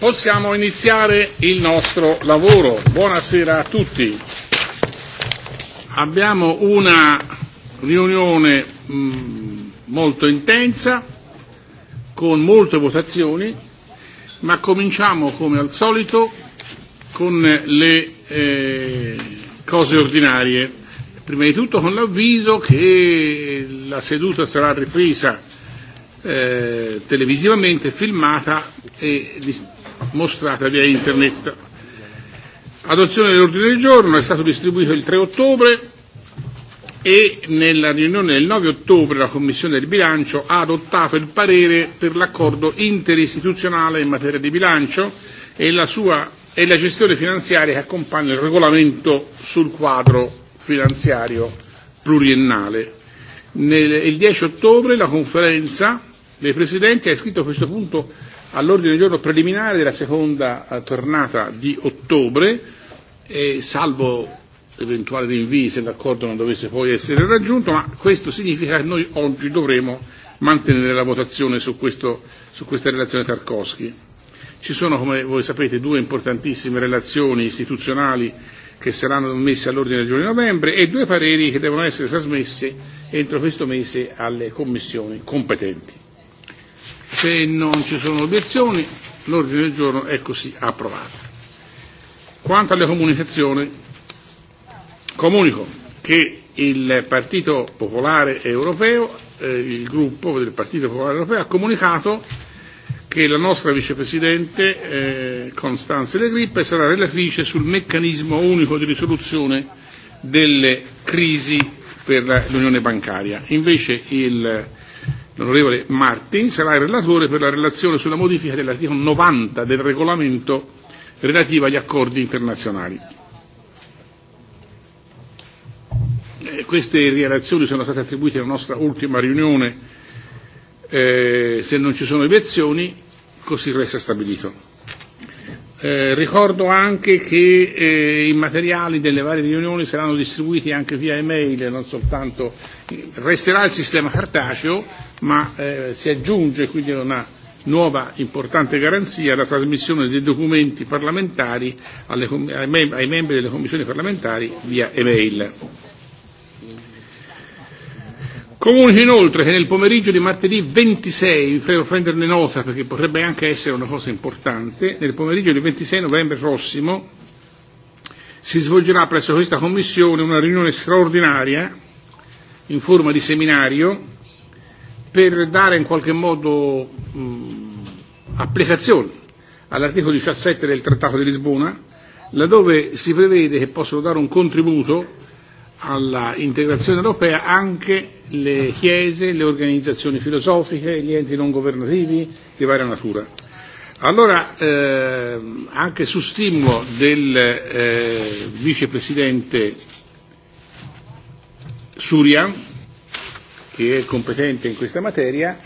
Possiamo iniziare il nostro lavoro. Buonasera a tutti. Abbiamo una riunione mh, mm, molto intensa, con molte votazioni, ma cominciamo come al solito con le eh, cose ordinarie. Prima di tutto con l'avviso che la seduta sarà ripresa eh, televisivamente filmata e mostrata via internet. Adozione dell'ordine del giorno è stato distribuito il 3 ottobre e nella riunione del 9 ottobre la Commissione del bilancio ha adottato il parere per l'accordo interistituzionale in materia di bilancio e la, sua, e la gestione finanziaria che accompagna il regolamento sul quadro finanziario pluriennale. Nel, il 10 ottobre la conferenza dei presidenti ha iscritto a questo punto all'ordine del giorno preliminare della seconda eh, tornata di ottobre, e salvo eventuali rinvii se l'accordo non dovesse poi essere raggiunto, ma questo significa che noi oggi dovremo mantenere la votazione su, questo, su questa relazione Tarkovsky. Ci sono, come voi sapete, due importantissime relazioni istituzionali che saranno messe all'ordine del giorno di novembre e due pareri che devono essere trasmessi entro questo mese alle commissioni competenti. Se non ci sono obiezioni, l'ordine del giorno è così approvato. Quanto alle comunicazioni, comunico che il Partito Popolare Europeo, eh, il gruppo del Partito Popolare Europeo, ha comunicato che la nostra vicepresidente eh, Constanze Le Grippe sarà relatrice sul meccanismo unico di risoluzione delle crisi per l'Unione bancaria. Invece il eh, l'onorevole Martin sarà il relatore per la relazione sulla modifica dell'articolo 90 del regolamento relativo agli accordi internazionali. Eh, queste relazioni sono state attribuite alla nostra ultima riunione, eh, se non ci sono obiezioni così resta stabilito. Eh, ricordo anche che eh, i materiali delle varie riunioni saranno distribuiti anche via email, non soltanto resterà il sistema cartaceo, ma eh, si aggiunge quindi una nuova importante garanzia la trasmissione dei documenti parlamentari alle, ai, mem- ai membri delle commissioni parlamentari via email. Comunico inoltre che nel pomeriggio di martedì 26, vi prego prenderne nota perché potrebbe anche essere una cosa importante, nel pomeriggio del 26 novembre prossimo si svolgerà presso questa Commissione una riunione straordinaria in forma di seminario per dare in qualche modo mh, applicazione all'articolo 17 del Trattato di Lisbona, laddove si prevede che possono dare un contributo all'integrazione europea anche le chiese, le organizzazioni filosofiche, gli enti non governativi di varia natura. Allora, eh, anche su stimolo del eh, vicepresidente Surian, che è competente in questa materia,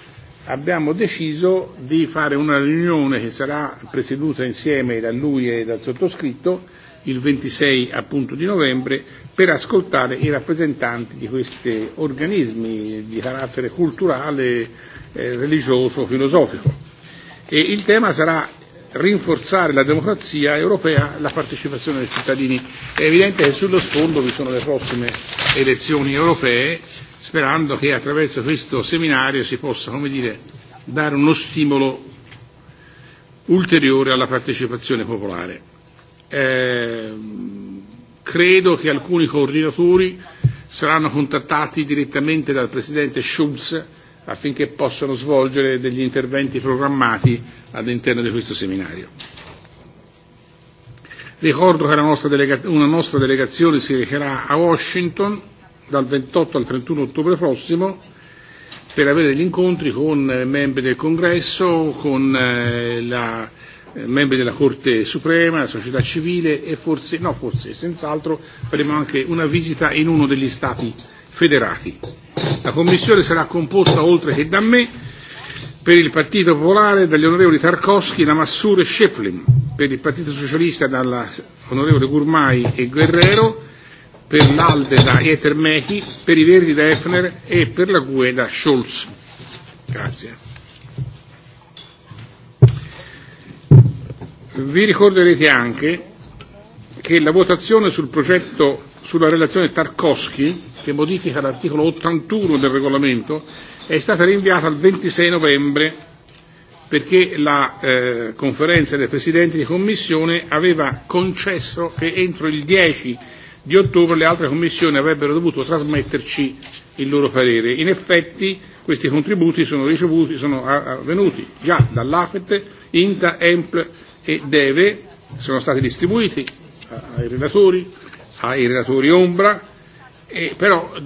abbiamo deciso di fare una riunione che sarà presieduta insieme da lui e dal sottoscritto il 26 appunto di novembre per ascoltare i rappresentanti di questi organismi di carattere culturale, eh, religioso, filosofico. E il tema sarà rinforzare la democrazia europea, la partecipazione dei cittadini. È evidente che sullo sfondo vi sono le prossime elezioni europee, sperando che attraverso questo seminario si possa, come dire, dare uno stimolo ulteriore alla partecipazione popolare. Eh, Credo che alcuni coordinatori saranno contattati direttamente dal Presidente Schulz affinché possano svolgere degli interventi programmati all'interno di questo seminario. Ricordo che la nostra una nostra delegazione si recherà a Washington dal 28 al 31 ottobre prossimo per avere degli incontri con eh, membri del Congresso, con eh, la membri della Corte Suprema, la società civile e forse, no forse, senz'altro faremo anche una visita in uno degli Stati federati. La Commissione sarà composta, oltre che da me, per il Partito Popolare dagli onorevoli Tarkovsky, Lamassur e Sheplin, per il Partito Socialista dall'onorevole Gurmai e Guerrero, per l'Alde da Etermechi, per i Verdi da Efner e per la GUE da Scholz. Grazie. Vi ricorderete anche che la votazione sul progetto sulla relazione Tarkovsky, che modifica l'articolo 81 del regolamento, è stata rinviata al 26 novembre perché la eh, conferenza dei presidenti di commissione aveva concesso che entro il 10 di ottobre le altre commissioni avrebbero dovuto trasmetterci il loro parere. In effetti questi contributi sono ricevuti, sono avvenuti già dall'AFET, INTA, EMPL e deve, sono stati distribuiti ai relatori, ai relatori ombra, e però eh,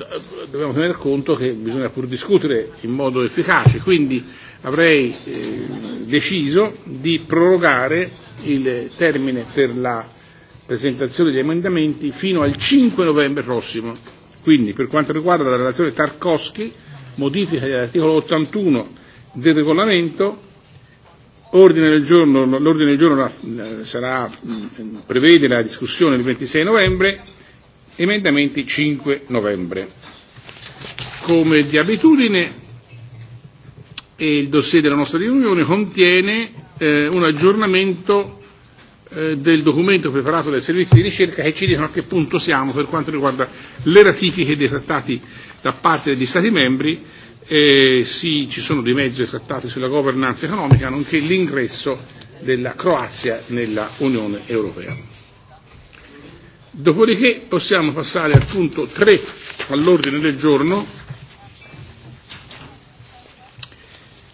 dobbiamo tener conto che bisogna pur discutere in modo efficace, quindi avrei eh, deciso di prorogare il termine per la presentazione degli emendamenti fino al 5 novembre prossimo. Quindi per quanto riguarda la relazione Tarkovsky, modifica dell'articolo 81 del regolamento, Ordine del giorno, l'ordine del giorno eh, sarà, mm, prevede la discussione il 26 novembre, emendamenti 5 novembre. Come di abitudine e il dossier della nostra riunione contiene eh, un aggiornamento eh, del documento preparato dai servizi di ricerca che ci dicono a che punto siamo per quanto riguarda le ratifiche dei trattati da parte degli Stati membri e sì, ci sono dei mezzi trattati sulla governanza economica, nonché l'ingresso della Croazia nella Unione Europea. Dopodiché possiamo passare al punto 3 all'ordine del giorno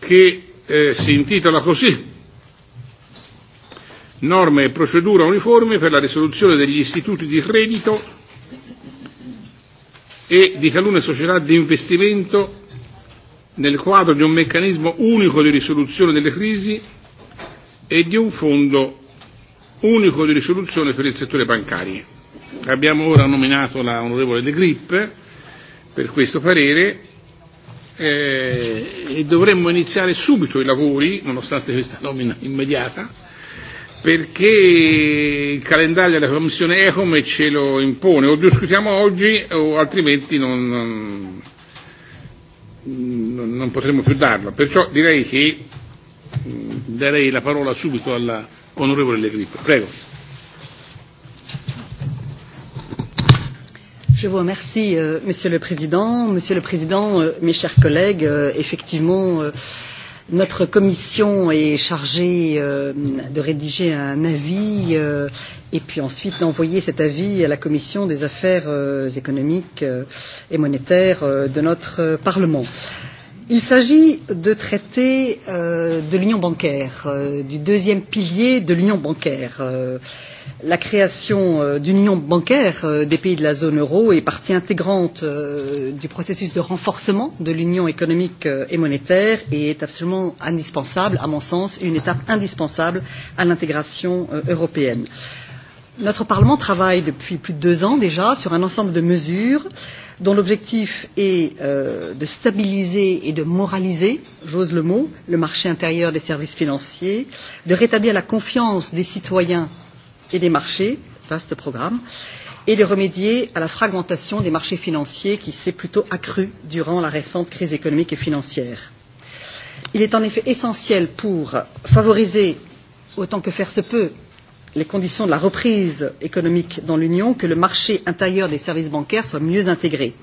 che eh, si intitola così Norme e procedura uniformi per la risoluzione degli istituti di credito e di talune società di investimento nel quadro di un meccanismo unico di risoluzione delle crisi e di un fondo unico di risoluzione per il settore bancario. Abbiamo ora nominato la onorevole De Grip per questo parere eh, e dovremmo iniziare subito i lavori, nonostante questa nomina immediata, perché il calendario della Commissione ECOME ce lo impone, o discutiamo oggi o altrimenti non. non, non, potremo più darla. Perciò direi che mm, darei la parola subito all'onorevole Le Grip. Prego. Je vous remercie, euh, Monsieur le Président. Monsieur le Président, euh, mes chers collègues, euh, effectivement, euh, Notre commission est chargée euh, de rédiger un avis euh, et puis ensuite d'envoyer cet avis à la commission des affaires euh, économiques euh, et monétaires euh, de notre euh, Parlement. Il s'agit de traiter euh, de l'union bancaire, euh, du deuxième pilier de l'union bancaire. Euh, la création euh, d'union bancaire euh, des pays de la zone euro est partie intégrante euh, du processus de renforcement de l'union économique et monétaire et est absolument indispensable, à mon sens, une étape indispensable à l'intégration européenne. Notre Parlement travaille depuis plus de deux ans déjà sur un ensemble de mesures dont l'objectif est de stabiliser et de moraliser, j'ose le mot, le marché intérieur des services financiers, de rétablir la confiance des citoyens et des marchés, vaste programme, et de remédier à la fragmentation des marchés financiers qui s'est plutôt accrue durant la récente crise économique et financière. Il est en effet essentiel pour favoriser, autant que faire se peut, les conditions de la reprise économique dans l'Union que le marché intérieur des services bancaires soit mieux intégré.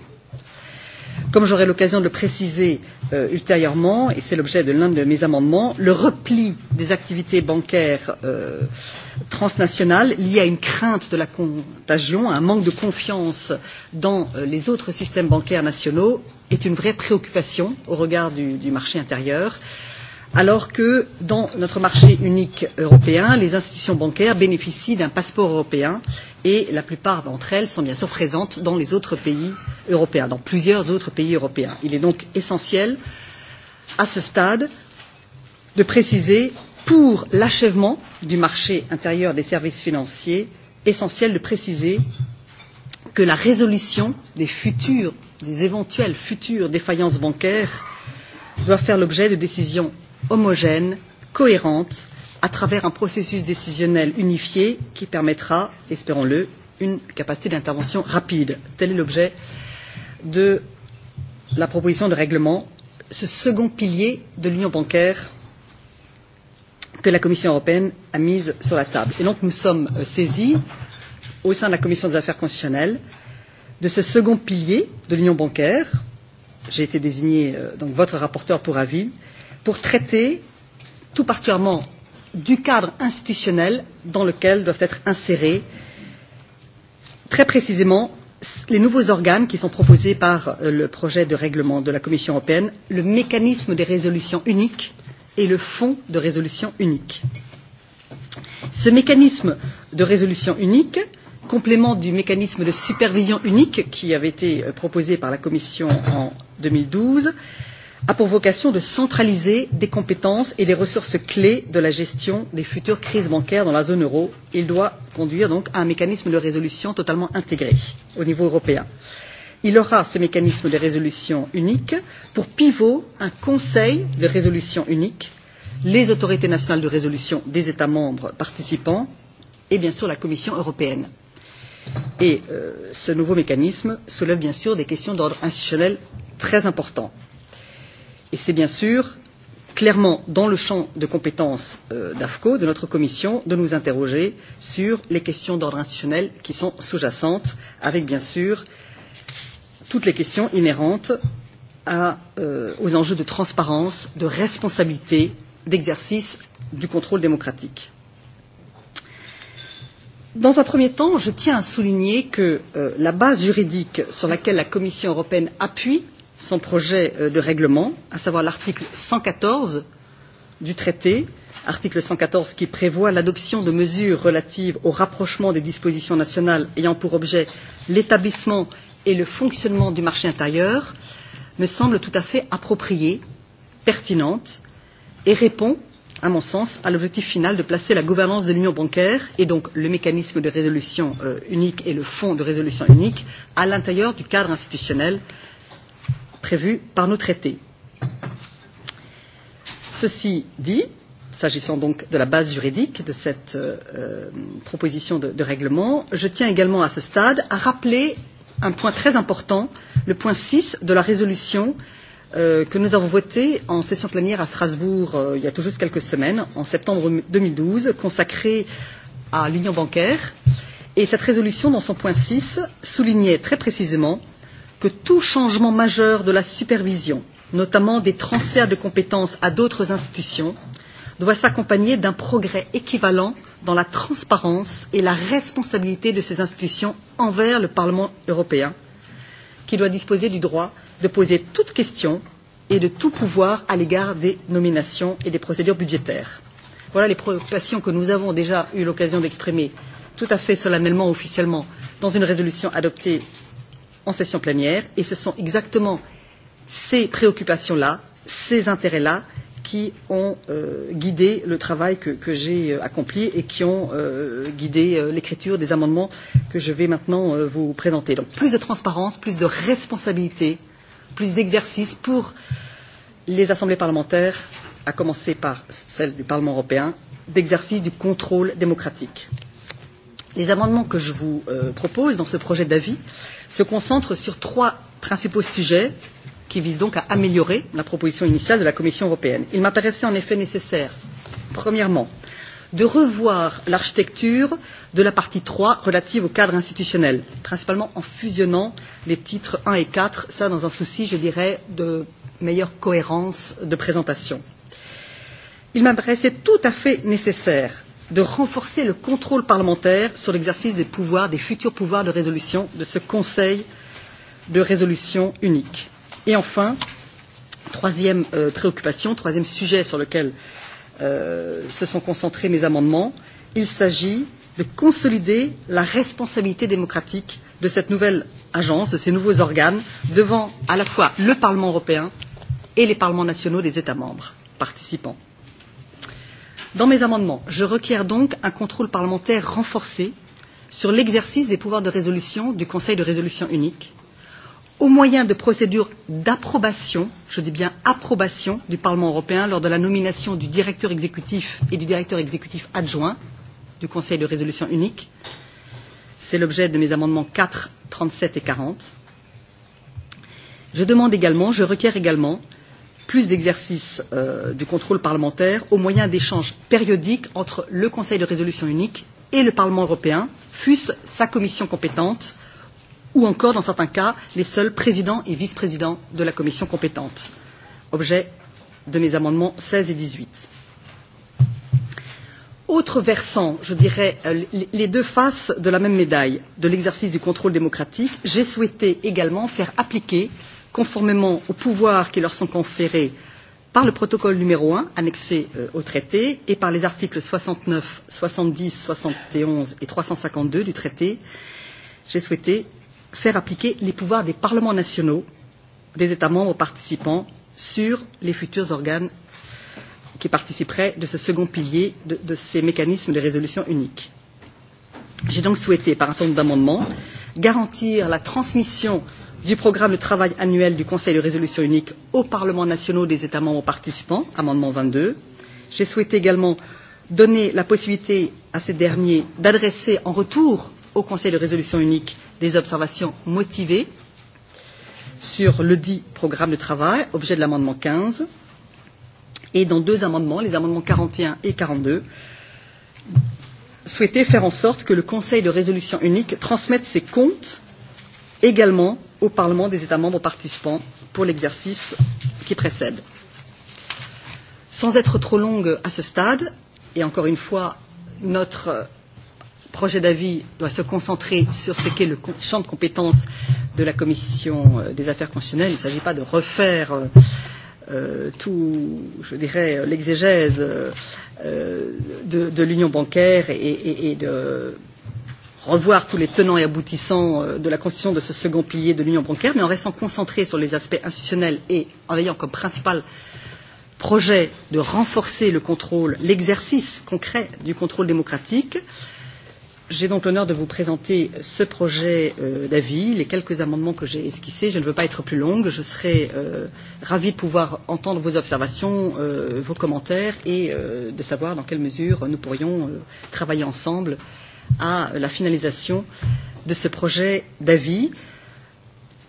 Comme j'aurai l'occasion de le préciser euh, ultérieurement, et c'est l'objet de l'un de mes amendements, le repli des activités bancaires euh, transnationales lié à une crainte de la contagion, à un manque de confiance dans euh, les autres systèmes bancaires nationaux est une vraie préoccupation au regard du, du marché intérieur. Euh, alors que dans notre marché unique européen, les institutions bancaires bénéficient d'un passeport européen et la plupart d'entre elles sont bien sûr présentes dans les autres pays européens, dans plusieurs autres pays européens. Il est donc essentiel, à ce stade, de préciser, pour l'achèvement du marché intérieur des services financiers, essentiel de préciser que la résolution des futures, des éventuelles futures défaillances bancaires doit faire l'objet de décisions homogène, cohérente, à travers un processus décisionnel unifié qui permettra, espérons-le, une capacité d'intervention rapide. Tel est l'objet de la proposition de règlement, ce second pilier de l'union bancaire que la Commission européenne a mise sur la table. Et donc nous sommes euh, saisis, au sein de la Commission des affaires constitutionnelles, de ce second pilier de l'union bancaire. J'ai été désigné euh, donc votre rapporteur pour avis pour traiter tout particulièrement du cadre institutionnel dans lequel doivent être insérés très précisément les nouveaux organes qui sont proposés par euh, le projet de règlement de la Commission européenne, le mécanisme des résolutions uniques et le fonds de résolution unique. Ce mécanisme de résolution unique, complément du mécanisme de supervision unique qui avait été euh, proposé par la Commission en 2012, a pour vocation de centraliser des compétences et des ressources clés de la gestion des futures crises bancaires dans la zone euro. Il doit conduire donc à un mécanisme de résolution totalement intégré au niveau européen. Il aura ce mécanisme de résolution unique pour pivot un conseil de résolution unique, les autorités nationales de résolution des États membres participants et bien sûr la Commission européenne. Et euh, ce nouveau mécanisme soulève bien sûr des questions d'ordre institutionnel très importantes Et c'est bien sûr clairement dans le champ de compétences euh, d'AFCO, de notre commission, de nous interroger sur les questions d'ordre institutionnel qui sont sous-jacentes, avec bien sûr toutes les questions inhérentes à, euh, aux enjeux de transparence, de responsabilité, d'exercice du contrôle démocratique. Dans un premier temps, je tiens à souligner que euh, la base juridique sur laquelle la Commission européenne appuie son projet euh, de règlement, à savoir l'article 114 du traité, article 114 qui prévoit l'adoption de mesures relatives au rapprochement des dispositions nationales ayant pour objet l'établissement et le fonctionnement du marché intérieur, me semble tout à fait appropriée, pertinente et répond, à mon sens, à l'objectif final de placer la gouvernance de l'union bancaire et donc le mécanisme de résolution euh, unique et le fonds de résolution unique à l'intérieur du cadre institutionnel prévues par nos traités. Ceci dit, s'agissant donc de la base juridique de cette euh, proposition de, de règlement, je tiens également à ce stade à rappeler un point très important, le point 6 de la résolution euh, que nous avons votée en session plénière à Strasbourg euh, il y a tout juste quelques semaines, en septembre 2012, consacrée à l'union bancaire. Et cette résolution, dans son point 6, soulignait très précisément que tout changement majeur de la supervision, notamment des transferts de compétences à d'autres institutions, doit s'accompagner d'un progrès équivalent dans la transparence et la responsabilité de ces institutions envers le Parlement européen, qui doit disposer du droit de poser toute question et de tout pouvoir à l'égard des nominations et des procédures budgétaires. Voilà les préoccupations que nous avons déjà eu l'occasion d'exprimer tout à fait solennellement, officiellement, dans une résolution adoptée en session plénière et ce sont exactement ces préoccupations là, ces intérêts là qui ont euh, guidé le travail que, que j'ai euh, accompli et qui ont euh, guidé euh, l'écriture des amendements que je vais maintenant euh, vous présenter. Donc plus de transparence, plus de responsabilité, plus d'exercice pour les assemblées parlementaires, à commencer par celle du Parlement européen, d'exercice du contrôle démocratique. Les amendements que je vous euh, propose dans ce projet d'avis se concentrent sur trois principaux sujets qui visent donc à améliorer la proposition initiale de la Commission européenne. Il m'apparaissait en effet nécessaire, premièrement, de revoir l'architecture de la partie 3 relative au cadre institutionnel, principalement en fusionnant les titres 1 et 4, ça dans un souci, je dirais, de meilleure cohérence de présentation. Il m'apparaissait tout à fait nécessaire de renforcer le contrôle parlementaire sur l'exercice des pouvoirs, des futurs pouvoirs de résolution de ce Conseil de résolution unique. Et enfin, troisième euh, préoccupation, troisième sujet sur lequel euh, se sont concentrés mes amendements, il s'agit de consolider la responsabilité démocratique de cette nouvelle agence, de ces nouveaux organes, devant à la fois le Parlement européen et les parlements nationaux des États membres participants. Dans mes amendements, je requiers donc un contrôle parlementaire renforcé sur l'exercice des pouvoirs de résolution du Conseil de résolution unique, au moyen de procédures d'approbation, je dis bien approbation, du Parlement européen lors de la nomination du directeur exécutif et du directeur exécutif adjoint du Conseil de résolution unique. C'est l'objet de mes amendements 4, 37 et 40. Je demande également, je requiers également plus d'exercice euh, du contrôle parlementaire au moyen d'échanges périodiques entre le Conseil de résolution unique et le Parlement européen, fût-ce sa commission compétente ou encore, dans certains cas, les seuls présidents et vice-présidents de la commission compétente. Objet de mes amendements 16 et 18. Autre versant, je dirais, euh, les deux faces de la même médaille de l'exercice du contrôle démocratique, j'ai souhaité également faire appliquer euh, conformément aux pouvoirs qui leur sont conférés par le protocole numéro 1 annexé euh, au traité et par les articles 69, 70, 71 et 352 du traité, j'ai souhaité faire appliquer les pouvoirs des parlements nationaux des États membres participants sur les futurs organes qui participeraient de ce second pilier de, de ces mécanismes de résolution unique. J'ai donc souhaité, par un certain nombre d'amendements, garantir la transmission euh, du programme de travail annuel du Conseil de résolution unique aux parlements nationaux des États membres participants, amendement 22. J'ai souhaité également donner la possibilité à ces derniers d'adresser en retour au Conseil de résolution unique des observations motivées sur le dit programme de travail, objet de l'amendement 15, et dans deux amendements, les amendements 41 et 42, souhaiter faire en sorte que le Conseil de résolution unique transmette ses comptes également au Parlement des États membres participants pour l'exercice qui précède. Sans être trop longue à ce stade, et encore une fois, notre projet d'avis doit se concentrer sur ce qu'est le champ de compétences de la Commission euh, des affaires constitutionnelles. Il ne s'agit pas de refaire euh, euh tout, je dirais, l'exégèse euh, euh, de, de l'union bancaire et, et, et de revoir tous les tenants et aboutissants euh, de la constitution de ce second pilier de l'union bancaire, mais en restant concentré sur les aspects institutionnels et en ayant comme principal projet de renforcer le contrôle, l'exercice concret du contrôle démocratique. J'ai donc l'honneur de vous présenter ce projet euh, d'avis, les quelques amendements que j'ai esquissés. Je ne veux pas être plus longue. Je serai euh, ravie de pouvoir entendre vos observations, euh, vos commentaires et euh, de savoir dans quelle mesure nous pourrions euh, travailler ensemble euh, à la finalisation de ce projet d'avis.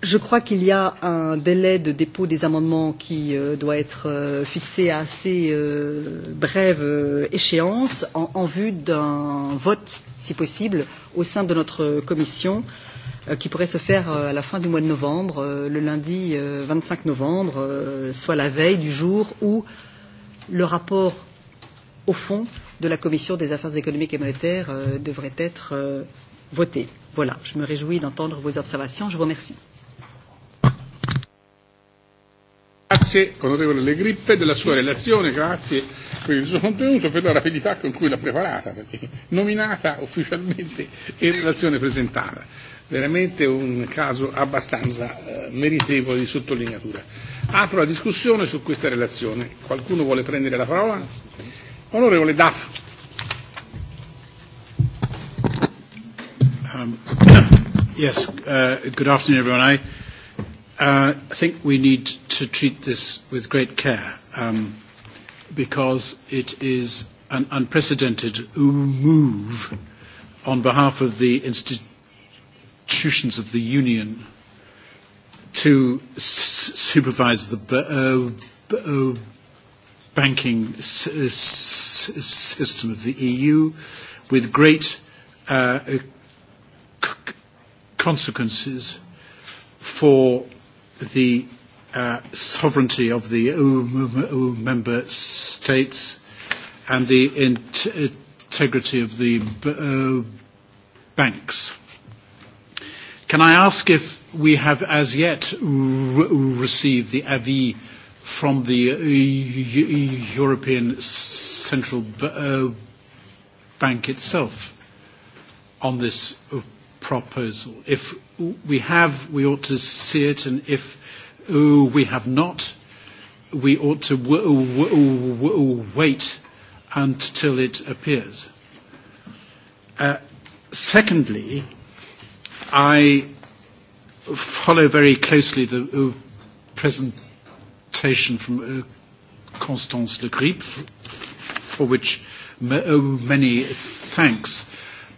Je crois qu'il y a un délai de dépôt des amendements qui euh, doit être euh, fixé à assez euh, brève euh, échéance en, en vue d'un vote, si possible, au sein de notre commission euh, qui pourrait se faire euh, à la fin du mois de novembre, euh, le lundi euh, 25 novembre, euh, soit la veille du jour où le rapport, au fond, de la Commission des affaires économiques et monétaires euh, devrait être euh, voté. Voilà, je me réjouis d'entendre vos observations. Je vous remercie. Grazie onorevole Le Grippe della sua relazione, grazie per il suo contenuto e per la rapidità con cui l'ha preparata, perché nominata ufficialmente e relazione presentata. Veramente un caso abbastanza eh, meritevole di sottolineatura. Apro la discussione su questa relazione. Qualcuno vuole prendere la parola? Onorevole Daff. Um, yes, uh, good afternoon, everyone. I, uh, I think we need to treat this with great care um, because it is an unprecedented move on behalf of the institutions of the Union to s- supervise the uh, uh, banking s- s- system of the EU with great uh, c- consequences for the uh, sovereignty of the EU member states and the integrity of the b- uh, banks. Can I ask if we have as yet received the avis from the uh, e e European Central B uh, Bank itself on this proposal. If we have, we ought to see it, and if uh, we have not, we ought to w- w- w- wait until it appears. Uh, secondly, I follow very closely the uh, presentation quotation from uh, Constance Le Grip, for which m- oh, many thanks.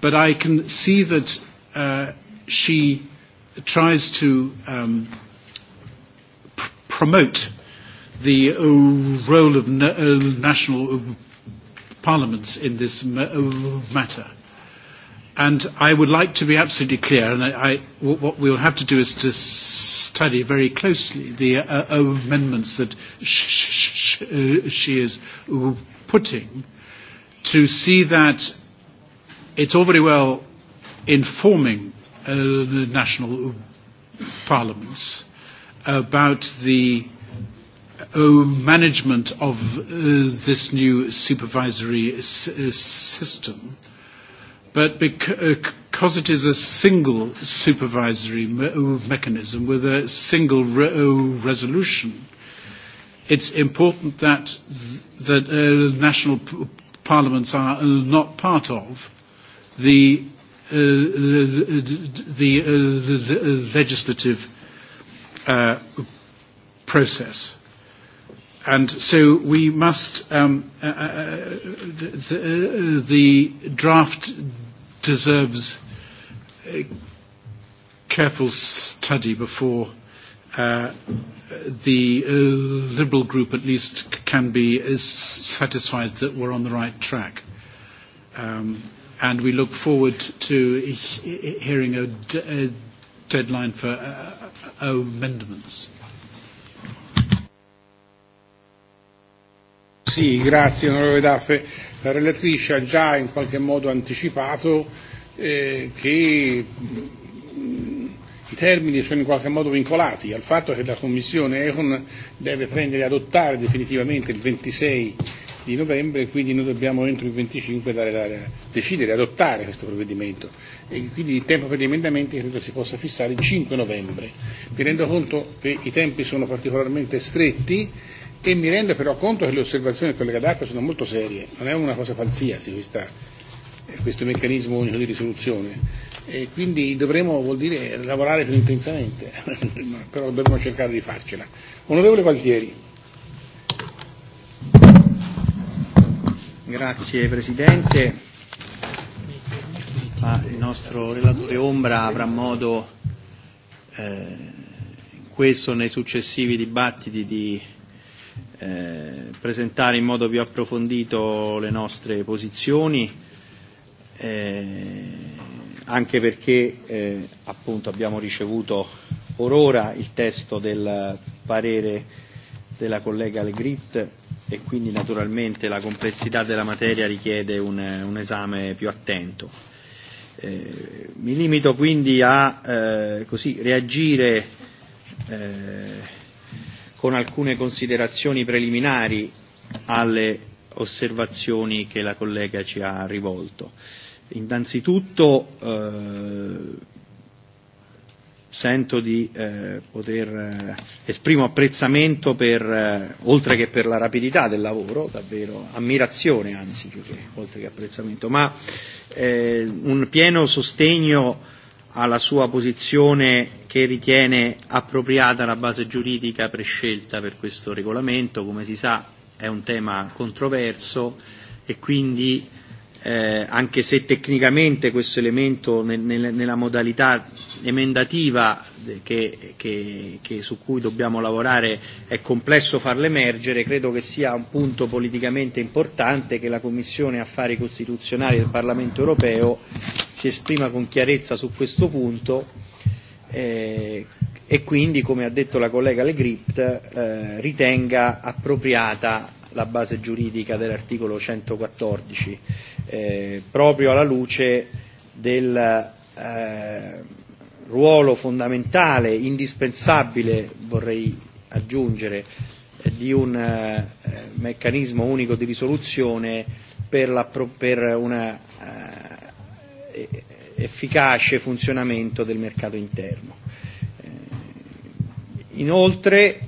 But I can see that uh, she tries to um, pr- promote the uh, role of na- uh, national uh, parliaments in this uh, matter And I would like to be absolutely clear, and I, I, what we will have to do is to study very closely the uh, uh amendments that uh, she is putting to see that it's all very well informing uh, the national parliaments about the uh, management of uh, this new supervisory s- uh, system. Uh, But because uh, it is a single supervisory mechanism with a single uh, resolution, it's important that, th that uh, national parliaments are not part of the, the legislative uh, process. And so we must, um, uh, the, uh, the draft deserves careful study before uh, the uh, Liberal group at least can be is satisfied that we're on the right track. Um, and we look forward to he hearing a, d a deadline for uh, uh amendments. Sì, grazie onorevole Daffe. La relatrice ha già in qualche modo anticipato eh, che mh, mm, i termini sono in qualche modo vincolati al fatto che la Commissione Econ deve prendere e adottare definitivamente il 26 di novembre e quindi noi dobbiamo entro il 25 dare, dare, decidere, adottare questo provvedimento e quindi il tempo per gli emendamenti credo si possa fissare il 5 novembre. Mi rendo conto che i tempi sono particolarmente stretti e mi rendo però conto che le osservazioni del collega D'Arco sono molto serie, non è una cosa qualsiasi questa, eh, questo meccanismo unico di risoluzione e quindi dovremo, vuol dire, lavorare più intensamente, però dovremo cercare di farcela. Onorevole Gualtieri. Grazie Presidente. Ma il nostro relatore Ombra avrà modo eh, in questo nei successivi dibattiti di Eh, presentare in modo più approfondito le nostre posizioni, eh, anche perché eh, appunto abbiamo ricevuto or ora il testo del parere della collega Legrit e quindi naturalmente la complessità della materia richiede un, un esame più attento. Eh, mi limito quindi a eh, così, reagire eh, con alcune considerazioni preliminari alle osservazioni che la collega ci ha rivolto. Innanzitutto eh, sento di eh, poter eh, esprimo apprezzamento per, eh, oltre che per la rapidità del lavoro, davvero ammirazione anzi più che oltre che apprezzamento, ma eh, un pieno sostegno alla sua posizione che ritiene appropriata la base giuridica prescelta per questo regolamento. Come si sa è un tema controverso e quindi eh, anche se tecnicamente questo elemento nel, nel, nella modalità emendativa che, che, che su cui dobbiamo lavorare è complesso farlo emergere, credo che sia un punto politicamente importante che la Commissione Affari Costituzionali del Parlamento Europeo si esprima con chiarezza su questo punto eh, e quindi, come ha detto la collega Legript, eh, ritenga appropriata la base giuridica dell'articolo 114, eh, proprio alla luce del eh, ruolo fondamentale, indispensabile, vorrei aggiungere, di un eh, meccanismo unico di risoluzione per, la, per una eh, efficace funzionamento del mercato interno. Eh, inoltre eh,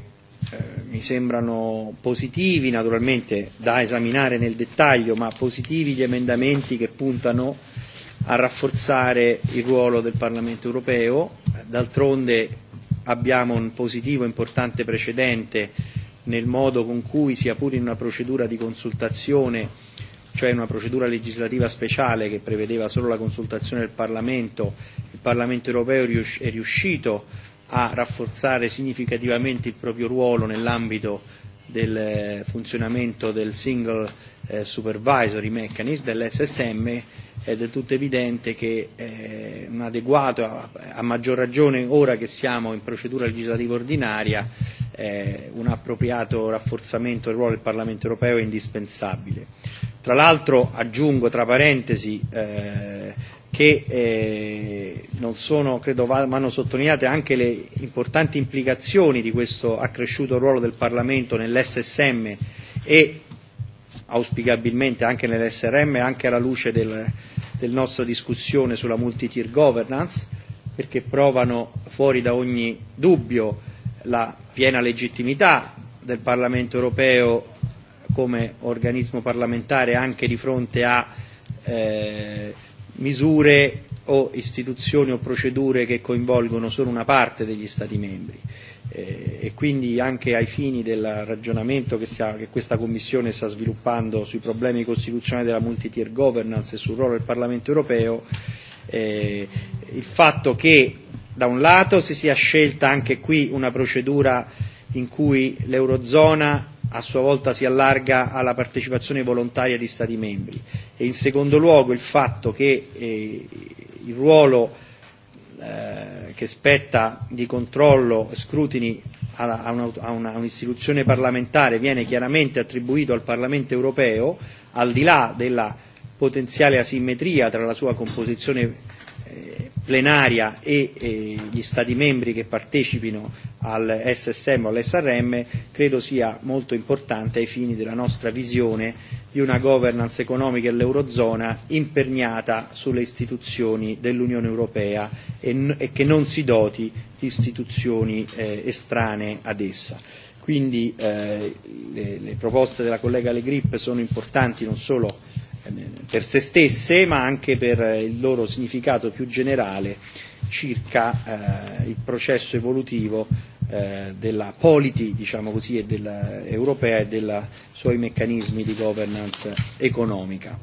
mi sembrano positivi, naturalmente da esaminare nel dettaglio, ma positivi gli emendamenti che puntano a rafforzare il ruolo del Parlamento europeo. D'altronde abbiamo un positivo importante precedente nel modo con cui, sia pure in una procedura di consultazione, cioè una procedura legislativa speciale che prevedeva solo la consultazione del Parlamento, il Parlamento europeo è riuscito a rafforzare significativamente il proprio ruolo nell'ambito del eh, funzionamento del single eh, supervisory mechanism dell'SSM ed è tutto evidente che eh, un adeguato, a, maggior ragione ora che siamo in procedura legislativa ordinaria, eh, un appropriato rafforzamento del ruolo del Parlamento europeo è indispensabile. Tra l'altro aggiungo tra parentesi eh, che eh, non sono, credo vanno sottolineate anche le importanti implicazioni di questo accresciuto ruolo del Parlamento nell'SSM e auspicabilmente anche nell'SRM, anche alla luce del, del nostra discussione sulla multi-tier governance, perché provano fuori da ogni dubbio la piena legittimità del Parlamento europeo come organismo parlamentare anche di fronte a eh, misure o istituzioni o procedure che coinvolgono solo una parte degli Stati membri eh, e quindi anche ai fini del ragionamento che, sia, che questa Commissione sta sviluppando sui problemi costituzionali della multitier governance e sul ruolo del Parlamento europeo, eh, il fatto che da un lato si sia scelta anche qui una procedura in cui l'Eurozona a sua volta si allarga alla partecipazione volontaria di Stati membri e in secondo luogo il fatto che eh, il ruolo eh, che spetta di controllo e scrutini a, a, una, a, parlamentare viene chiaramente attribuito al Parlamento europeo, al di là della potenziale asimmetria tra la sua composizione Eh, plenaria e eh, gli Stati membri che partecipino al SSM o all'SRM credo sia molto importante ai fini della nostra visione di una governance economica dell'Eurozona imperniata sulle istituzioni dell'Unione Europea e, e che non si doti di istituzioni eh, estranee ad essa. Quindi eh, le, le proposte della collega Le Grip sono importanti non solo per se stesse ma anche per il loro significato più generale circa eh, il processo evolutivo eh, della polity diciamo così, e della, europea e dei suoi meccanismi di governance economica.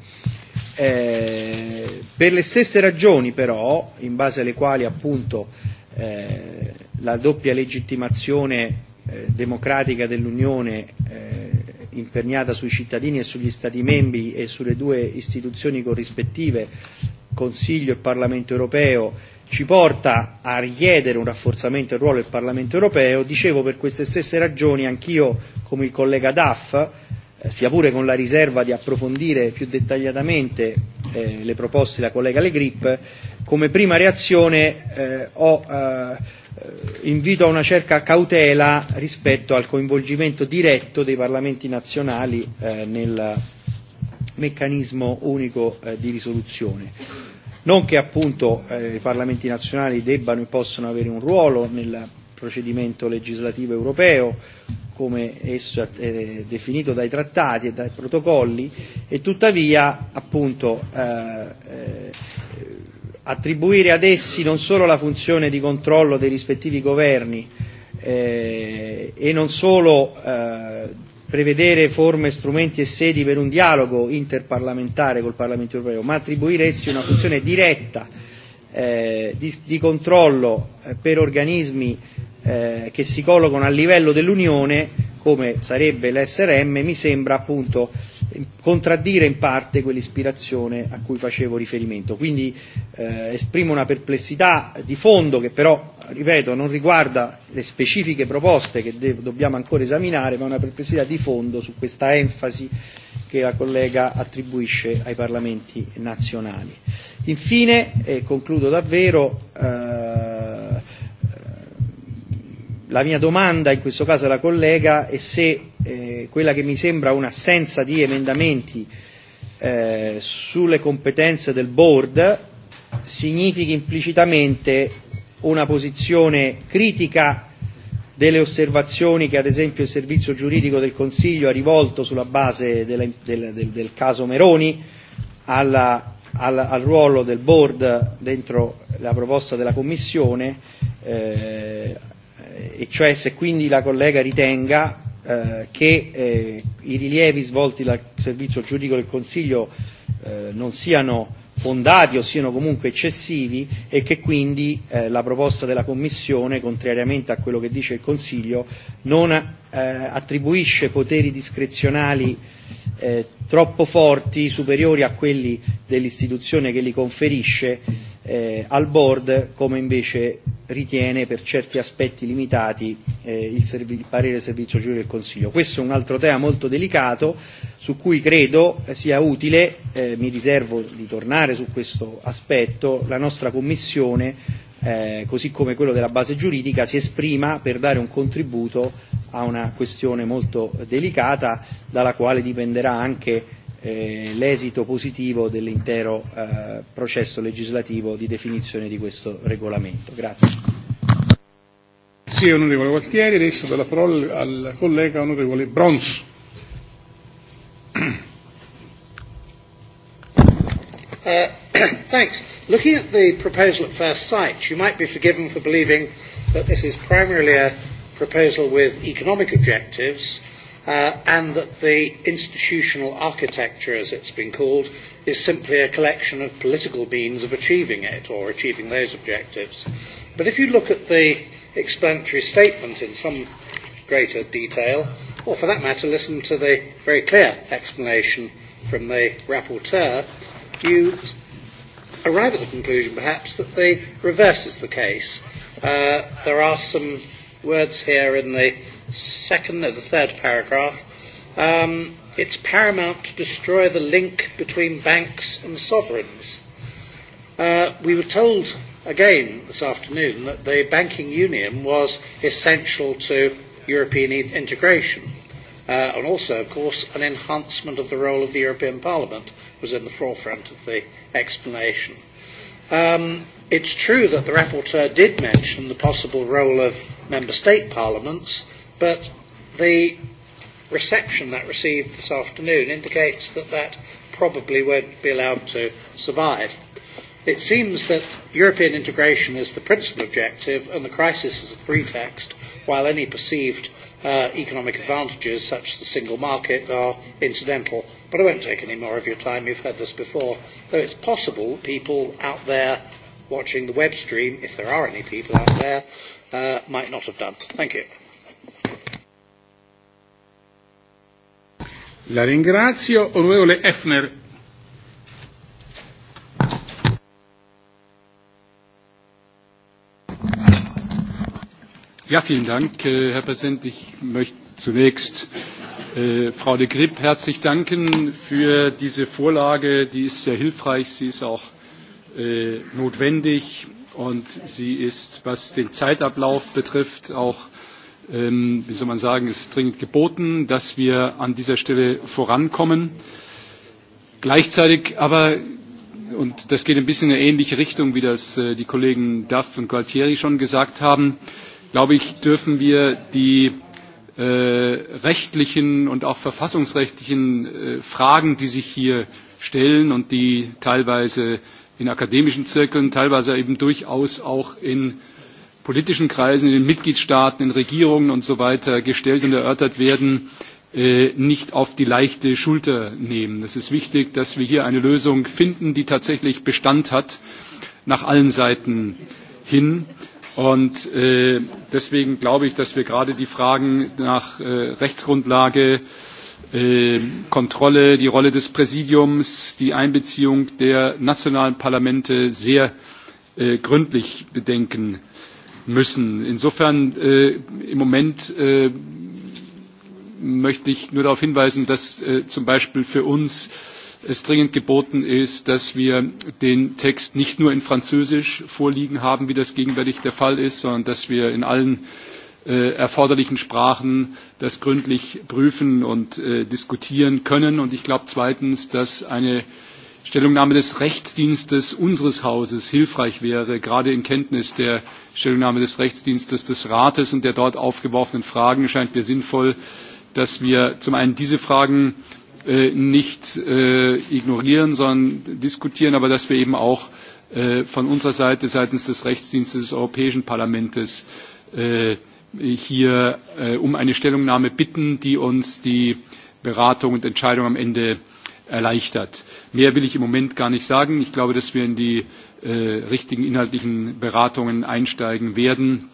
Eh, per le stesse ragioni però, in base alle quali appunto eh, la doppia legittimazione eh, democratica dell'Unione eh, imperniata sui cittadini e sugli Stati membri e sulle due istituzioni corrispettive, Consiglio e Parlamento europeo, ci porta a richiedere un rafforzamento del ruolo del Parlamento europeo, dicevo per queste stesse ragioni anch'io, come il collega Duff, eh, sia pure con la riserva di approfondire più dettagliatamente eh, le proposte della collega Le Grip, come prima reazione eh, ho eh, Eh, invito a una certa cautela rispetto al coinvolgimento diretto dei parlamenti nazionali eh, nel meccanismo unico eh, di risoluzione. Non che appunto eh, i parlamenti nazionali debbano e possano avere un ruolo nel procedimento legislativo europeo, come esso è eh, definito dai trattati e dai protocolli, e tuttavia appunto eh, eh, attribuire ad essi non solo la funzione di controllo dei rispettivi governi eh, e non solo eh, prevedere forme, strumenti e sedi per un dialogo interparlamentare col Parlamento europeo, ma attribuire essi una funzione diretta eh, di, di controllo eh, per organismi eh, eh, che si collocano a livello dell'Unione, come sarebbe l'SRM, mi sembra appunto contraddire in parte quell'ispirazione a cui facevo riferimento. Quindi eh, esprimo una perplessità di fondo che però, ripeto, non riguarda le specifiche proposte che de- dobbiamo ancora esaminare, ma una perplessità di fondo su questa enfasi che la collega attribuisce ai parlamenti nazionali. Infine, e concludo davvero, eh, La mia domanda, in questo caso alla collega, è se eh, quella che mi sembra un'assenza di emendamenti eh, sulle competenze del board significhi implicitamente una posizione critica delle osservazioni che ad esempio il servizio giuridico del Consiglio ha rivolto sulla base della, del, del, del caso Meroni alla, al, al ruolo del board dentro la proposta della Commissione eh, Eh, e cioè se quindi la collega ritenga eh, che eh, i rilievi svolti dal servizio giuridico del Consiglio eh, non siano fondati o siano comunque eccessivi e che quindi eh, la proposta della Commissione, contrariamente a quello che dice il Consiglio, non eh, attribuisce poteri discrezionali eh, eh, troppo forti, superiori a quelli dell'istituzione che li conferisce eh, al board, come invece ritiene per certi aspetti limitati eh, il, il parere del servizio giuridico del Consiglio. Questo è un altro tema molto delicato su cui credo sia utile, eh, mi riservo di tornare su questo aspetto, la nostra Commissione eh, così come quello della base giuridica, si esprima per dare un contributo a una questione molto delicata dalla quale dipenderà anche eh, l'esito positivo dell'intero eh, processo legislativo di definizione di questo regolamento. Grazie. Grazie onorevole Gualtieri, adesso do la parola al collega onorevole Brons. Eh, Thanks. Looking at the proposal at first sight, you might be forgiven for believing that this is primarily a proposal with economic objectives uh, and that the institutional architecture, as it's been called, is simply a collection of political means of achieving it or achieving those objectives. But if you look at the explanatory statement in some greater detail, or for that matter, listen to the very clear explanation from the rapporteur, you arrive at the conclusion, perhaps, that the reverse is the case. Uh, there are some words here in the second or the third paragraph. Um, it's paramount to destroy the link between banks and sovereigns. Uh, we were told again this afternoon that the banking union was essential to European integration uh, and also, of course, an enhancement of the role of the European Parliament was in the forefront of the explanation. Um, it's true that the rapporteur did mention the possible role of member state parliaments, but the reception that received this afternoon indicates that that probably won't be allowed to survive. It seems that European integration is the principal objective and the crisis is a pretext, while any perceived uh, economic advantages such as the single market are incidental But I won't take any more of your time. You've heard this before. Though it's possible people out there watching the web stream, if there are any people out there, uh, might not have done. Thank you. La ringrazio, onorevole Efner. Ja, vielen Dank, äh, Herr Präsident. Ich möchte zunächst Äh, Frau de Grip herzlich danken für diese Vorlage. Die ist sehr hilfreich, sie ist auch äh, notwendig und sie ist, was den Zeitablauf betrifft, auch, ähm, wie soll man sagen, ist dringend geboten, dass wir an dieser Stelle vorankommen. Gleichzeitig aber und das geht ein bisschen in eine ähnliche Richtung, wie das äh, die Kollegen Duff und Gualtieri schon gesagt haben, glaube ich, dürfen wir die Äh, rechtlichen und auch verfassungsrechtlichen äh, Fragen, die sich hier stellen und die teilweise in akademischen Zirkeln, teilweise eben durchaus auch in politischen Kreisen, in den Mitgliedstaaten, in Regierungen und so weiter gestellt und erörtert werden, äh, nicht auf die leichte Schulter nehmen. Es ist wichtig, dass wir hier eine Lösung finden, die tatsächlich Bestand hat nach allen Seiten hin Und äh, deswegen glaube ich, dass wir gerade die Fragen nach äh, Rechtsgrundlage, äh, Kontrolle, die Rolle des Präsidiums, die Einbeziehung der nationalen Parlamente sehr gründlich bedenken müssen. Insofern äh, im Moment möchte ich nur darauf hinweisen, dass zum Beispiel für uns es dringend geboten ist dass wir den text nicht nur in französisch vorliegen haben wie das gegenwärtig der fall ist sondern dass wir in allen äh, erforderlichen sprachen das gründlich prüfen und äh, diskutieren können. und ich glaube zweitens dass eine Stellungnahme des Rechtsdienstes unseres Hauses hilfreich wäre, gerade in Kenntnis der Stellungnahme des Rechtsdienstes des Rates und der dort aufgeworfenen Fragen scheint mir sinnvoll, dass wir zum einen diese Fragen Äh, nicht äh, ignorieren, sondern diskutieren, aber dass wir eben auch äh, von unserer Seite seitens des Rechtsdienstes des Europäischen Parlaments hier um eine Stellungnahme bitten, die uns die Beratung und Entscheidung am Ende erleichtert. Mehr will ich im Moment gar nicht sagen. Ich glaube, dass wir in die äh, richtigen inhaltlichen Beratungen einsteigen werden,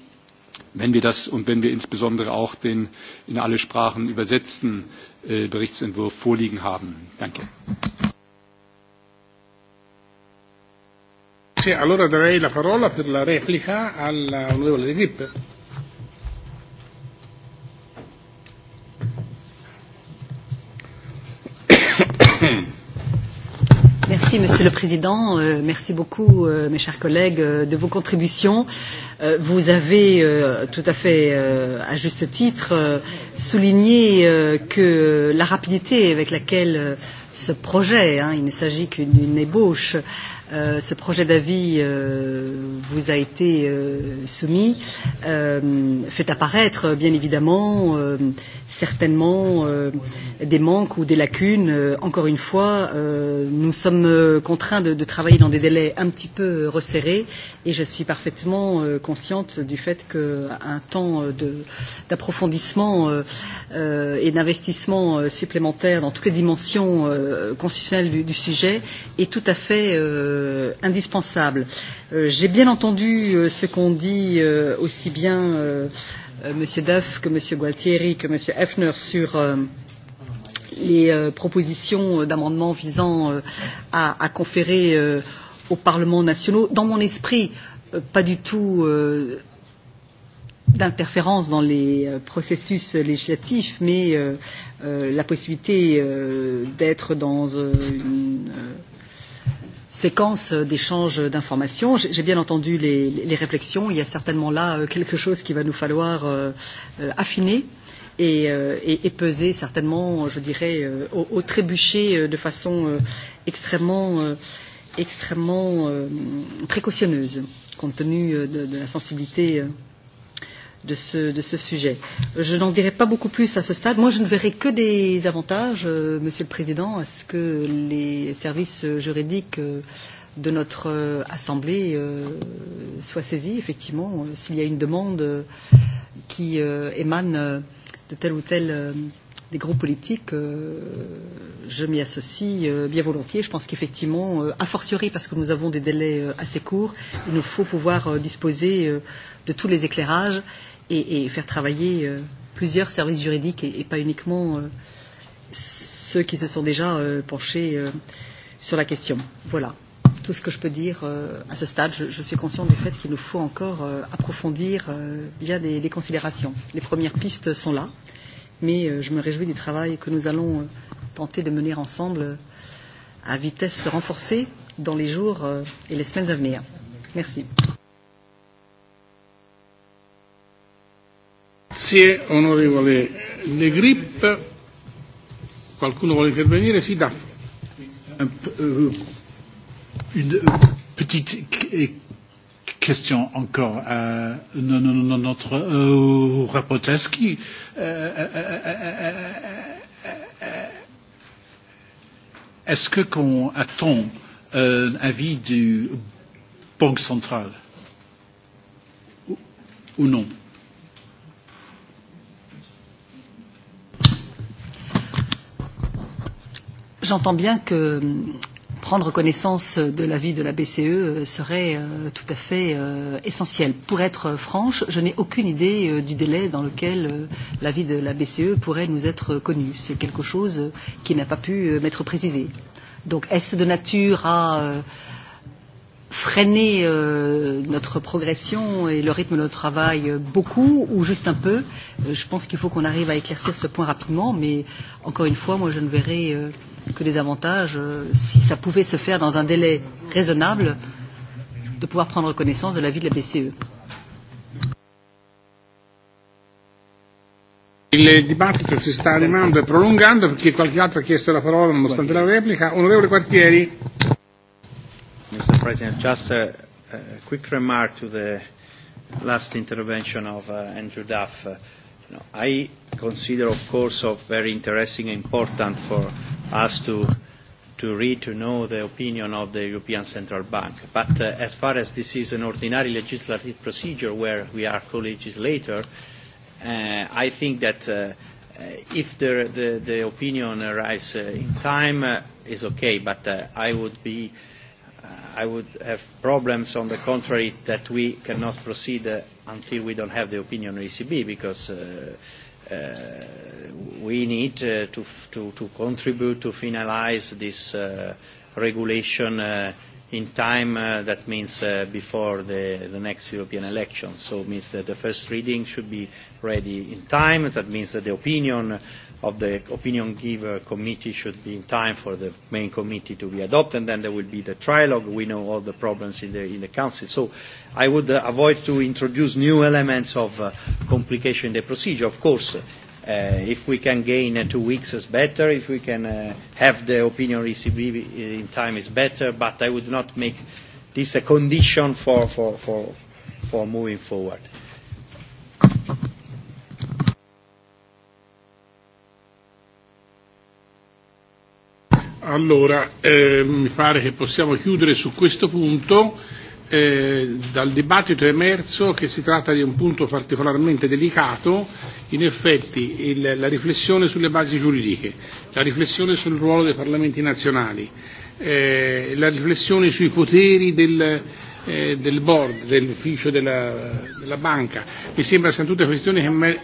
wenn wir das und wenn wir insbesondere auch den in alle Sprachen übersetzten Äh, Berichtsentwurf vorliegen haben. Danke. Sì, allora darei la parola per la replica all'onorevole De Merci, Monsieur le Président. Euh, merci beaucoup, euh, mes chers collègues, euh, de vos contributions. Euh, vous avez, euh, tout à fait euh, à juste titre, euh, souligné euh, que la rapidité avec laquelle euh, ce projet, hein, il ne s'agit qu'une ébauche, euh, Euh, ce projet d'avis euh, vous a été euh, soumis euh, fait apparaître, bien évidemment, euh, certainement euh, des manques ou des lacunes. Euh, encore une fois, euh, nous sommes euh, contraints de, de travailler dans des délais un petit peu euh, resserrés et je suis parfaitement euh, consciente du fait qu'un temps d'approfondissement euh, euh, et d'investissement supplémentaire dans toutes les dimensions euh, constitutionnelles du, du sujet est tout à fait euh, euh, indispensable. Euh, J'ai bien entendu euh, ce qu'ont dit euh, aussi bien euh, euh, M. Duff que M. Gualtieri que M. Hefner sur euh, les euh, propositions euh, d'amendements visant euh, à, à conférer euh, aux parlements nationaux. Dans mon esprit, euh, pas du tout. Euh, d'interférence dans les euh, processus législatifs, mais euh, euh, la possibilité euh, d'être dans euh, une euh, séquence d'échange d'informations. J'ai bien entendu les, les réflexions. Il y a certainement là euh, quelque chose qu'il va nous falloir euh, euh, affiner et, et, et peser certainement, je dirais, au, au trébucher de façon extrêmement, extrêmement précautionneuse, compte tenu de, de la sensibilité de ce, de ce sujet. Je n'en dirai pas beaucoup plus à ce stade. Moi, je ne verrai que des avantages, euh, Monsieur le Président, à ce que les services juridiques euh, de notre euh, Assemblée euh, soient saisis, effectivement, euh, s'il y a une demande euh, qui euh, émane euh, de tel ou tel. Euh, des groupes politiques, euh, je m'y associe euh, bien volontiers. Je pense qu'effectivement, euh, a fortiori parce que nous avons des délais euh, assez courts, il nous faut pouvoir euh, disposer euh, de tous les éclairages et, et faire travailler euh, plusieurs services juridiques et, et pas uniquement euh, ceux qui se sont déjà euh, penchés euh, sur la question. Voilà tout ce que je peux dire euh, à ce stade. Je, je suis conscient du fait qu'il nous faut encore euh, approfondir euh, bien des, des considérations. Les premières pistes sont là, mais euh, je me réjouis du travail que nous allons euh, tenter de mener ensemble euh, à vitesse renforcée dans les jours euh, et les semaines à venir. Merci. Grazie, onorevole Le Grip. Qualcuno vuole intervenire? Sì, da. Euh, une euh, petite question encore à euh, notre euh, rapporteur. Est-ce Est-ce que qu'on attend un avis du Banque centrale ou, ou non J'entends bien que euh, prendre connaissance de la vie de la BCE euh, serait euh, tout à fait essentiel. Pour être franche, je n'ai aucune idée du délai dans lequel la vie de la BCE pourrait nous être connue. C'est quelque chose qui n'a pas pu m'être précisé. Donc est-ce de nature à euh, freiner euh, notre progression et le rythme de notre travail euh, beaucoup ou juste un peu. Euh, je pense qu'il faut qu'on arrive à éclaircir ce point rapidement, mais encore une fois, moi je ne verrai euh, que des avantages euh, si ça pouvait se faire dans un délai raisonnable de pouvoir prendre connaissance de l'avis de la BCE. Il dibattito si sta animando e prolungando perché qualche altro ha chiesto la parola nonostante la replica. Onorevole Quartieri. Mr. President. Just a, a quick remark to the last intervention of uh, Andrew Duff. Uh, you know, I consider, of course, of very interesting and important for us to to read, to know the opinion of the European Central Bank. But uh, as far as this is an ordinary legislative procedure where we are co-legislator, uh, I think that uh, uh if the, the, the opinion arrives uh, in time, uh, is okay, but uh, I would be uh, I would have problems, on the contrary, that we cannot proceed uh, until we don't have the opinion of ECB, because uh, uh, we need uh, to, to, to contribute to finalize this uh, regulation uh, in time, uh, that means uh, before the, the next European election. So it means that the first reading should be ready in time. That means that the opinion of the opinion giver committee should be in time for the main committee to be adopted. And then there will be the trilogue. We know all the problems in the, in the council. So I would uh, avoid to introduce new elements of uh, complication in the procedure. Of course, Uh, if we can gain uh, two weeks is better, if we can uh, have the opinion received in time is better, but I would not make this a condition for, for, for, for moving forward. Allora, eh, mi pare che possiamo chiudere su questo punto eh, dal dibattito è emerso che si tratta di un punto particolarmente delicato, in effetti il, la riflessione sulle basi giuridiche, la riflessione sul ruolo dei parlamenti nazionali, eh, la riflessione sui poteri del, eh, del board, dell'ufficio della, della banca, mi sembra siano tutte questioni che Me...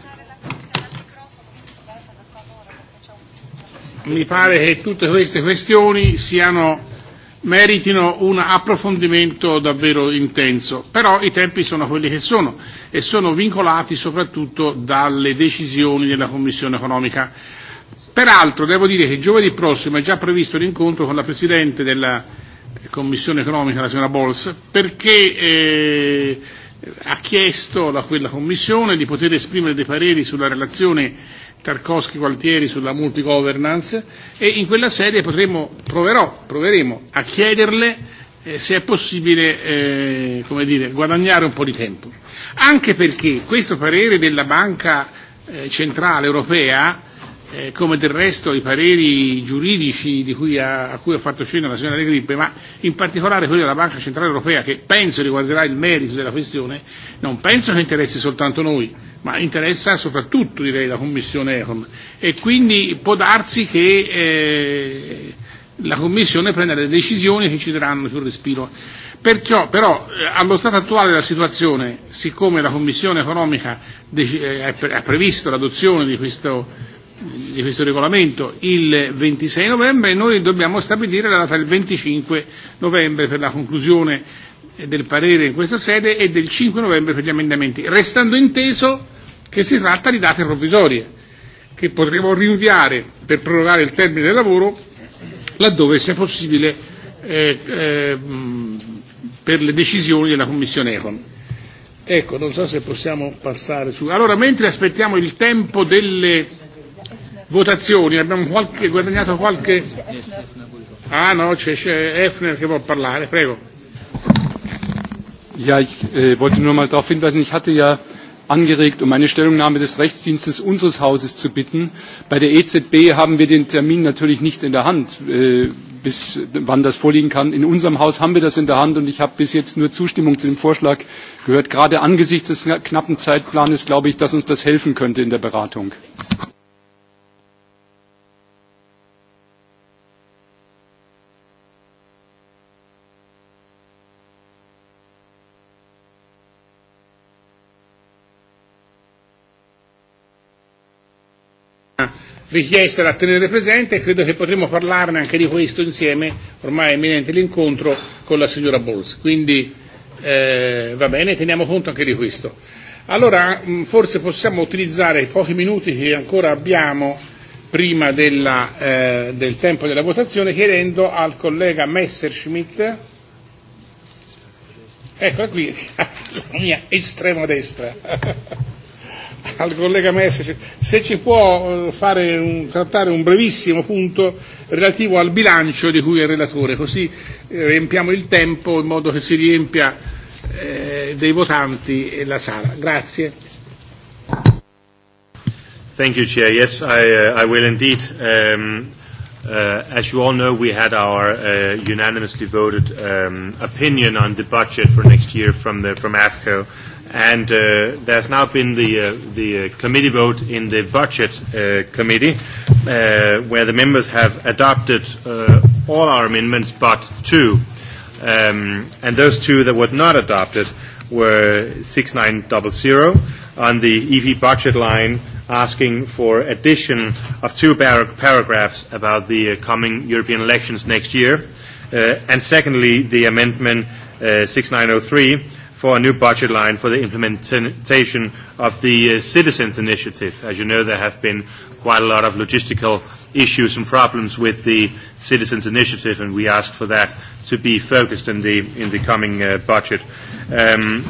mi pare che tutte queste questioni siano meritino un approfondimento davvero intenso, però i tempi sono quelli che sono e sono vincolati soprattutto dalle decisioni della Commissione economica. Peraltro devo dire che giovedì prossimo è già previsto l'incontro con la Presidente della Commissione economica, la signora Bols, perché eh, ha chiesto da quella Commissione di poter esprimere dei pareri sulla relazione Tarkovsky Gualtieri sulla multigovernance e in quella sede potremo, proverò, proveremo a chiederle eh, se è possibile eh, come dire, guadagnare un po' di tempo. Anche perché questo parere della Banca eh, Centrale Europea, eh, come del resto i pareri giuridici di cui ha, a cui ha fatto scena la signora De Grippe, ma in particolare quello della Banca Centrale Europea, che penso riguarderà il merito della questione, non penso che interessi soltanto noi, ma interessa soprattutto direi la Commissione Econ e quindi può darsi che eh, la Commissione prenda le decisioni che ci daranno più respiro. Perciò, però, eh, allo stato attuale della situazione, siccome la Commissione economica eh, pre- ha previsto l'adozione di questo, di questo regolamento il 26 novembre, noi dobbiamo stabilire la data del 25 novembre per la conclusione eh, del parere in questa sede e del 5 novembre per gli emendamenti, restando inteso che si tratta di date provvisorie che potremo rinviare per prorogare il termine del lavoro laddove sia possibile eh, eh, per le decisioni della Commissione Econ. Ecco, non so se possiamo passare su. Allora, mentre aspettiamo il tempo delle votazioni, abbiamo qualche, guadagnato qualche... Ah no, c'è, c'è Efner che può parlare, prego. Ja, ich äh, wollte nur mal darauf hinweisen, ich hatte ja angeregt, um eine Stellungnahme des Rechtsdienstes unseres Hauses zu bitten. Bei der EZB haben wir den Termin natürlich nicht in der Hand, äh, bis wann das vorliegen kann. In unserem Haus haben wir das in der Hand und ich habe bis jetzt nur Zustimmung zu dem Vorschlag gehört. Gerade angesichts des knappen zeitplans glaube ich, dass uns das helfen könnte in der Beratung. richiesta da tenere presente e credo che potremo parlarne anche di questo insieme, ormai è imminente l'incontro con la signora Bowles. Quindi eh, va bene, teniamo conto anche di questo. Allora mm, forse possiamo utilizzare i pochi minuti che ancora abbiamo prima della, eh, del tempo della votazione chiedendo al collega Messerschmidt Eccola qui, la mia estrema destra. al collega Messi se ci può eh, fare un, trattare un brevissimo punto relativo al bilancio di cui è relatore, così eh, riempiamo il tempo in modo che si riempia eh, dei votanti e la sala. Grazie. Thank you, Chair. Yes, I, uh, I will indeed. Um, Uh, as you all know, we had our uh, unanimously voted um, opinion on the budget for next year from, the, from AFCO, and uh, there's now been the, uh, the uh, committee vote in the budget uh, committee uh, where the members have adopted uh, all our amendments but two. Um, and those two that were not adopted were 6900 on the EV budget line asking for addition of two bar- paragraphs about the uh, coming European elections next year. Uh, and secondly, the amendment uh, 6903 for a new budget line for the implementation of the uh, Citizens Initiative. As you know, there have been quite a lot of logistical issues and problems with the Citizens Initiative, and we ask for that to be focused in the, in the coming uh, budget. Um,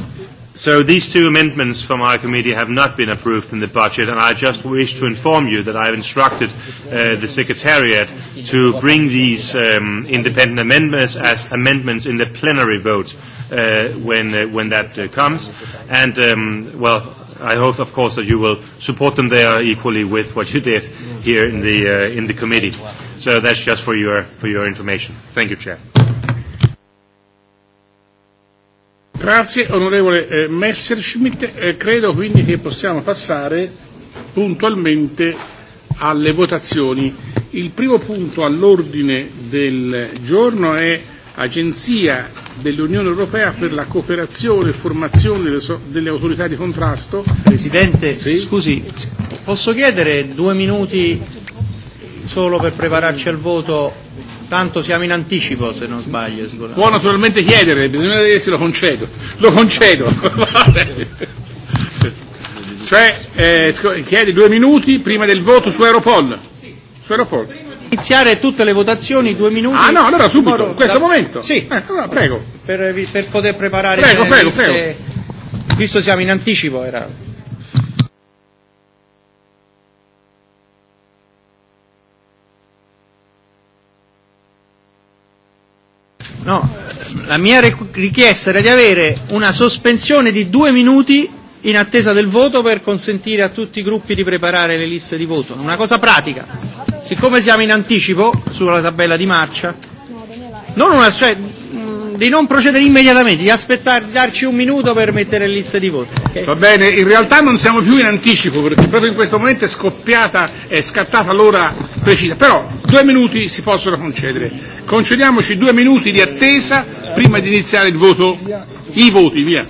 so these two amendments from our committee have not been approved in the budget, and I just wish to inform you that I have instructed uh, the Secretariat to bring these um, independent amendments as amendments in the plenary vote uh, when, uh, when that uh, comes. And, um, well, I hope, of course, that you will support them there equally with what you did here in the, uh, in the committee. So that's just for your, for your information. Thank you, Chair. Grazie onorevole eh, Messerschmidt, eh, credo quindi che possiamo passare puntualmente alle votazioni. Il primo punto all'ordine del giorno è Agenzia dell'Unione Europea per la cooperazione e formazione delle, autorità di contrasto. Presidente, sì? scusi, posso chiedere due minuti solo per prepararci al voto? Tanto siamo in anticipo, se non sbaglio. Può naturalmente chiedere, bisogna vedere se lo concedo. Lo concedo. cioè, eh, chiede due minuti prima del voto su Europol. Su Europol. Iniziare tutte le votazioni, due minuti. Ah no, allora subito, in questo da... momento? Sì. Eh, allora, prego. Per, per poter preparare prego, le prego, liste, prego. visto siamo in anticipo era... No, la mia richiesta era di avere una sospensione di due minuti in attesa del voto per consentire a tutti i gruppi di preparare le liste di voto. Una cosa pratica, siccome siamo in anticipo sulla tabella di marcia, non una, cioè, mm, di non procedere immediatamente, di aspettare, di darci un minuto per mettere le liste di voto. Okay? Va bene, in realtà non siamo più in anticipo perché proprio in questo momento è scoppiata, è scattata l'ora precisa, però due minuti si possono concedere. Concediamoci due minuti di attesa prima di iniziare il voto, i voti, via.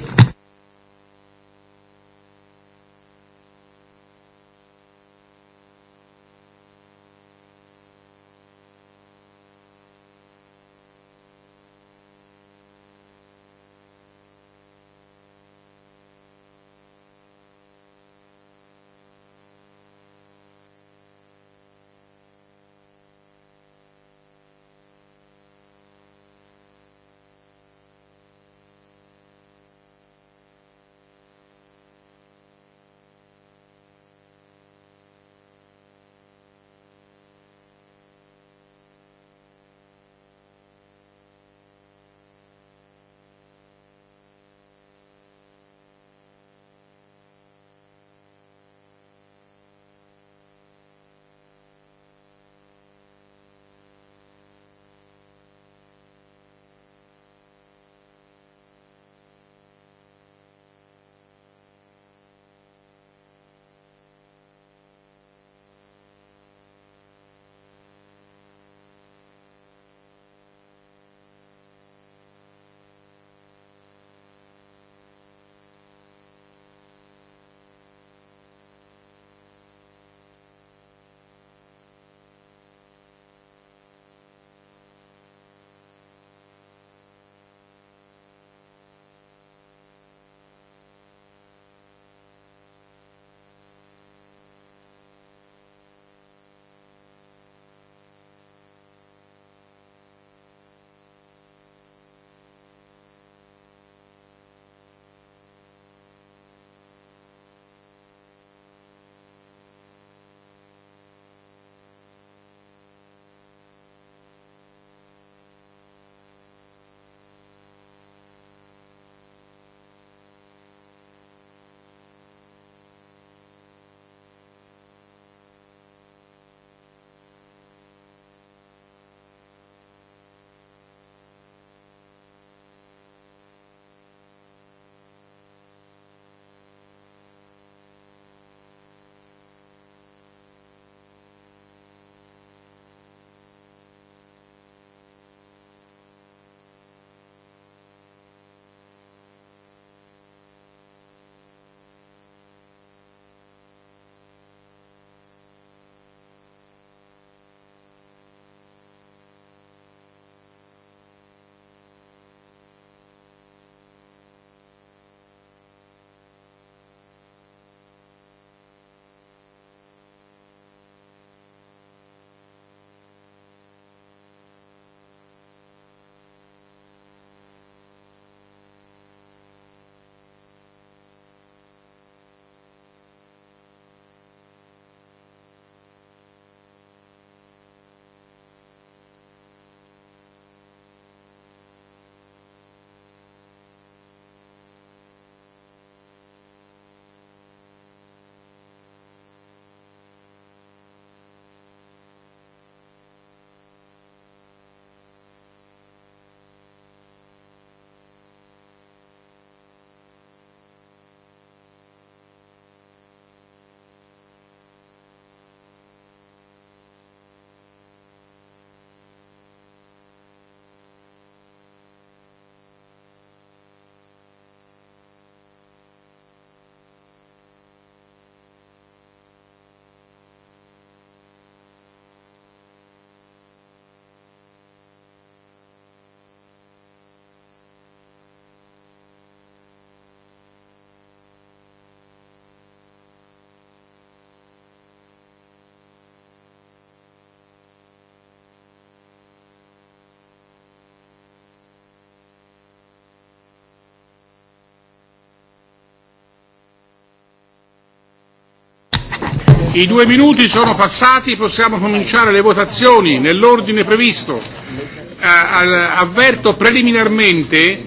I due minuti sono passati, possiamo cominciare le votazioni nell'ordine previsto. Eh, avverto preliminarmente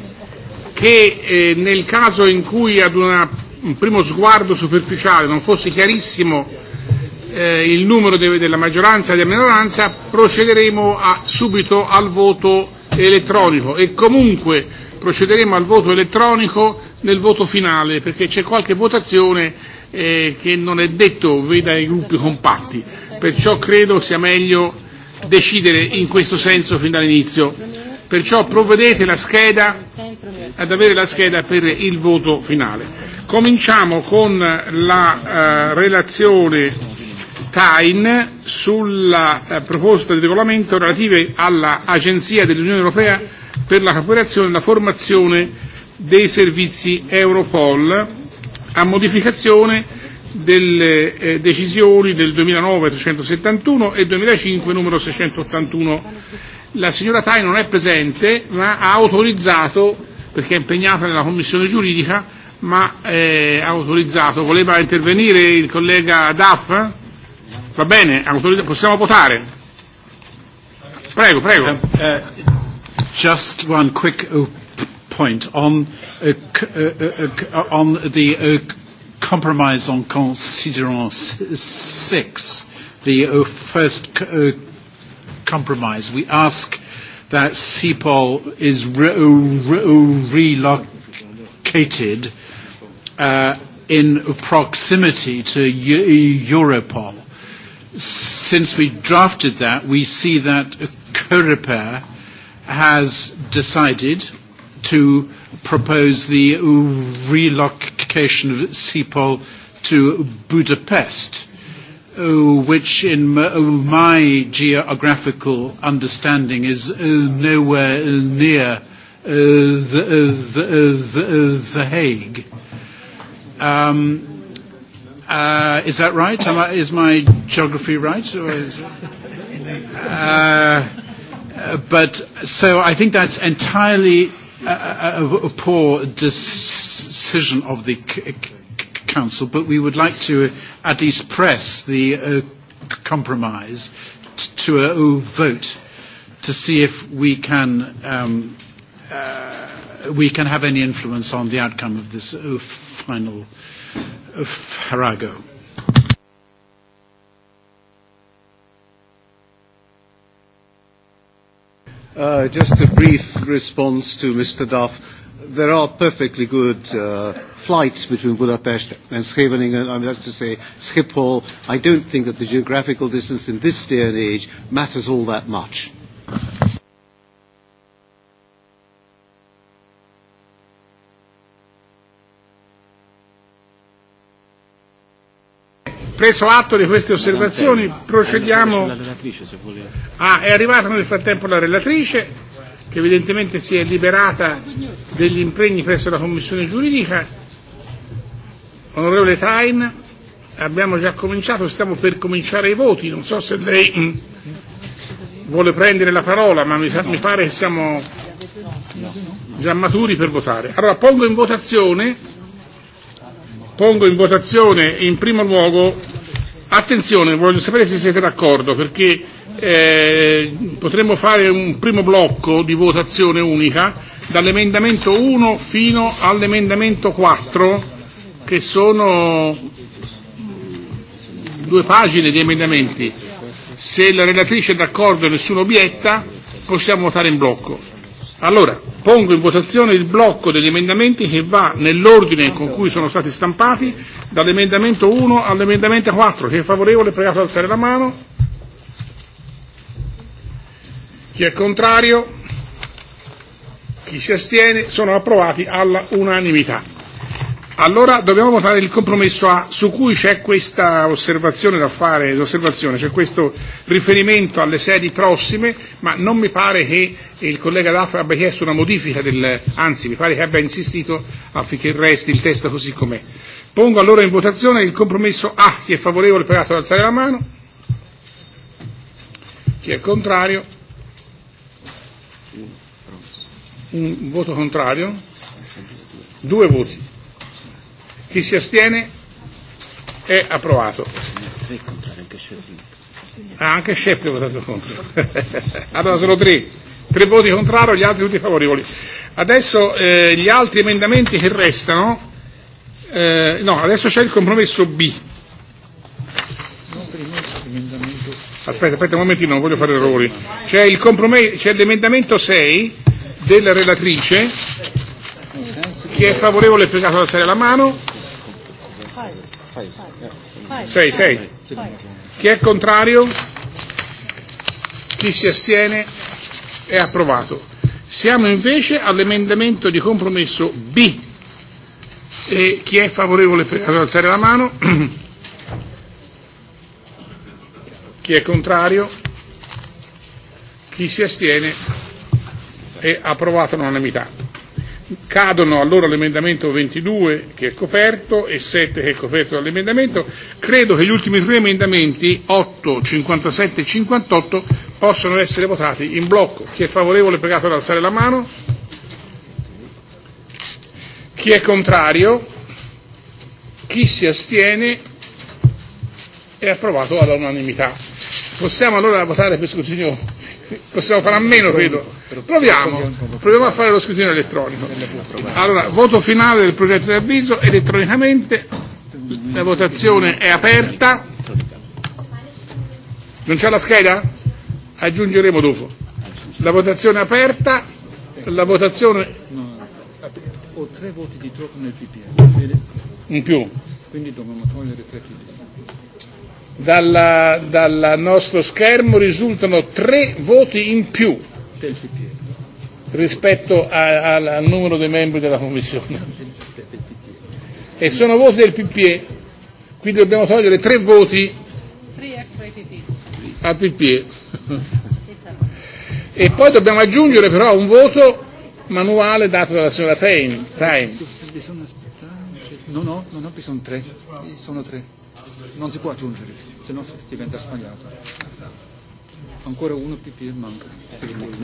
che eh, nel caso in cui ad una, un primo sguardo superficiale non fosse chiarissimo eh, il numero de, della maggioranza e della minoranza, procederemo a, subito al voto elettronico e comunque procederemo al voto elettronico nel voto finale perché c'è qualche votazione eh, che non è detto veda i gruppi compatti, perciò credo sia meglio decidere in questo senso fin dall'inizio. Perciò provvedete la scheda, ad avere la scheda per il voto finale. Cominciamo con la eh, relazione Tain sulla eh, proposta di regolamento relative all'Agenzia dell'Unione Europea per la cooperazione e la formazione dei servizi Europol a modificazione delle eh, decisioni del 2009 371 e 2005 numero 681. La signora Tai non è presente ma ha autorizzato, perché è impegnata nella commissione giuridica, ma eh, ha autorizzato, voleva intervenire il collega Daff? Va bene, autorizzato. possiamo votare. Prego, prego. Um, uh, just one quick op- point on, uh, c- uh, uh, uh, uh on the uh, compromise on considerant six, the uh, first c- uh, compromise. We ask that CEPOL is re- uh, re- uh, relocated uh, in proximity to U- Europol. Since we drafted that, we see that COREPER has decided to propose the relocation of CEPOL to Budapest, uh, which in uh, my geographical understanding is uh, nowhere near the, the, the Hague. Um, uh, is that right? Am I, is my geography right? Or is, uh, but so I think that's entirely a, a poor decision of the Council, but we would like to uh, at least press the uh, compromise to a uh, oh, vote to see if we can um, uh, we can have any influence on the outcome of this uh, final uh, oh, farrago. Uh, just a brief response to Mr. Duff. There are perfectly good uh, flights between Budapest and Scheveningen, I mean, that's to say Schiphol. I don't think that the geographical distance in this day and age matters all that much. Preso atto di queste osservazioni, procediamo. Ah, è arrivata nel frattempo la relatrice, che evidentemente si è liberata degli impegni presso la Commissione giuridica. Onorevole Tain, abbiamo già cominciato, stiamo per cominciare i voti, non so se lei mm, vuole prendere la parola, ma mi, pare che siamo già maturi per votare. Allora pongo in votazione Pongo in votazione in primo luogo, attenzione, voglio sapere se siete d'accordo perché eh, potremmo fare un primo blocco di votazione unica dall'emendamento 1 fino all'emendamento 4 che sono due pagine di emendamenti. Se la relatrice è d'accordo e nessuno obietta possiamo votare in blocco. Allora, pongo in votazione il blocco degli emendamenti che va nell'ordine con cui sono stati stampati, dall'emendamento 1 all'emendamento 4. Chi è favorevole, pregato ad alzare la mano. Chi è contrario? Chi si astiene? Sono approvati alla unanimità. Allora dobbiamo fare il compromesso A, su cui c'è questa osservazione da fare, l'osservazione, c'è questo riferimento alle sedi prossime, ma non mi pare che il collega D'Affa abbia chiesto una modifica del, anzi mi pare che abbia insistito affinché resti il testo così com'è. Pongo allora in votazione il compromesso A, chi è favorevole pregato ad alzare la mano, chi è contrario, un voto contrario, due voti. Chi si astiene è approvato. Ha Ah, anche Sheppi ha votato contro. allora sono tre. Tre voti contrari, gli altri tutti favorevoli. Adesso eh, gli altri emendamenti che restano. Eh, no, adesso c'è il compromesso B. Aspetta, aspetta un momentino, non voglio fare errori. C'è, il comprome- c'è l'emendamento 6 della relatrice. Chi è favorevole è e pregato ad alzare la mano. 6, 6. Chi è contrario? Chi si astiene? È approvato. Siamo invece all'emendamento di compromesso B. E chi è favorevole per alzare la mano? Chi è contrario? Chi si astiene? È approvato all'unanimità cadono allora l'emendamento 22 che è coperto e 7 che è coperto dall'emendamento, credo che gli ultimi tre emendamenti 8, 57 e 58 possano essere votati in blocco. Chi è favorevole è pregato ad alzare la mano. Chi è contrario? Chi si astiene? È approvato all'unanimità. Possiamo allora votare per scrutinio Possiamo fare a meno, credo. Proviamo. Proviamo a fare lo scrutinio elettronico. Allora, voto finale del progetto di avviso elettronicamente. La votazione è aperta. Non c'è la scheda? Aggiungeremo dopo. La votazione è aperta. La votazione... Ho tre voti di troppo nel PPA. In più. Quindi dobbiamo togliere tre PPA dalla, dalla nostro schermo risultano tre voti in più rispetto a, a, al numero dei membri della Commissione. E sono voti del PPE, quindi dobbiamo togliere tre voti al PPE. E poi dobbiamo aggiungere però un voto manuale dato dalla signora Time. Time. Bisogna aspettare. No, no, no, no, sono tre. Sono tre non si può aggiungere, se no diventa sbagliato. Ancora uno PP manca.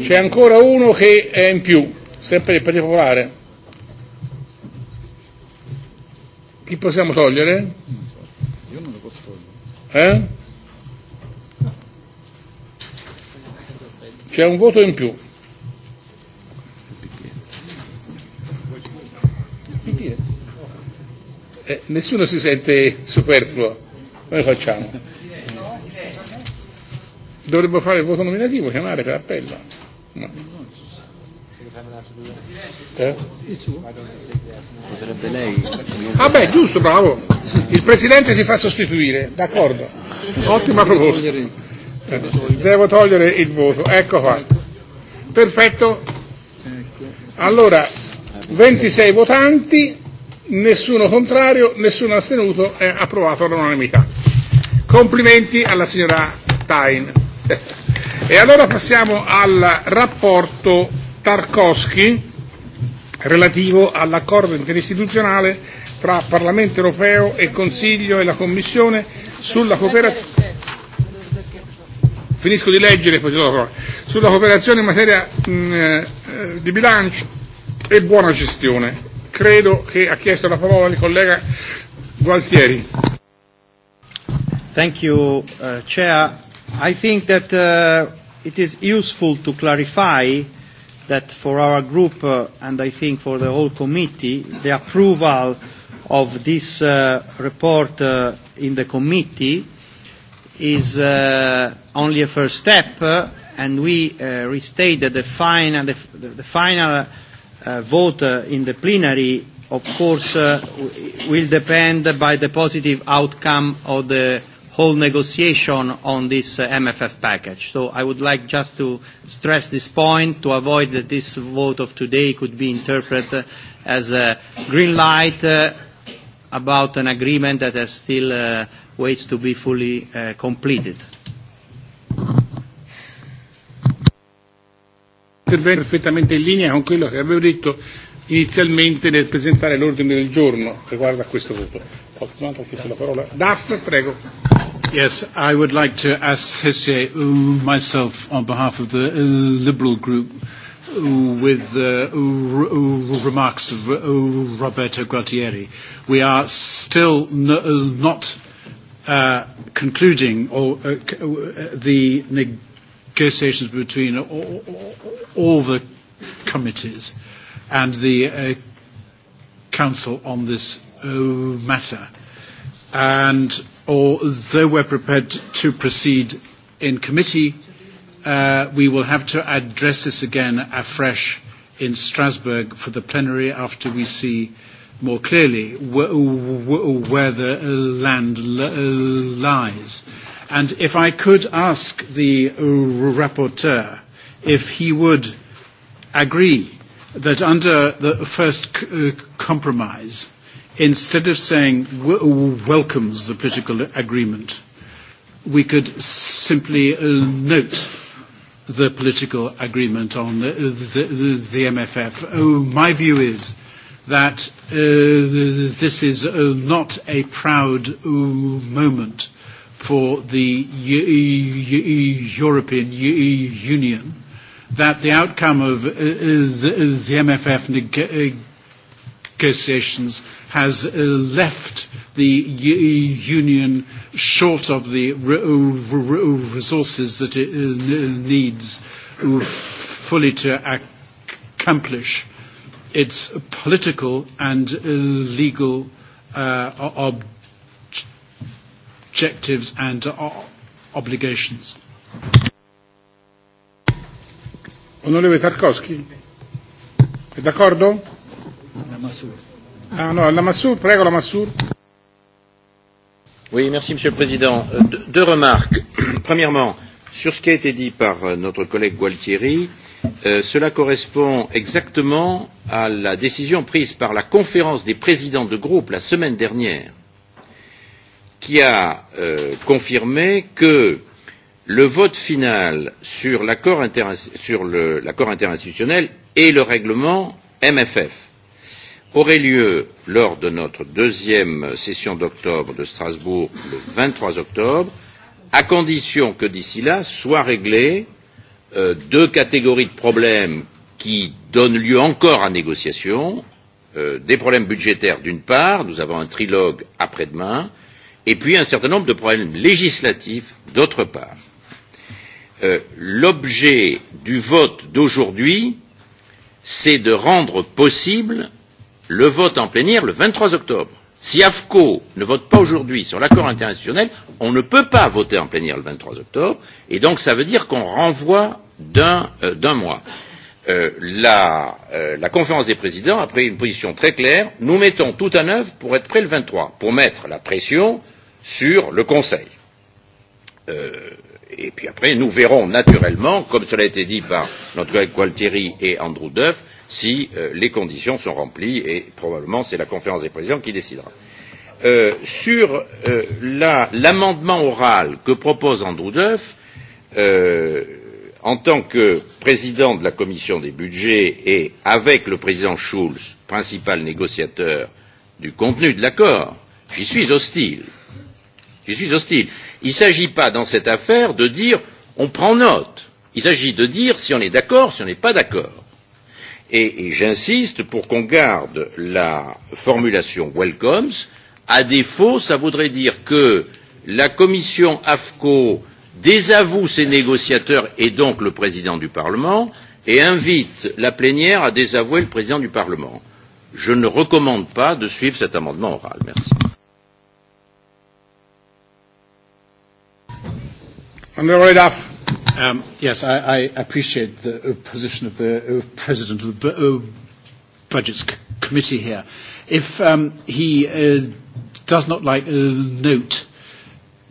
C'è ancora uno che è in più, sempre del Partito Popolare. Chi possiamo togliere? Io non lo posso togliere. Eh? C'è un voto in più. Eh, nessuno si sente superfluo. Noi facciamo. Dovremmo fare il voto nominativo, chiamare per appello. No. Eh? Potrebbe lei. Ah beh, giusto, bravo. Il presidente si fa sostituire, d'accordo. Ottima proposta. Devo togliere il voto, ecco qua. Perfetto. Allora, 26 votanti nessuno contrario, nessuno astenuto, è approvato all'unanimità. Complimenti alla signora Tain. E allora passiamo al rapporto Tarkovsky relativo all'accordo interistituzionale tra Parlamento europeo e Consiglio e la Commissione sulla cooperazione finisco di leggere poi do la sulla cooperazione in materia mh, mm, eh, di bilancio e buona gestione credo che ha chiesto la parola il collega Gualtieri. Thank you, uh, Chair. I think that uh, it is useful to clarify that for our group uh, and I think for the whole committee, the approval of this uh, report uh, in the committee is uh, only a first step uh, and we uh, restate that the final, the, the final uh, uh, vote uh, in the plenary, of course, uh, will depend by the positive outcome of the whole negotiation on this uh, MFF package. So I would like just to stress this point to avoid that this vote of today could be interpreted uh, as a green light uh, about an agreement that has still uh, waits to be fully uh, completed. intervento perfettamente in linea con quello che avevo detto inizialmente nel presentare l'ordine del giorno riguardo a questo voto. Qualcun altro ha chiesto la parola? Daff, prego. Yes, I would like to ask Hesse uh, myself on behalf of the uh, Liberal Group uh, with the remarks of Roberto Gualtieri. We are still not uh, concluding or, uh, the negotiations between all, all the committees and the uh, council on this uh, matter. And although we're prepared to proceed in committee, uh, we will have to address this again afresh in Strasbourg for the plenary after we see more clearly where, where the land lies. And if I could ask the rapporteur if he would agree that under the first c- uh, compromise, instead of saying w- welcomes the political agreement, we could simply uh, note the political agreement on the, the, the, the MFF. Oh, uh, my view is that uh, this is uh, not a proud uh, moment for the European Union that the outcome of the MFF negotiations has left the Union short of the resources that it needs fully to accomplish its political and legal uh, objectives objectives and uh, obligations. Onorevole Tarkovsky, è d'accordo? Ah no, la Massur, prego la Massur. Oui, merci Monsieur le Président. Euh, de, deux remarques. Premièrement, sur ce qui a été dit par euh, notre collègue Gualtieri, euh, cela correspond exactement à la décision prise par la conférence des présidents de groupe la semaine dernière qui a euh, confirmé que le vote final sur l'accord inter, interinstitutionnel et le règlement MFF aurait lieu lors de notre deuxième session d'octobre de Strasbourg le 23 octobre, à condition que d'ici là soient réglées euh, deux catégories de problèmes qui donnent lieu encore à négociation, euh, des problèmes budgétaires d'une part, nous avons un trilogue après-demain, euh, et puis un certain nombre de problèmes législatifs d'autre part. Euh, L'objet du vote d'aujourd'hui, c'est de rendre possible le vote en plénière le 23 octobre. Si AFCO ne vote pas aujourd'hui sur l'accord international, on ne peut pas voter en plénière le 23 octobre, et donc ça veut dire qu'on renvoie d'un euh, mois. Euh, la, euh, la conférence des présidents a pris une position très claire nous mettons tout en œuvre pour être prêts le 23, pour mettre la pression sur le Conseil. Euh, et puis après, nous verrons naturellement, comme cela a été dit par notre collègue Gualtieri et Andrew Duff, si euh, les conditions sont remplies et probablement c'est la conférence des présidents qui décidera. Euh, sur euh, l'amendement la, oral que propose Andrew Duff, euh, en tant que président de la commission des budgets et avec le président Schulz, principal négociateur du contenu de l'accord, j'y suis hostile je suis hostile. Il ne s'agit pas dans cette affaire de dire on prend note. Il s'agit de dire si on est d'accord, si on n'est pas d'accord. Et, et j'insiste pour qu'on garde la formulation welcomes. À défaut, ça voudrait dire que la commission AFCO désavoue ses négociateurs et donc le président du Parlement et invite la plénière à désavouer le président du Parlement. Je ne recommande pas de suivre cet amendement oral. Merci. Honourable Duff. Um, yes, I, I appreciate the uh, position of the uh, President of the uh, Budgets C- Committee here. If um, he uh, does not like a note,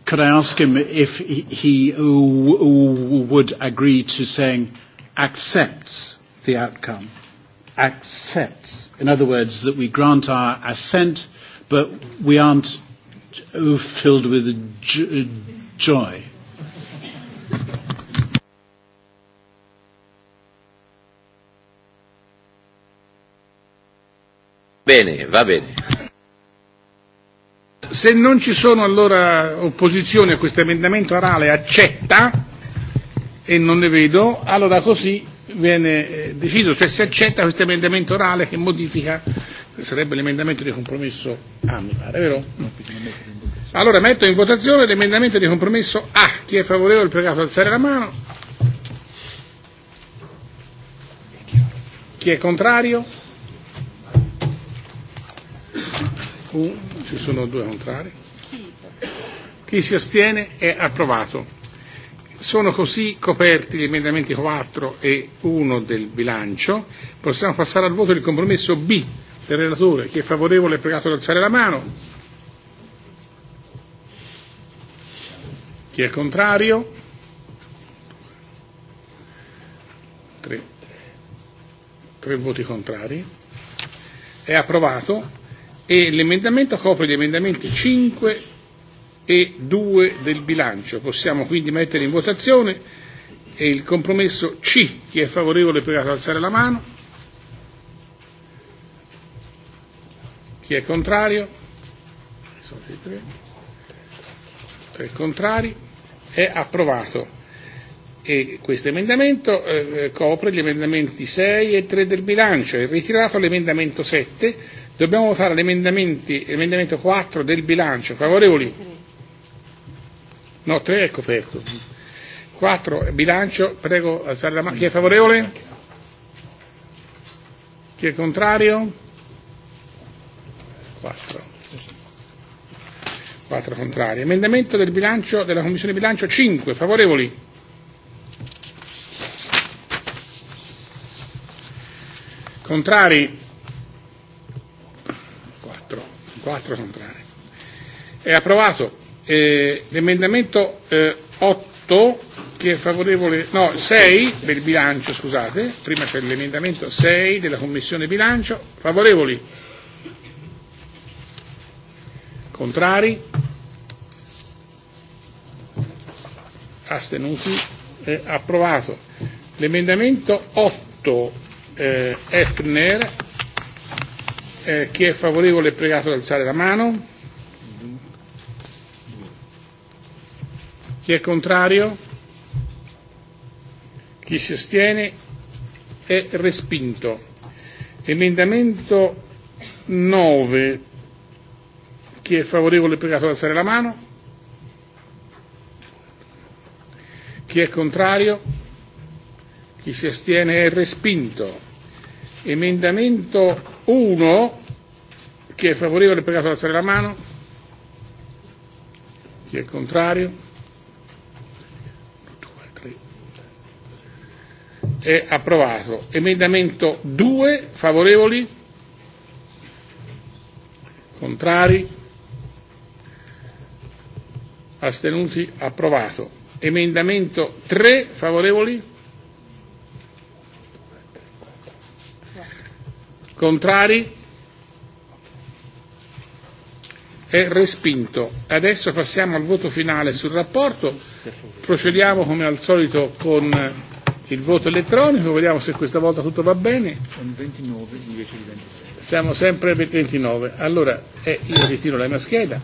could I ask him if he, he uh, w- would agree to saying accepts the outcome? Accepts. In other words, that we grant our assent, but we aren't uh, filled with j- uh, joy Bene, va bene. Se non ci sono allora opposizioni a questo emendamento orale accetta e non ne vedo, allora così viene eh, deciso, cioè se accetta questo emendamento orale che modifica, sarebbe l'emendamento di compromesso A mi pare, vero? Allora metto in votazione l'emendamento di compromesso A, chi è favorevole pregato ad alzare la mano, chi è contrario? 1, ci sono due contrari. Chi si astiene è approvato. Sono così coperti gli emendamenti 4 e 1 del bilancio. Possiamo passare al voto del compromesso B del relatore. Chi è favorevole è pregato ad alzare la mano. Chi è contrario? 3. 3 voti contrari. È approvato e l'emendamento copre gli emendamenti 5 e 2 del bilancio. Possiamo quindi mettere in votazione e il compromesso C. Chi è favorevole per alzare la mano. Chi è contrario? tre. Per contrari è approvato. E questo emendamento eh, copre gli emendamenti 6 e 3 del bilancio. È ritirato l'emendamento 7 Dobbiamo votare l'emendamento 4 del bilancio. Favorevoli? No, 3 è coperto. 4 bilancio, prego alzare la mano. Chi è favorevole? Chi è contrario? 4. 4 contrari. Emendamento del bilancio, della Commissione bilancio 5. Favorevoli? Contrari? 4 contrari. È approvato. Eh, l'emendamento eh, 8 che è favorevole, no, 6 del bilancio, scusate, prima c'è l'emendamento 6 della Commissione bilancio, favorevoli, contrari, astenuti, è approvato. L'emendamento 8 eh, Efner Eh, chi è favorevole è pregato ad alzare la mano. Chi è contrario? Chi si astiene? È respinto. Emendamento 9. Chi è favorevole è pregato ad alzare la mano. Chi è contrario? Chi si astiene è respinto. Emendamento 1, chi è favorevole per ad alzare la mano, chi è contrario, è approvato. Emendamento 2, favorevoli, contrari, astenuti, approvato. Emendamento 3, favorevoli, Contrari? È respinto. Adesso passiamo al voto finale sul rapporto. Procediamo come al solito con eh, il voto elettronico, vediamo se questa volta tutto va bene. Con 29 invece di 27. Siamo sempre per 29. Allora, eh, io ritiro la mia scheda.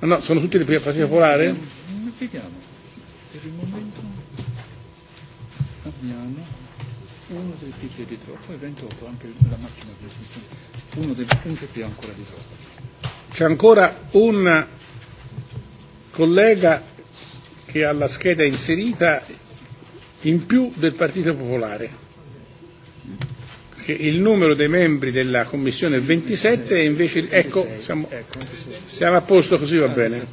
No, sono tutti del Partito Popolare? Mm, vediamo. ufficio di troppo e 28 anche la macchina di esistenza. Uno dei punti più ancora di troppo. C'è ancora un collega che ha la scheda inserita in più del Partito Popolare. Che il numero dei membri della Commissione è 27 e invece... Ecco, siamo, siamo a posto così va ah, bene.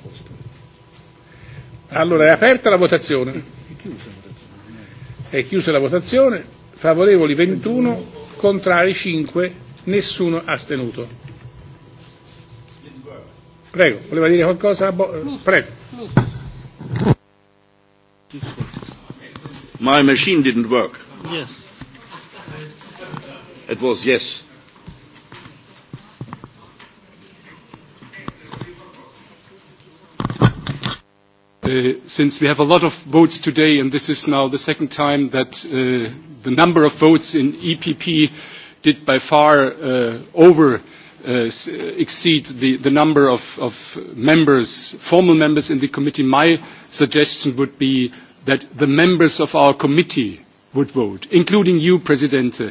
Allora è aperta la votazione. È chiusa la votazione favorevoli 21, contrari 5, nessuno astenuto. Prego, voleva dire qualcosa? Bo- prego. My machine didn't work. Yes. It was yes. Uh, since we have a lot of votes today, and this is now the second time that uh, the number of votes in EPP did by far uh, over uh, uh, exceed the, the number of, of members, formal members in the committee, my suggestion would be that the members of our committee would vote, including you, President, uh,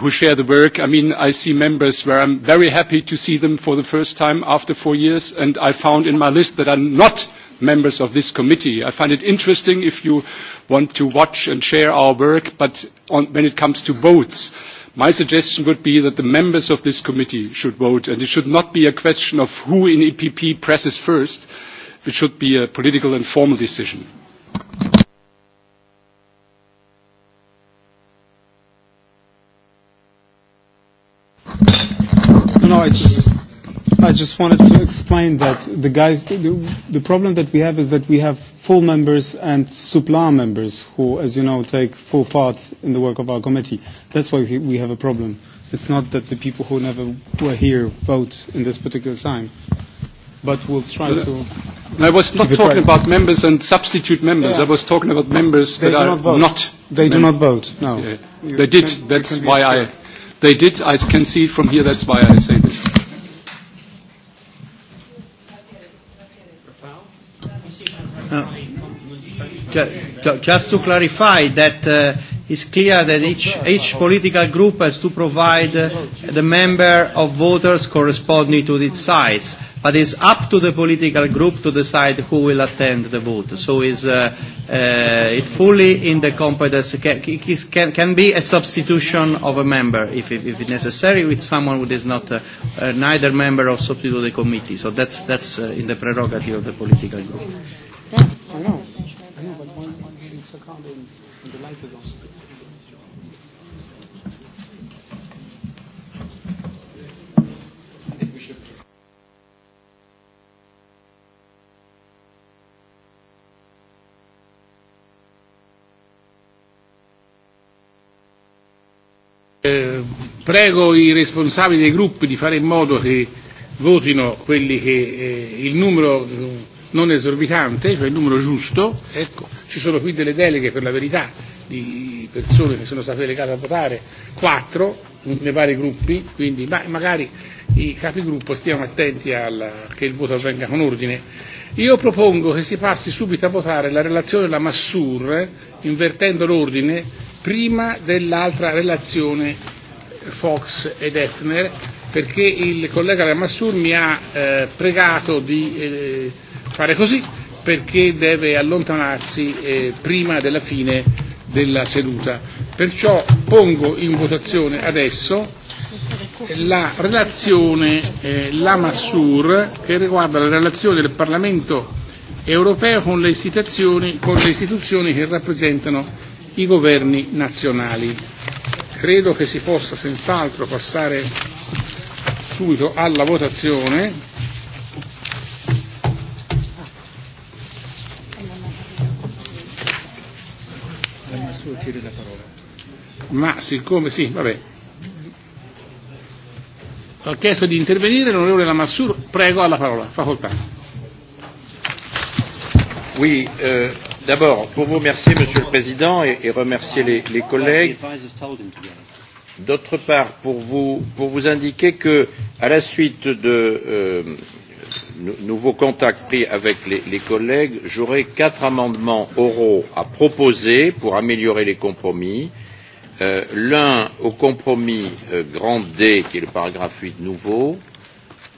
who share the work. I mean, I see members where I'm very happy to see them for the first time after four years, and I found in my list that I'm not members of this committee. I find it interesting if you want to watch and share our work, but on, when it comes to votes, my suggestion would be that the members of this committee should vote, and it should not be a question of who in EPP presses first. It should be a political and formal decision. wanted to explain that the guys, the, the problem that we have is that we have full members and supplant members who, as you know, take full part in the work of our committee. That's why we, we have a problem. It's not that the people who never were here vote in this particular time, but we'll try to. I was not talking right. about members and substitute members. Yeah. I was talking about members they that are not. not they do not vote. No, yeah. they did. Can, That's why I. They did. I can see from here. That's why I say this. just to clarify that uh, it's clear that each, each political group has to provide uh, the number of voters corresponding to its sides. But it's up to the political group to decide who will attend the vote. So it's uh, uh, it fully in the competence, can, can, can be a substitution of a member if, if, if necessary with someone who is not uh, uh, neither member of substitute the committee. So that's, that's uh, in the prerogative of the political group. Yeah, Eh, prego i responsabili dei gruppi di fare in modo che votino quelli che eh, il numero eh, non esorbitante, cioè il numero giusto, ecco, ci sono qui delle deleghe per la verità di persone che sono state delegate a votare, quattro nei vari gruppi, quindi ma magari i capigruppo stiano attenti al, che il voto avvenga con ordine. Io propongo che si passi subito a votare la relazione della Massur, invertendo l'ordine, prima dell'altra relazione eh, Fox ed Effner, perché il collega della Massur mi ha eh, pregato di eh, fare così perché deve allontanarsi eh, prima della fine della seduta. Perciò pongo in votazione adesso la relazione eh, Lamassur che riguarda la relazione del Parlamento europeo con le, con le istituzioni che rappresentano i governi nazionali. Credo che si possa senz'altro passare subito alla votazione utile la parola. Ma siccome sì, vabbè. Ho chiesto di intervenire l'onorevole Lamassur, prego alla parola, facoltà. Oui, euh, d'abord, pour vous remercier, Monsieur le Président, et, et remercier les, les collègues. D'autre part, pour vous, pour vous indiquer que, à la suite de, euh, nouveaux contacts pris avec les, collègues, j'aurai quatre amendements oraux à proposer pour améliorer les compromis. Euh, l'un au compromis euh, grand D, qui est le paragraphe huit nouveau,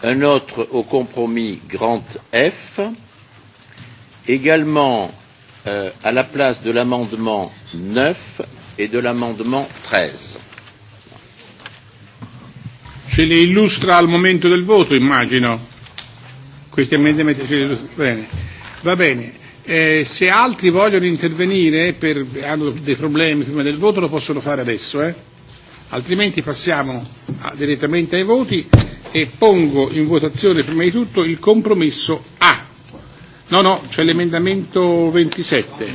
un autre au compromis grand F, également euh, à la place de l'amendement neuf et de l'amendement treize. Ce li illustra al momento del voto, immagino. Questi emendamenti ci bene. Va bene. Eh, se altri vogliono intervenire per, hanno dei problemi prima del voto lo possono fare adesso, eh? altrimenti passiamo a, direttamente ai voti e pongo in votazione prima di tutto il compromesso A. No, no, c'è cioè l'emendamento 27.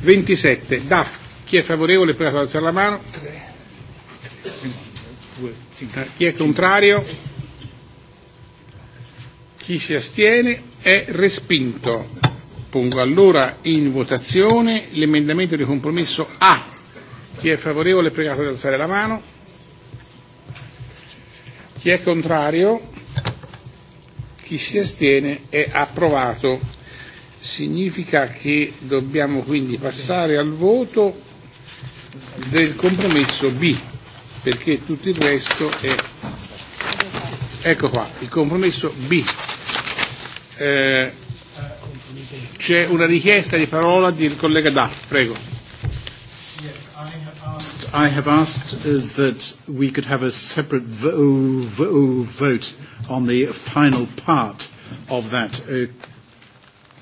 27. DAF. Chi è favorevole prega di alzare la mano. Chi è contrario? Chi si astiene è respinto. Pongo allora in votazione l'emendamento di compromesso A. Chi è favorevole è pregato di alzare la mano. Chi è contrario? Chi si astiene è approvato. Significa che dobbiamo quindi passare al voto del compromesso B, perché tutto il resto è Ecco qua, il compromesso B. Eh, c'è una richiesta di parola del collega Da, prego. I have asked, I have asked uh, that we could have a separate vo vo vote on the final part of that uh,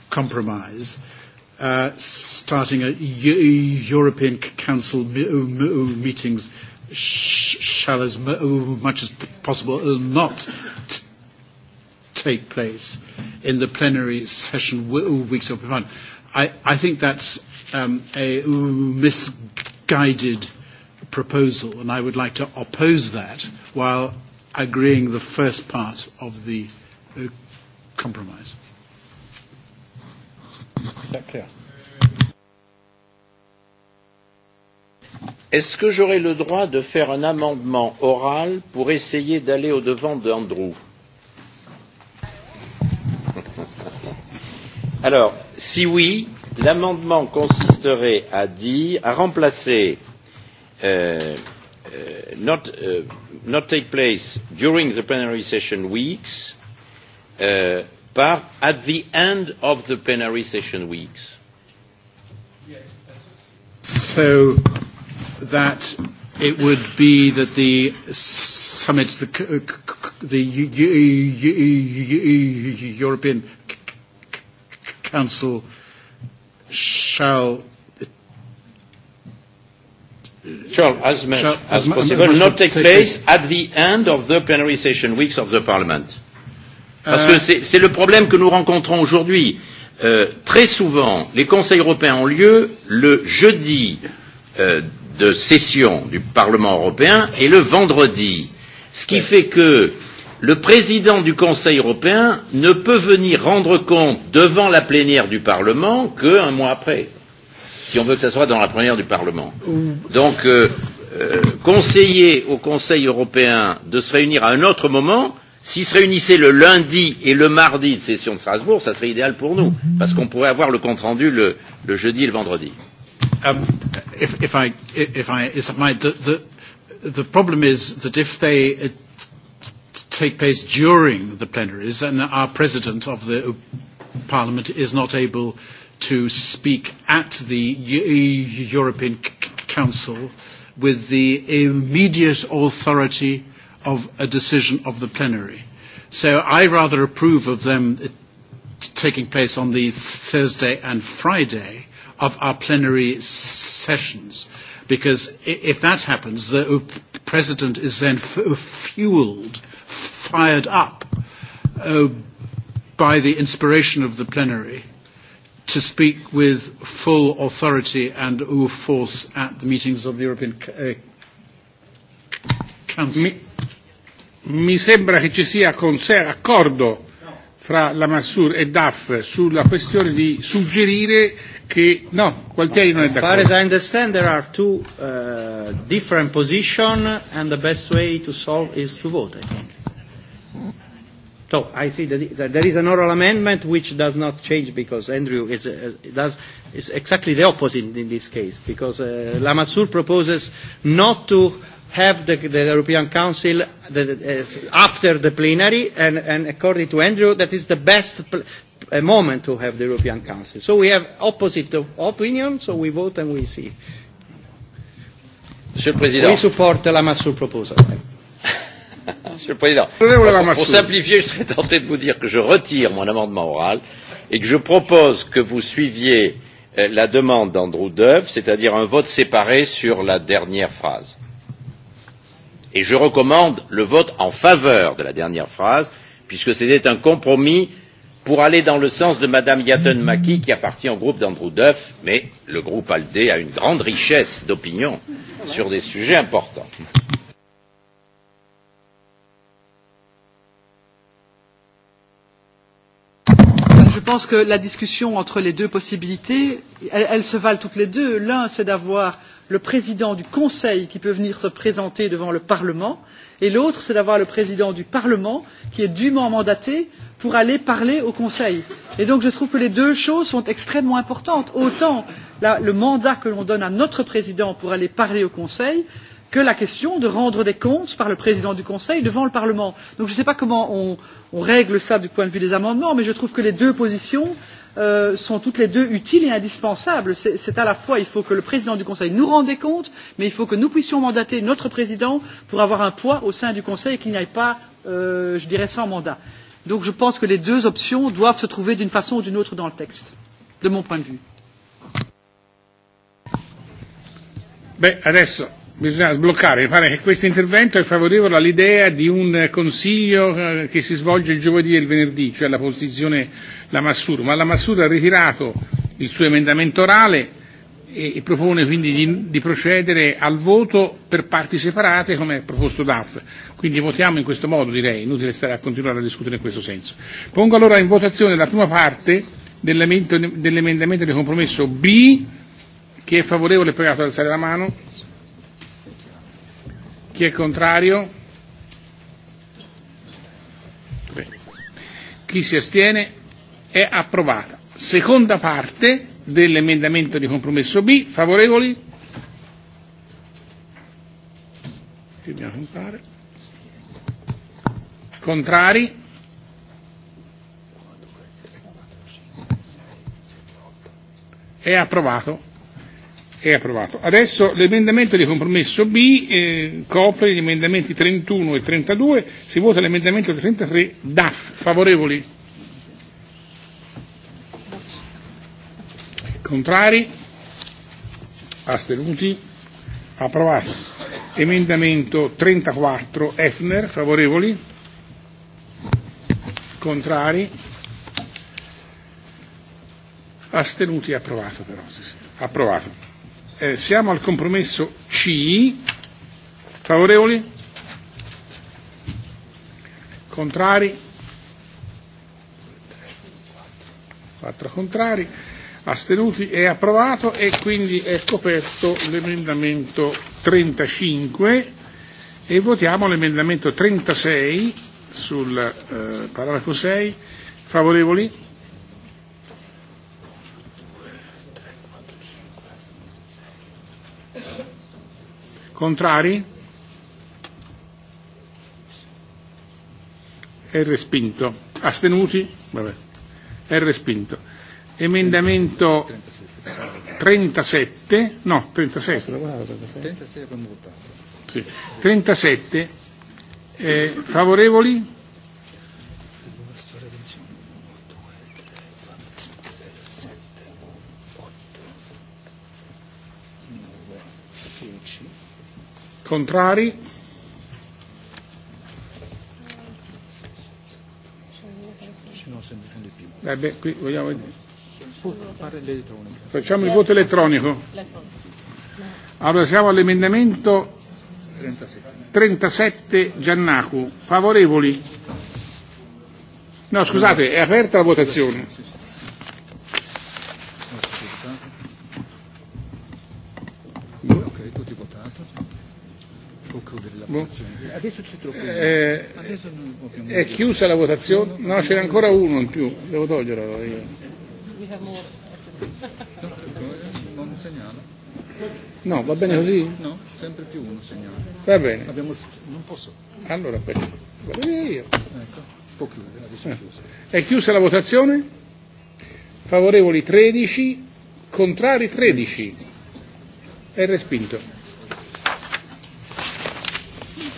compromise, uh, starting at European Council uh, uh, meetings shall as uh, much as possible not t- take place in the plenary session w- uh, weeks of Parliament. I, I think that's um, a uh, misguided proposal, and I would like to oppose that while agreeing the first part of the uh, compromise. Is that clear? est ce que j'aurai le droit de faire un amendement oral pour essayer d'aller au devant d'andrew? alors si oui l'amendement consisterait à dire à remplacer euh, euh, not, euh, not take place during the plenary session weeks euh, par at the end of the plenary session weeks. So that it would be that the summit, the, the European Council shall shall as much shall, as, as possible as not take place at the end of the plenary session weeks of the Parliament. Parce euh, que c'est le problème que nous rencontrons aujourd'hui. Euh, très souvent, les conseils européens ont lieu le jeudi euh, de session du Parlement européen est le vendredi, ce qui fait que le président du Conseil européen ne peut venir rendre compte devant la plénière du Parlement qu'un mois après, si on veut que ce soit dans la plénière du Parlement. Donc, euh, euh, conseiller au Conseil européen de se réunir à un autre moment, s'il se réunissaient le lundi et le mardi de session de Strasbourg, ça serait idéal pour nous, mm-hmm. parce qu'on pourrait avoir le compte rendu le, le jeudi et le vendredi. Um, if, if I, if I, is it my, the, the, the problem is that if they uh, take place during the plenaries, and our president of the parliament is not able to speak at the e, e, European Council with the immediate authority of a decision of the plenary. So I rather approve of them uh, taking place on the Thursday and Friday of our plenary sessions. Because if that happens, the uh, president is then uh, fueled, fired up uh, by the inspiration of the plenary to speak with full authority and uh, force at the meetings of the European uh, Council. Mi, mi sembra che ci sia accordo fra la Massur e DAF sulla questione di suggerire che no, Gualtieri non è d'accordo. As far as I understand there are two uh, different position and the best way to solve is to vote, I think. So I see that there is an oral amendment which does not change because Andrew is, uh, does, is exactly the opposite in this case because uh, Lamassur proposes not to have the, the European Council the, the, uh, after the plenary and, and according to Andrew that is the best pl a moment to have the European Council. So we have opposite of opinion, so we vote and we see. Monsieur le Président. We support the Lamassoure proposal. Monsieur le Président, pour, pour simplifier, je serais tenté de vous dire que je retire mon amendement oral et que je propose que vous suiviez euh, la demande d'Andrew Duff, c'est-à-dire un vote séparé sur la dernière phrase. Et je recommande le vote en faveur de la dernière phrase, puisque c'était un compromis pour aller dans le sens de Mme Yatten Maki, qui appartient au groupe d'Andrew Duff, mais le groupe ALDE a une grande richesse d'opinions sur des sujets importants. je pense que la discussion entre les deux possibilités, elles, elles se valent toutes les deux. L'un, c'est d'avoir le président du Conseil qui peut venir se présenter devant le Parlement, et l'autre, c'est d'avoir le président du Parlement qui est dûment mandaté pour aller parler au Conseil. Et donc je trouve que les deux choses sont extrêmement importantes. Autant la, le mandat que l'on donne à notre président pour aller parler au Conseil que la question de rendre des comptes par le président du Conseil devant le Parlement. Donc je ne sais pas comment on, on règle ça du point de vue des amendements, mais je trouve que les deux positions euh, sont toutes les deux utiles et indispensables. C'est à la fois, il faut que le président du Conseil nous rende des comptes, mais il faut que nous puissions mandater notre président pour avoir un poids au sein du Conseil et qu'il n'y aille pas, euh, je dirais, sans mandat. Donc je pense que les deux options doivent se trouver d'une façon ou d'une autre dans le texte, de mon point de vue. Beh, adesso bisogna sbloccare. Mi pare che questo intervento è favorevole all'idea di un consiglio eh, che si svolge il giovedì e il venerdì, cioè la posizione Lamassur. Ma Lamassur ha ritirato il suo emendamento orale E, e, propone quindi di, di procedere al voto per parti separate come proposto DAF. Quindi votiamo in questo modo direi, inutile stare a continuare a discutere in questo senso. Pongo allora in votazione la prima parte dell'emendamento di compromesso B, chi è favorevole è pregato ad alzare la mano, chi è contrario, chi si astiene è approvata. Seconda parte, dell'emendamento di compromesso B. Favorevoli? Contrari? È approvato. È approvato. Adesso l'emendamento di compromesso B eh, copre gli emendamenti 31 e 32. Si vota l'emendamento 33 DAF. Favorevoli? Contrari? Astenuti? Approvato. Emendamento 34, Efner, favorevoli? Contrari? Astenuti? Approvato però. Sì, sì. Approvato. Eh, siamo al compromesso C. Favorevoli? Contrari? Quattro contrari astenuti è approvato e quindi è coperto l'emendamento 35 e votiamo l'emendamento 36 sul eh, paragrafo 6 favorevoli contrari è respinto astenuti vabbè è respinto Emendamento 37, no, 37. 36 Sì. 37, eh, favorevoli? Contrari? Vabbè, qui vogliamo vedere. Facciamo il voto elettronico. Allora siamo all'emendamento 37 Giannacu. Favorevoli? No, scusate, è aperta la votazione. Adesso c'è troppo. Eh, è chiusa la votazione? No, c'era ancora uno in più, devo toglierlo io have more. non segnalo. No, va bene così? No, sempre più uno segnale. Va bene. Abbiamo, non posso. Allora, per, vado io. Ecco, può chiudere, adesso è eh. chiusa. È chiusa la votazione? Favorevoli 13, contrari 13. È respinto.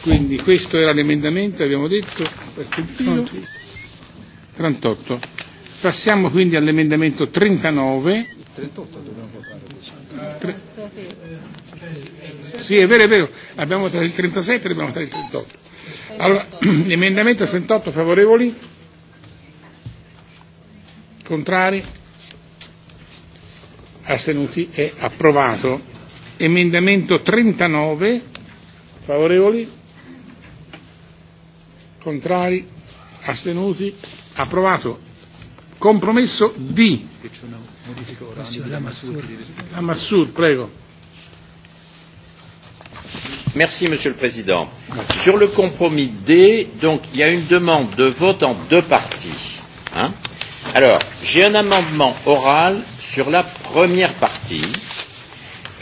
Quindi questo era l'emendamento, abbiamo detto, per 38. 38. Passiamo quindi all'emendamento 39. 38 dobbiamo votare. Sì, è vero, è vero. Abbiamo votato il 37 e abbiamo votato il 38. Allora, emendamento 38 favorevoli? Contrari? Astenuti? È approvato. Emendamento 39 favorevoli? Contrari? Astenuti? Approvato Compromesso D. Lamassur, prego. Merci, Monsieur le Président. Merci. Sur le compromis D, donc il y a une demande de vote en deux parties. Hein Alors, j'ai un amendement oral sur la première partie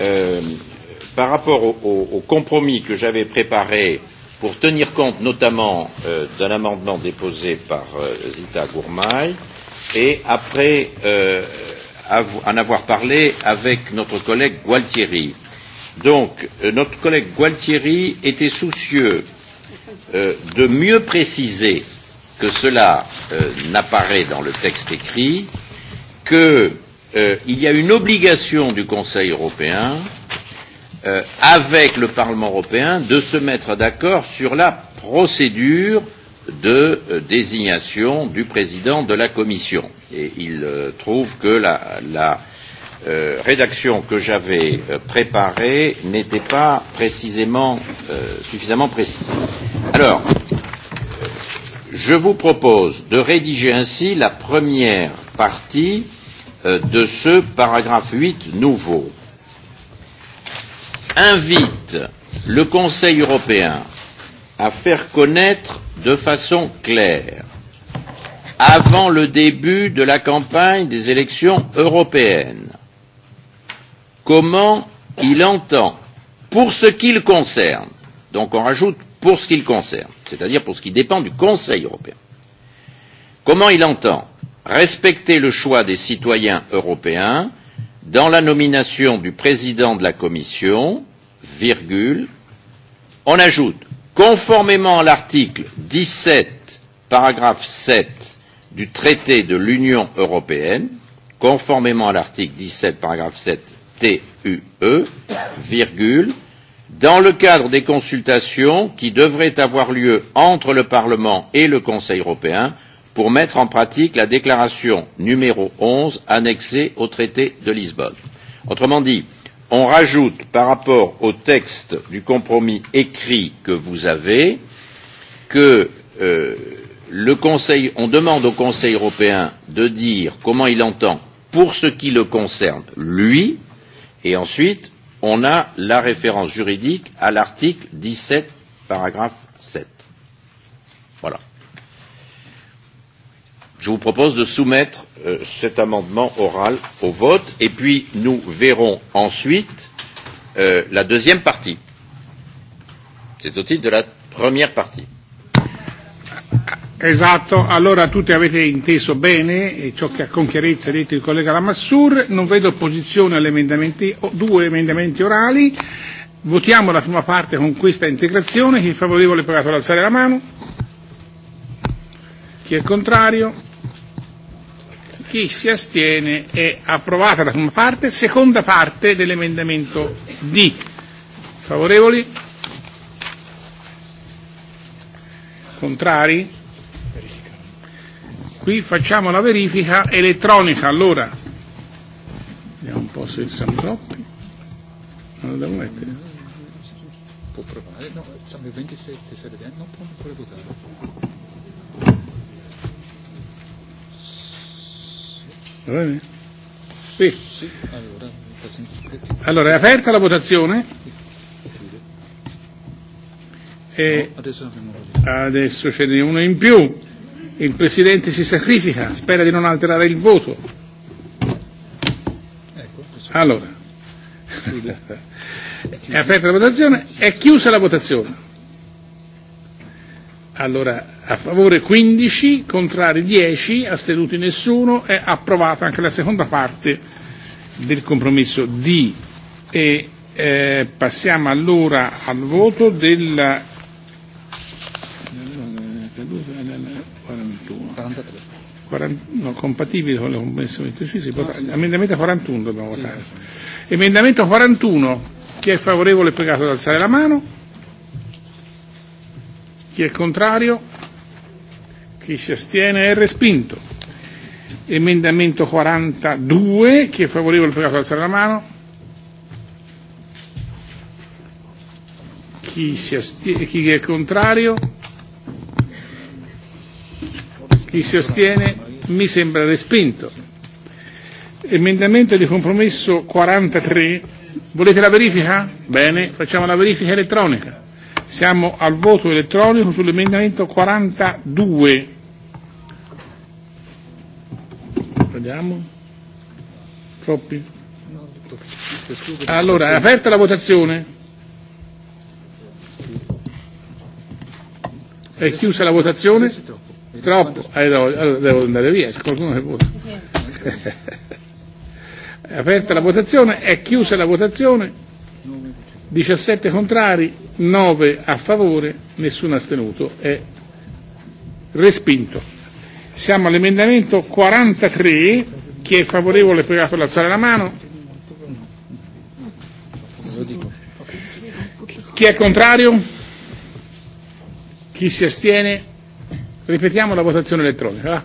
euh, par rapport au, au, au compromis que j'avais préparé pour tenir compte notamment euh, d'un amendement déposé par euh, Zita Gourmaille. Euh, Et après euh, en avoir parlé avec notre collègue Gualtieri. Donc, euh, notre collègue Gualtieri était soucieux euh, de mieux préciser que cela euh, n'apparaît dans le texte écrit, qu'il euh, y a une obligation du Conseil européen euh, avec le Parlement européen de se mettre d'accord sur la procédure euh, de euh, désignation du président de la Commission. Et il euh, trouve que la, la euh, rédaction que j'avais euh, préparée n'était pas précisément euh, suffisamment précise. Alors, je vous propose de rédiger ainsi la première partie euh, de ce paragraphe 8 nouveau. Invite le Conseil européen à faire connaître de façon claire, avant le début de la campagne des élections européennes, comment il entend, pour ce qu'il concerne, donc on rajoute pour ce qu'il concerne, c'est-à-dire pour ce qui dépend du Conseil européen, comment il entend respecter le choix des citoyens européens dans la nomination du président de la Commission, virgule, on ajoute Conformément à l'article dix sept paragraphe sept du traité de l'Union européenne, conformément à l'article dix sept paragraphe sept TUE, virgule, dans le cadre des consultations qui devraient avoir lieu entre le Parlement et le Conseil européen pour mettre en pratique la déclaration numéro onze annexée au traité de Lisbonne. Autrement dit, on rajoute par rapport au texte du compromis écrit que vous avez que euh, le Conseil, on demande au Conseil européen de dire comment il entend pour ce qui le concerne, lui, et ensuite on a la référence juridique à l'article 17, paragraphe 7. Voilà je vous propose de soumettre euh, cet amendement oral au vote et puis nous verrons ensuite euh, la deuxième partie. C'est au titre de la première partie. Esatto, allora tutti avete inteso bene e ciò che con chiarezza ha detto il collega Lamassur, non vedo opposizione agli emendamenti, due emendamenti orali, votiamo la prima parte con questa integrazione, chi è favorevole è pagato ad alzare la mano, chi è contrario, Chi si astiene è approvata la prima parte, seconda parte dell'emendamento D. Favorevoli? Contrari? Qui facciamo la verifica elettronica, allora. Vediamo un po' se siamo troppi. Non lo devo mettere. Può provare, no, siamo 27, non può ancora votare. Sì. Allora, è aperta la votazione? E adesso ce n'è uno in più. Il Presidente si sacrifica, spera di non alterare il voto. Allora, è aperta la votazione, è chiusa la votazione. Allora, a favore 15, contrari 10, astenuti nessuno, è e approvata anche la seconda parte del compromesso D. E eh, passiamo allora al voto del 41. no, compatibile con la compromessa 25, si potrà, emendamento 41 dobbiamo votare. Emendamento 41, chi è favorevole è pregato ad alzare la mano. Chi è contrario? Chi si astiene è respinto. Emendamento 42, chi è favorevole pregato ad alzare la mano. Chi, si astiene, chi è contrario? Chi si astiene? Mi sembra respinto. Emendamento di compromesso 43. Volete la verifica? Bene, facciamo la verifica elettronica. Siamo al voto elettronico sull'emendamento 42. Vediamo. Troppi? Allora, è aperta la votazione. È chiusa la votazione? Troppo. devo, eh, allora devo andare via, c'è qualcuno che vota. È aperta la votazione, è chiusa la votazione. 17 contrari, 9 a favore, nessuno astenuto. È respinto. Siamo all'emendamento 43. Chi è favorevole è pregato ad alzare la mano. Chi è contrario? Chi si astiene? Ripetiamo la votazione elettronica.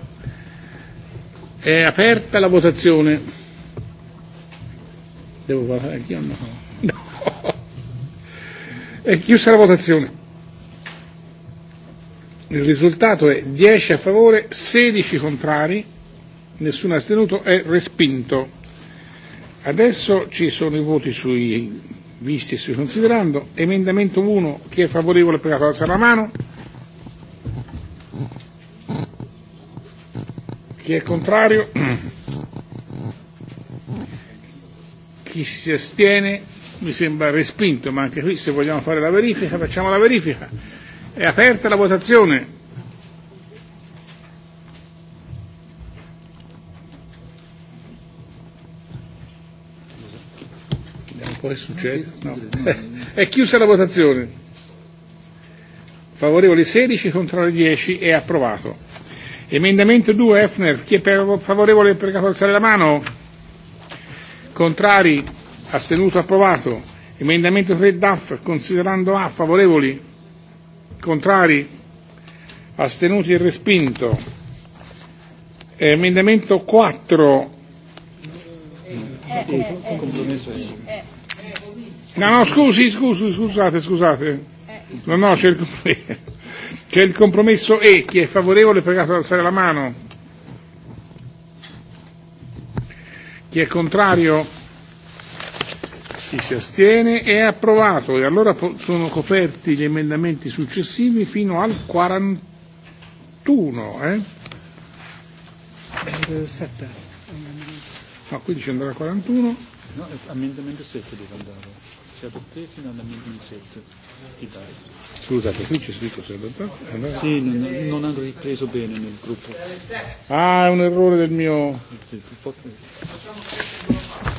È aperta la votazione. Devo parlare anch'io o no? No. È chiusa la votazione. Il risultato è 10 a favore, 16 contrari, nessuno astenuto, è respinto. Adesso ci sono i voti sui visti e sui considerando. Emendamento 1, chi è favorevole per alzare la mano? Chi è contrario? Chi si astiene? mi sembra respinto, ma anche qui se vogliamo fare la verifica facciamo la verifica. È aperta la votazione. Vediamo un succede. No. È chiusa la votazione. Favorevoli 16 contro le 10 è approvato. Emendamento 2 Efner, chi è favorevole per alzare la mano? Contrari? astenuto approvato, emendamento 3 DAF, considerando A, favorevoli, contrari, astenuti e respinto, eh, emendamento 4, eh, eh, no no scusi scusi scusate scusate, no no c'è il, c'è il compromesso E, chi è favorevole è pregato ad alzare la mano, chi è contrario Chi si astiene è approvato e allora sono coperti gli emendamenti successivi fino al 41. Eh? 7. No, quindi ci andrà al 41. No, emendamento 7 deve andare. Si adotté fino all'emendamento 7. Scusate, qui c'è scritto serbentato? Eh, no? Sì, non, non hanno ripreso bene nel gruppo. Ah, è un errore del mio...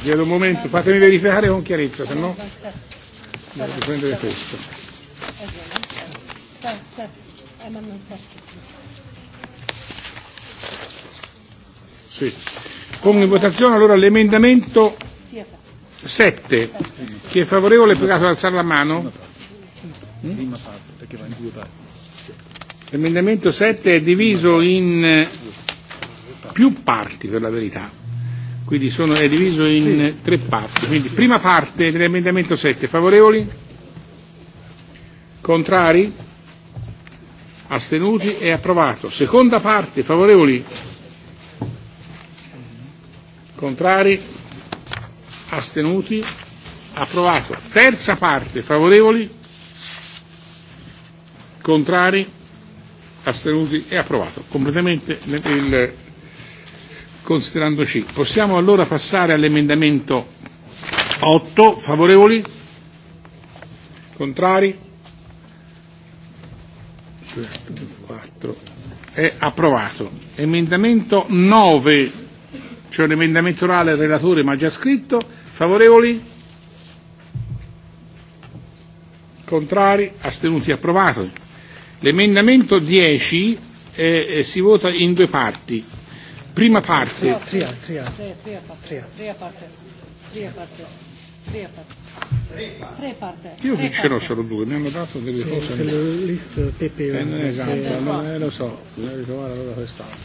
Chiedo un momento, fatemi verificare con chiarezza, se no... Devo prendere questo. Sì. Con in votazione allora l'emendamento 7. Chi è favorevole è pregato ad alzare la mano? Hm? Prima parte, perché va in due parti. L'emendamento 7 è diviso in eh, più parti per la verità, quindi sono, è diviso in sì. tre parti. Quindi prima parte dell'emendamento 7, favorevoli? Contrari? Astenuti? È approvato. Seconda parte, favorevoli? Contrari? Astenuti? Approvato. Terza parte, favorevoli? Contrari? Astenuti? È e approvato completamente il considerando C. Possiamo allora passare all'emendamento 8. Favorevoli? Contrari? 4. È approvato. Emendamento 9, cioè l'emendamento orale del relatore ma già scritto. Favorevoli? Contrari? Astenuti? Approvato L'emendamento 10 eh, si vota in due parti. Prima parte. Tria, tria, tria. Tria parte. Tria parte. Tre parte. Io che ce n'ho solo due, mi hanno dato delle sì, cose. Se lo list Pepe Eh, non è esatto, non è, lo so, bisogna ritrovare allora quest'anno.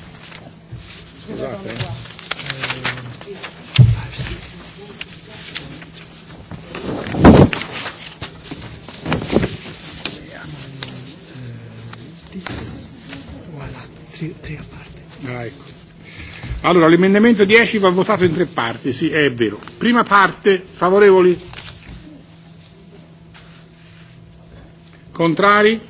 Scusate. Eh. Sì, tre a parte. Ah, ecco. Allora, l'emendamento 10 va votato in tre parti, sì, è vero. Prima parte, favorevoli? Contrari?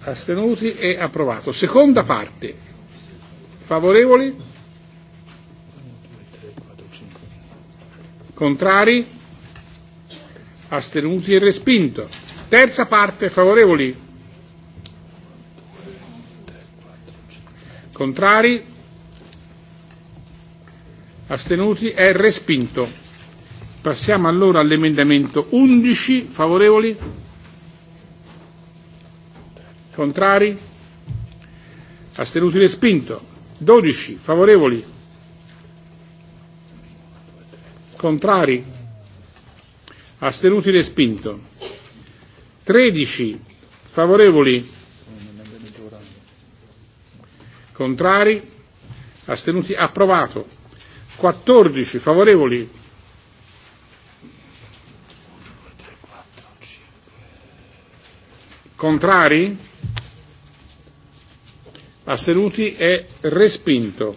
Astenuti? e approvato. Seconda parte, favorevoli? Contrari? Astenuti e respinto. Terza parte, favorevoli? Contrari? Astenuti? È respinto. Passiamo allora all'emendamento 11. Favorevoli? Contrari? Astenuti? Respinto. 12. Favorevoli? Contrari? Astenuti? Respinto. 13. Favorevoli? Contrari? Astenuti? Approvato. 14 favorevoli? Contrari? Astenuti? È e respinto.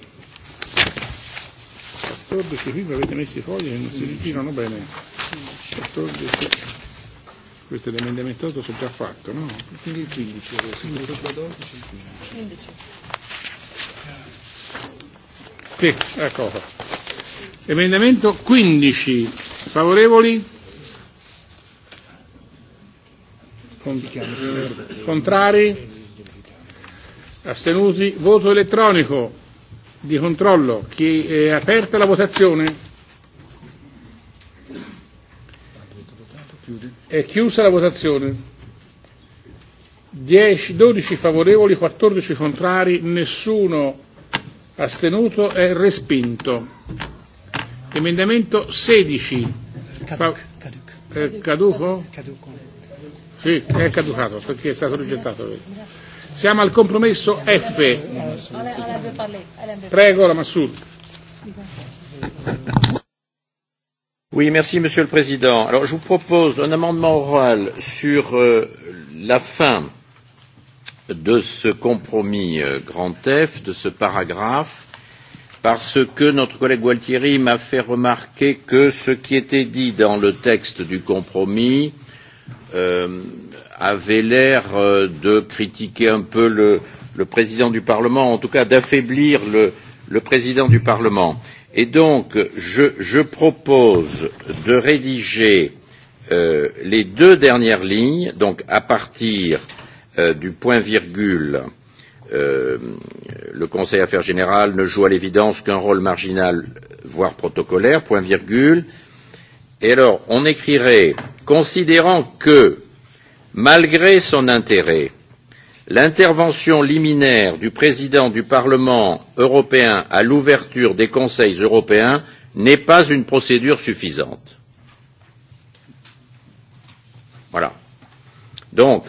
14 qui mi avete messo i fogli e non si ritirano bene. 14 questo è l'emendamento 8 sono già fatto, no? Quindi il 15, il 15. e il 15. 15. Sì, ecco. Emendamento 15. Favorevoli? Contrari? Astenuti? Voto elettronico di controllo. Chi è aperta la votazione? È chiusa la votazione. 10, 12 favorevoli, 14 contrari, nessuno astenuto e respinto. Emendamento 16. Caduc, caduc. È caduco? Caduco. Sì, è caducato perché è stato rigettato. Siamo al compromesso F. Prego, la Massoud. Oui, merci Monsieur le Président. Alors, je vous propose un amendement oral sur euh, la fin euh, de ce compromis euh, grand F, de ce paragraphe, parce que notre collègue Gualtieri m'a fait remarquer que ce qui était dit dans le texte du compromis euh, avait l'air euh, de critiquer un peu le, le président du Parlement, en tout cas d'affaiblir le, le président du Parlement. Et donc, je, je propose de rédiger euh, les deux dernières lignes, donc à partir euh, Euh, du point virgule euh, le Conseil Affaires Générales ne joue à l'évidence qu'un rôle marginal, voire protocolaire, point virgule. Et alors, on écrirait, considérant que, malgré son intérêt, l'intervention liminaire du président du Parlement européen à l'ouverture des conseils européens n'est pas une procédure suffisante. Voilà. Donc,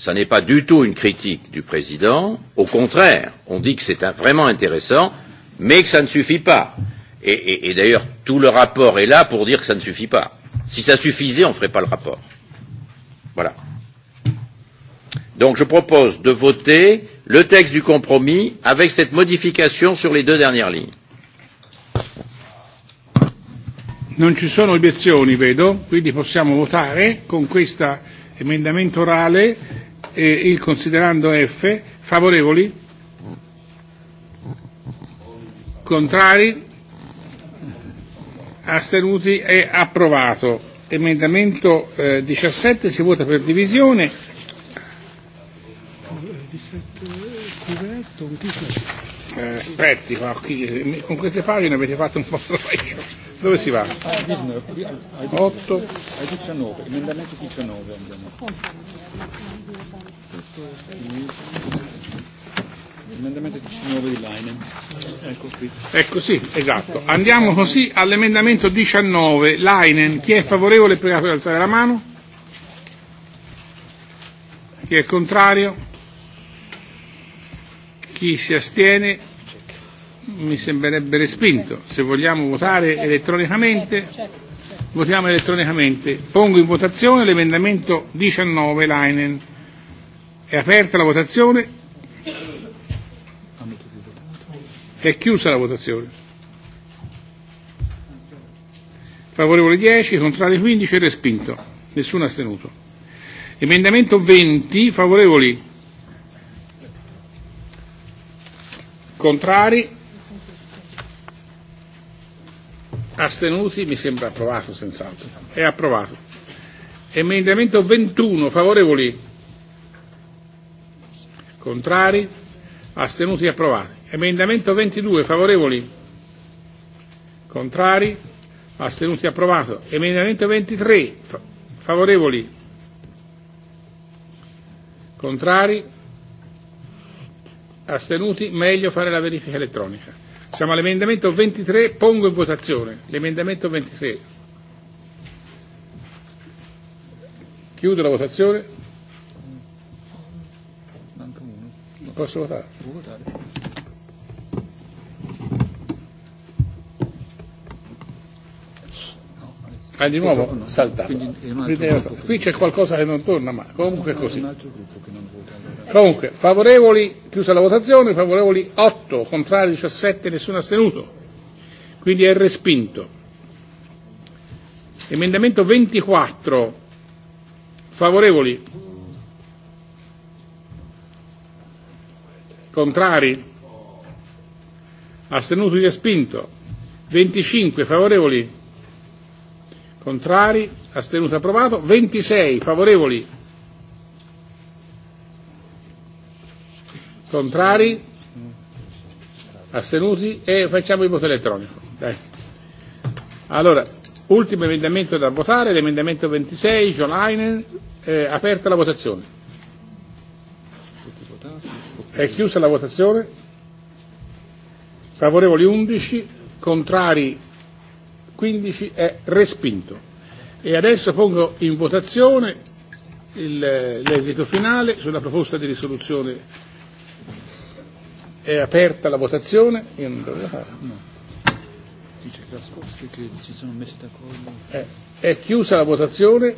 Ce n'est pas du tout une critique du président. Au contraire, on dit que c'est vraiment intéressant, mais que ça ne suffit pas. Et, et, et d'ailleurs, tout le rapport est là pour dire que ça ne suffit pas. Si ça suffisait, on ne ferait pas le rapport. Voilà. Donc je propose de voter le texte du compromis avec cette modification sur les deux dernières lignes. Non ci sono obiezioni, vedo, quindi possiamo votare con questo emendamento orale e il considerando F favorevoli? Contrari? Astenuti? È approvato. Emendamento eh, 17 si vota per divisione. 17 coperto, aspetti eh, ma chi, con queste pagine avete fatto un po' troppo. Dove si va? 8 a 19, emendamento 19 andiamo. L'emendamento 19 di Line. Ecco qui. Ecco sì, esatto. Andiamo così all'emendamento 19. Leinen, chi è favorevole prega di alzare la mano? Chi è contrario? Chi si astiene? Mi sembrerebbe respinto. Se vogliamo votare elettronicamente, votiamo elettronicamente. Pongo in votazione l'emendamento 19 Leinen. È aperta la votazione. È chiusa la votazione. Favorevole 10, contrario 15, respinto. Nessuno astenuto. Emendamento 20, favorevoli Contrari? Astenuti? Mi sembra approvato, senz'altro. È approvato. Emendamento 21, favorevoli? Contrari? Astenuti? Approvati. Emendamento 22, favorevoli? Contrari? Astenuti? Approvato. Emendamento 23, favorevoli? Contrari? astenuti, meglio fare la verifica elettronica. Siamo all'emendamento 23, pongo in votazione l'emendamento 23. Chiudo la votazione. Manca uno. Posso votare? Può votare. Ah, di nuovo saltato. Qui c'è qualcosa che non torna ma Comunque è così. Comunque, favorevoli, chiusa la votazione, favorevoli 8, contrari 17, nessuno astenuto. Quindi è respinto. Emendamento 24, favorevoli, contrari, astenuti e spinto. 25, favorevoli, Contrari? Astenuto approvato. 26 favorevoli. Contrari? Astenuti? E facciamo il voto elettronico. Dai. Allora, ultimo emendamento da votare, l'emendamento 26, John Heinen, eh, aperta la votazione. È chiusa la votazione. Favorevoli 11, contrari 15 è respinto. E adesso pongo in votazione il, l'esito finale sulla proposta di risoluzione. È aperta la votazione? Io non dovevo fare. No. Dice Graskowski che si sono messi d'accordo. È, eh, è chiusa la votazione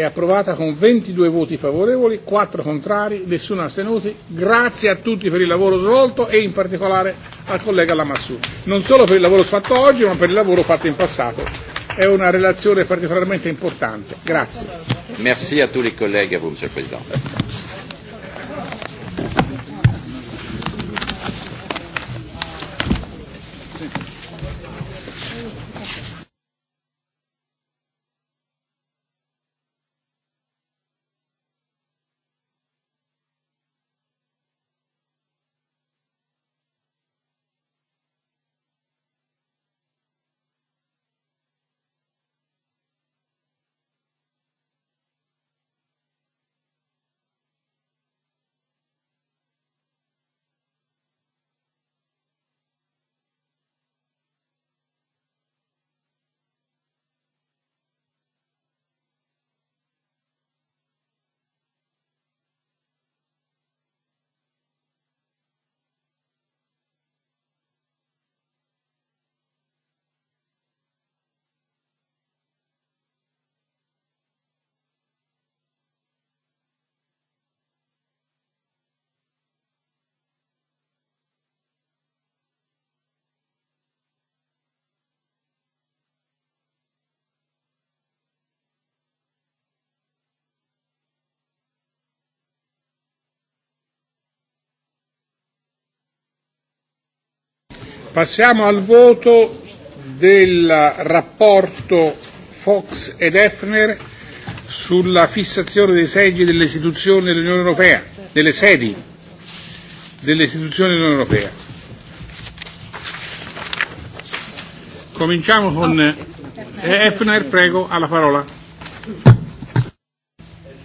è approvata con 22 voti favorevoli, 4 contrari, nessuno astenuti. Grazie a tutti per il lavoro svolto e in particolare al collega Lamassù. Non solo per il lavoro fatto oggi, ma per il lavoro fatto in passato. È una relazione particolarmente importante. Grazie. Merci a tutti i colleghi et à vous, Monsieur Passiamo al voto del rapporto Fox ed Efner sulla fissazione dei seggi delle istituzioni dell'Unione Europea, delle sedi delle istituzioni dell'Unione Europea. Cominciamo con oh. eh, Efner, prego, ha la parola.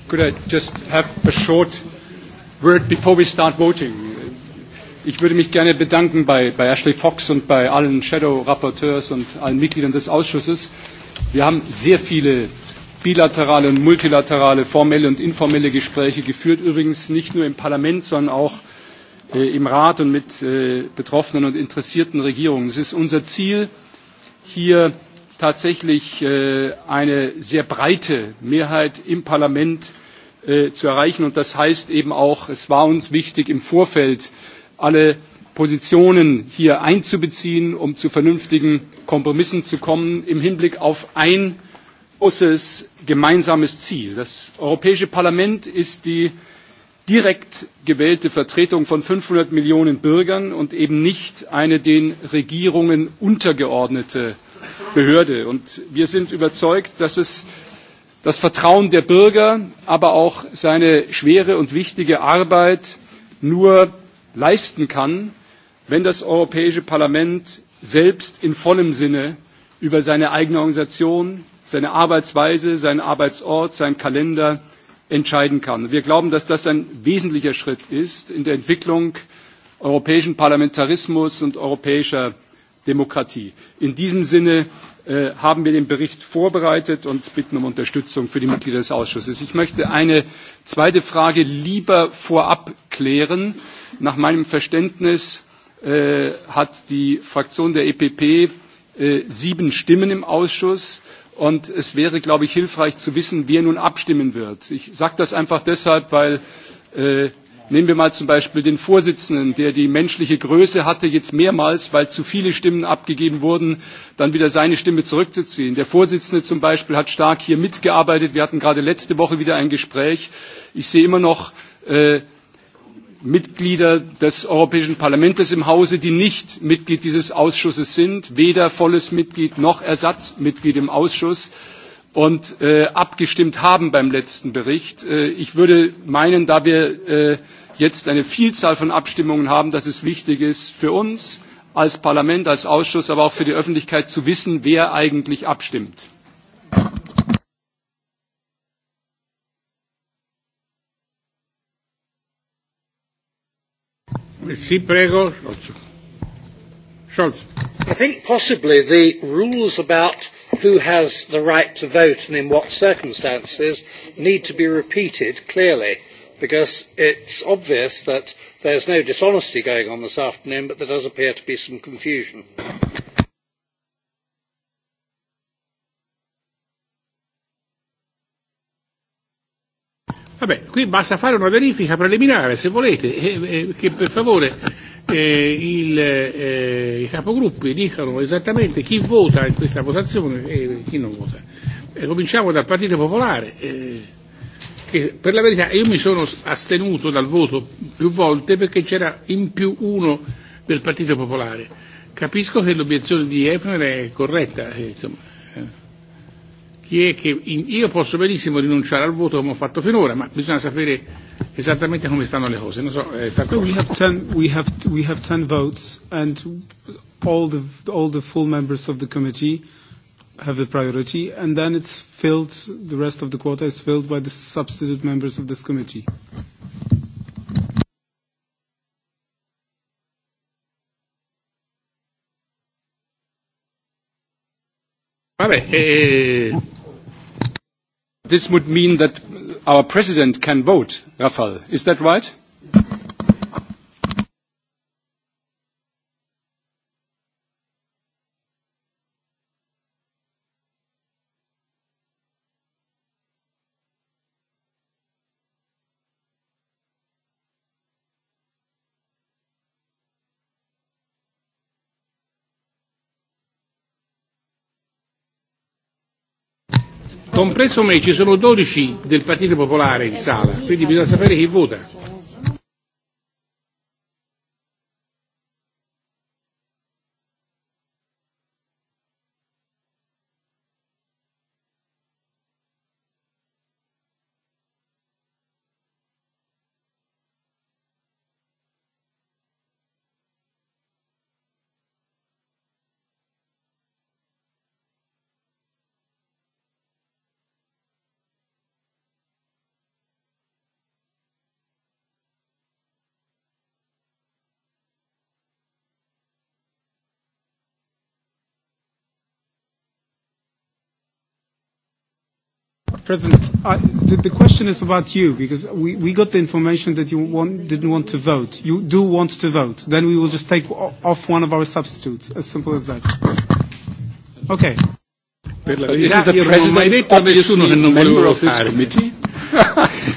Could I just have a short word before we start voting? Uh, Ich würde mich gerne bedanken bei, bei Ashley Fox und bei allen Shadow-Rapporteurs und allen Mitgliedern des Ausschusses. Wir haben sehr viele bilaterale und multilaterale, formelle und informelle Gespräche geführt, übrigens nicht nur im Parlament, sondern auch äh, im Rat und mit äh, betroffenen und interessierten Regierungen. Es ist unser Ziel, hier tatsächlich äh, eine sehr breite Mehrheit im Parlament äh, zu erreichen. Und das heißt eben auch, es war uns wichtig, im Vorfeld alle Positionen hier einzubeziehen, um zu vernünftigen Kompromissen zu kommen im Hinblick auf ein großes gemeinsames Ziel. Das Europäische Parlament ist die direkt gewählte Vertretung von 500 Millionen Bürgern und eben nicht eine den Regierungen untergeordnete Behörde. Und wir sind überzeugt, dass es das Vertrauen der Bürger, aber auch seine schwere und wichtige Arbeit nur leisten kann, wenn das Europäische Parlament selbst in vollem Sinne über seine eigene Organisation, seine Arbeitsweise, seinen Arbeitsort, seinen Kalender entscheiden kann. Wir glauben, dass das ein wesentlicher Schritt ist in der Entwicklung europäischen Parlamentarismus und europäischer Demokratie. In diesem Sinne Äh, haben wir den Bericht vorbereitet und bitten um Unterstützung für die Mitglieder des Ausschusses. Ich möchte eine zweite Frage lieber vorab klären. Nach meinem Verständnis äh, hat die Fraktion der EPP äh, sieben Stimmen im Ausschuss. Und es wäre, glaube ich, hilfreich zu wissen, wer nun abstimmen wird. Ich sage das einfach deshalb, weil äh, Nehmen wir mal zum Beispiel den Vorsitzenden, der die menschliche Größe hatte, jetzt mehrmals, weil zu viele Stimmen abgegeben wurden, dann wieder seine Stimme zurückzuziehen. Der Vorsitzende zum Beispiel hat stark hier mitgearbeitet. Wir hatten gerade letzte Woche wieder ein Gespräch. Ich sehe immer noch äh, Mitglieder des Europäischen Parlaments im Hause, die nicht Mitglied dieses Ausschusses sind, weder volles Mitglied noch Ersatzmitglied im Ausschuss und äh, abgestimmt haben beim letzten Bericht. Äh, ich würde meinen, da wir äh, jetzt eine Vielzahl von Abstimmungen haben, dass es wichtig ist für uns als Parlament, als Ausschuss, aber auch für die Öffentlichkeit zu wissen, wer eigentlich abstimmt. I think possibly the rules about who has the right to vote and in what circumstances need to be repeated clearly because it's obvious that there is no dishonesty going on this afternoon, but there does appear to be some confusion. Vabbè, qui basta fare una verifica preliminare, se volete, eh, eh, che per favore eh, il, eh, i capogruppi dicano esattamente chi vota in questa votazione e chi non vota. Eh, cominciamo dal Partito Popolare. Eh che per la verità io mi sono astenuto dal voto più volte perché c'era in più uno del Partito Popolare. Capisco che l'obiezione di Efner è corretta, eh, insomma, eh. chi è che in, io posso benissimo rinunciare al voto come ho fatto finora, ma bisogna sapere esattamente come stanno le cose. Non so, è eh, so we, have ten, we, have, we have ten votes and all the, all the full members of the committee have the priority, and then it's filled, the rest of the quota is filled by the substitute members of this committee. this would mean that our president can vote, Rafal. Is that right? compreso me ci sono 12 del Partito Popolare in sala, quindi bisogna sapere chi vota. President, I, the, the question is about you, because we, we got the information that you want, didn't want to vote. You do want to vote. Then we will just take off one of our substitutes. As simple as that. Okay. is it the President Presidente nessuno member of this committee?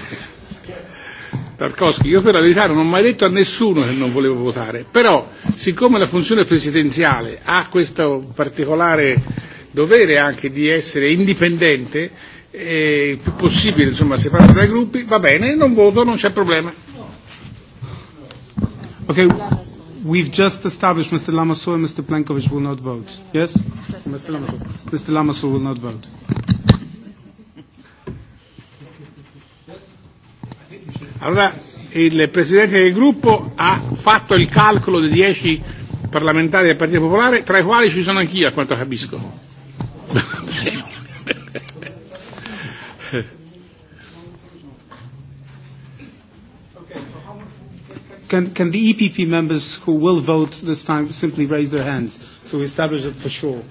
Tarkovsky, io per la verità non ho mai detto a nessuno che non volevo votare, però siccome la funzione presidenziale ha questo particolare dovere anche di essere indipendente, e eh, il più possibile insomma separato dai gruppi, va bene, non voto, non c'è problema. Ok, we've just established Mr. Lamassou and Mr. Plankovic will not vote. Yes? Mr. Lamassou. Mr. Lamassou will not vote. Allora, il Presidente del gruppo ha fatto il calcolo dei dieci parlamentari del Partito Popolare, tra i quali ci sono anch'io, a quanto capisco. Can, can the EPP members who will vote this time simply raise their hands so we establish it for sure?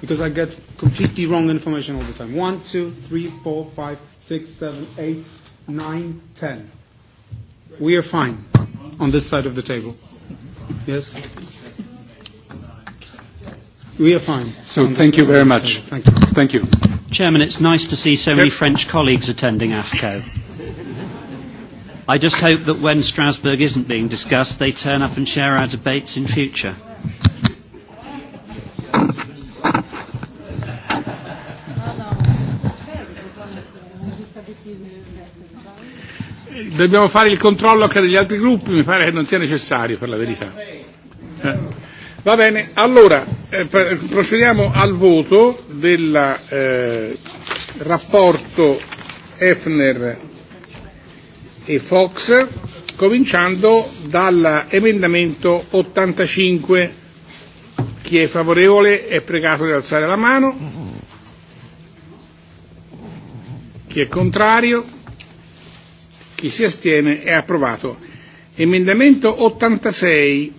Because I get completely wrong information all the time. One, two, three, four, five, six, seven, eight, nine, ten. We are fine on this side of the table. Yes? We are fine. So thank you very much. Thank you. Thank you. Chairman, it's nice to see so many French colleagues attending AFCO. I just hope that when Strasbourg isn't being discussed, they turn up and share our debates in future. Dobbiamo fare il controllo anche degli altri gruppi, mi pare che non sia necessario per la verità. Eh. Va bene, allora eh, per, procediamo al voto del eh, rapporto Efner e Fox, cominciando dall'emendamento 85. Chi è favorevole è pregato di alzare la mano. Chi è contrario? Chi si astiene è approvato. Emendamento 86.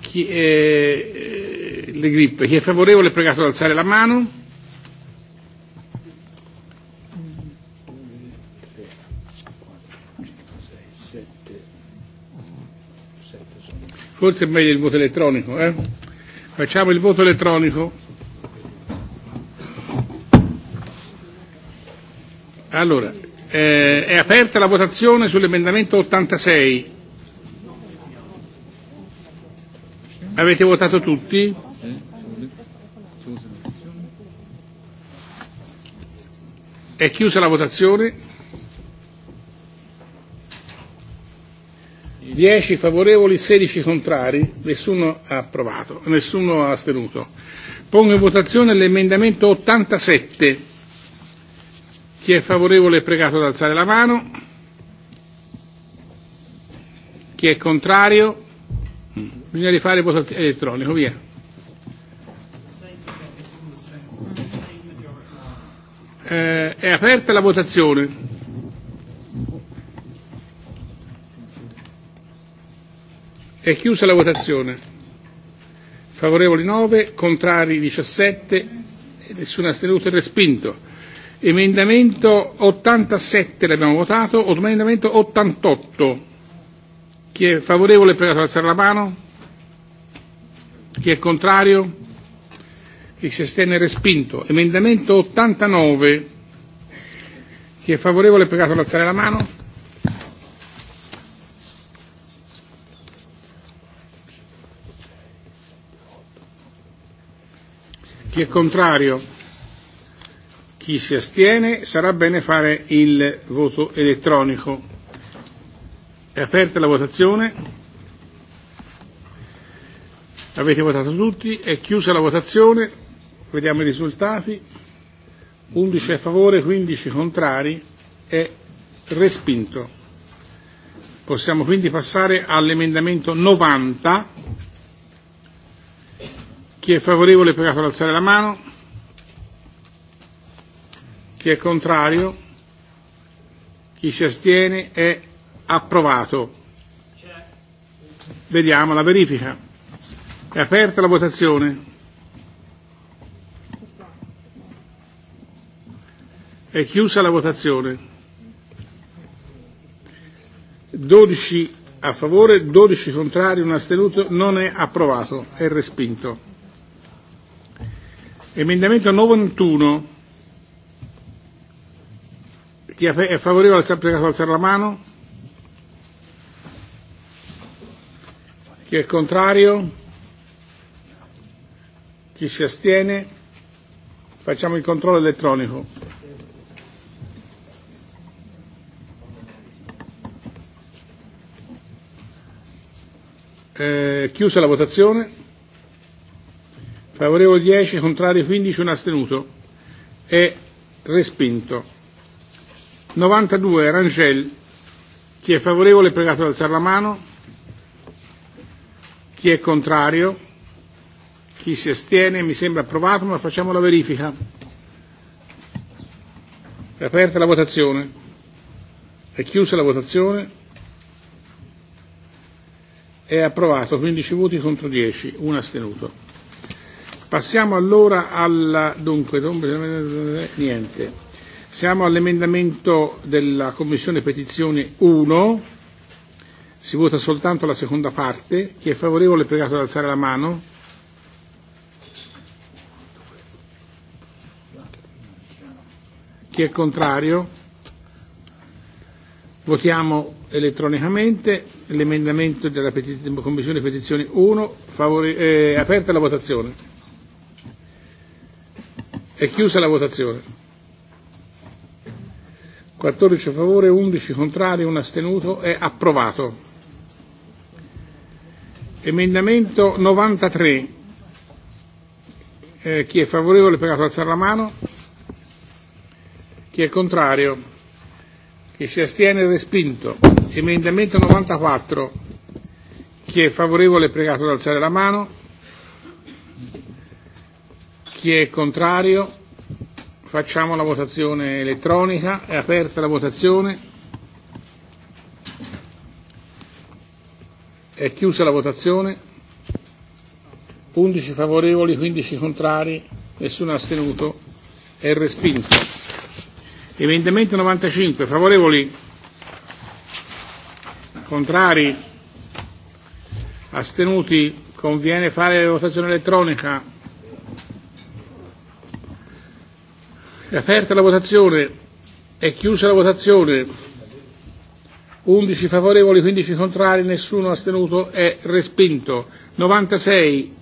Chi, è, eh, le grippe. Chi è favorevole è pregato di alzare la mano. Forse è meglio il voto elettronico, eh? Facciamo il voto elettronico. Allora, eh, è aperta la votazione sull'emendamento 86. Avete votato tutti? È chiusa la votazione. 10 favorevoli, 16 contrari, nessuno ha approvato, nessuno ha astenuto. Pongo in votazione l'emendamento 87. Chi è favorevole è pregato ad alzare la mano. Chi è contrario? Bisogna rifare il voto elettronico, via. Eh, è aperta la votazione. È chiusa la votazione. Favorevoli 9, contrari 17, e nessuno astenuto e respinto. Emendamento 87 l'abbiamo votato, emendamento 88. Chi è favorevole prega di alzare la mano. Chi è contrario? Chi si astiene respinto. Emendamento 89. Chi è favorevole pregato ad alzare la mano. Chi è contrario? Chi si astiene? Sarà bene fare il voto elettronico. È aperta la votazione. Avete votato tutti, è chiusa la votazione, vediamo i risultati. 11 a favore, 15 contrari, è respinto. Possiamo quindi passare all'emendamento 90 Chi è favorevole pregato ad alzare la mano. Chi è contrario? Chi si astiene è approvato. Vediamo la verifica. È aperta la votazione. È chiusa la votazione. 12 a favore, 12 contrari, un astenuto, non è approvato, è respinto. Emendamento 91. Chi è favorevole al prego alzare la mano? Chi è contrario? Chi si astiene? Facciamo il controllo elettronico. Eh, chiusa la votazione favorevole 10, contrario 15, un astenuto. È respinto. 92, Rangel. Chi è favorevole è pregato ad alzare la mano. Chi è contrario? Chi si astiene? Mi sembra approvato, ma facciamo la verifica. È aperta la votazione. È chiusa la votazione. È approvato 15 voti contro 10, un astenuto. Passiamo allora al... dunque, niente. Siamo all'emendamento della Commissione Petizione 1, si vota soltanto la seconda parte, chi è favorevole è pregato ad alzare la mano. Chi è contrario? Votiamo elettronicamente l'emendamento della petiz- Commissione Petizione 1, favore- eh, aperta la votazione. È chiusa la votazione. 14 a favore, 11 contrari, 1 astenuto. È approvato. Emendamento 93. Eh, chi è favorevole è pregato alzare la mano. Chi è contrario? Chi si astiene è respinto. Emendamento 94. Chi è favorevole è pregato ad alzare la mano. Chi è contrario? Facciamo la votazione elettronica. È aperta la votazione. È chiusa la votazione. 11 favorevoli, 15 contrari, nessuno astenuto. È respinto. Emendamento 95. Favorevoli? Contrari? Astenuti? Conviene fare la votazione elettronica? È aperta la votazione, è chiusa la votazione. 11 favorevoli, 15 contrari, nessuno astenuto, è respinto. 96.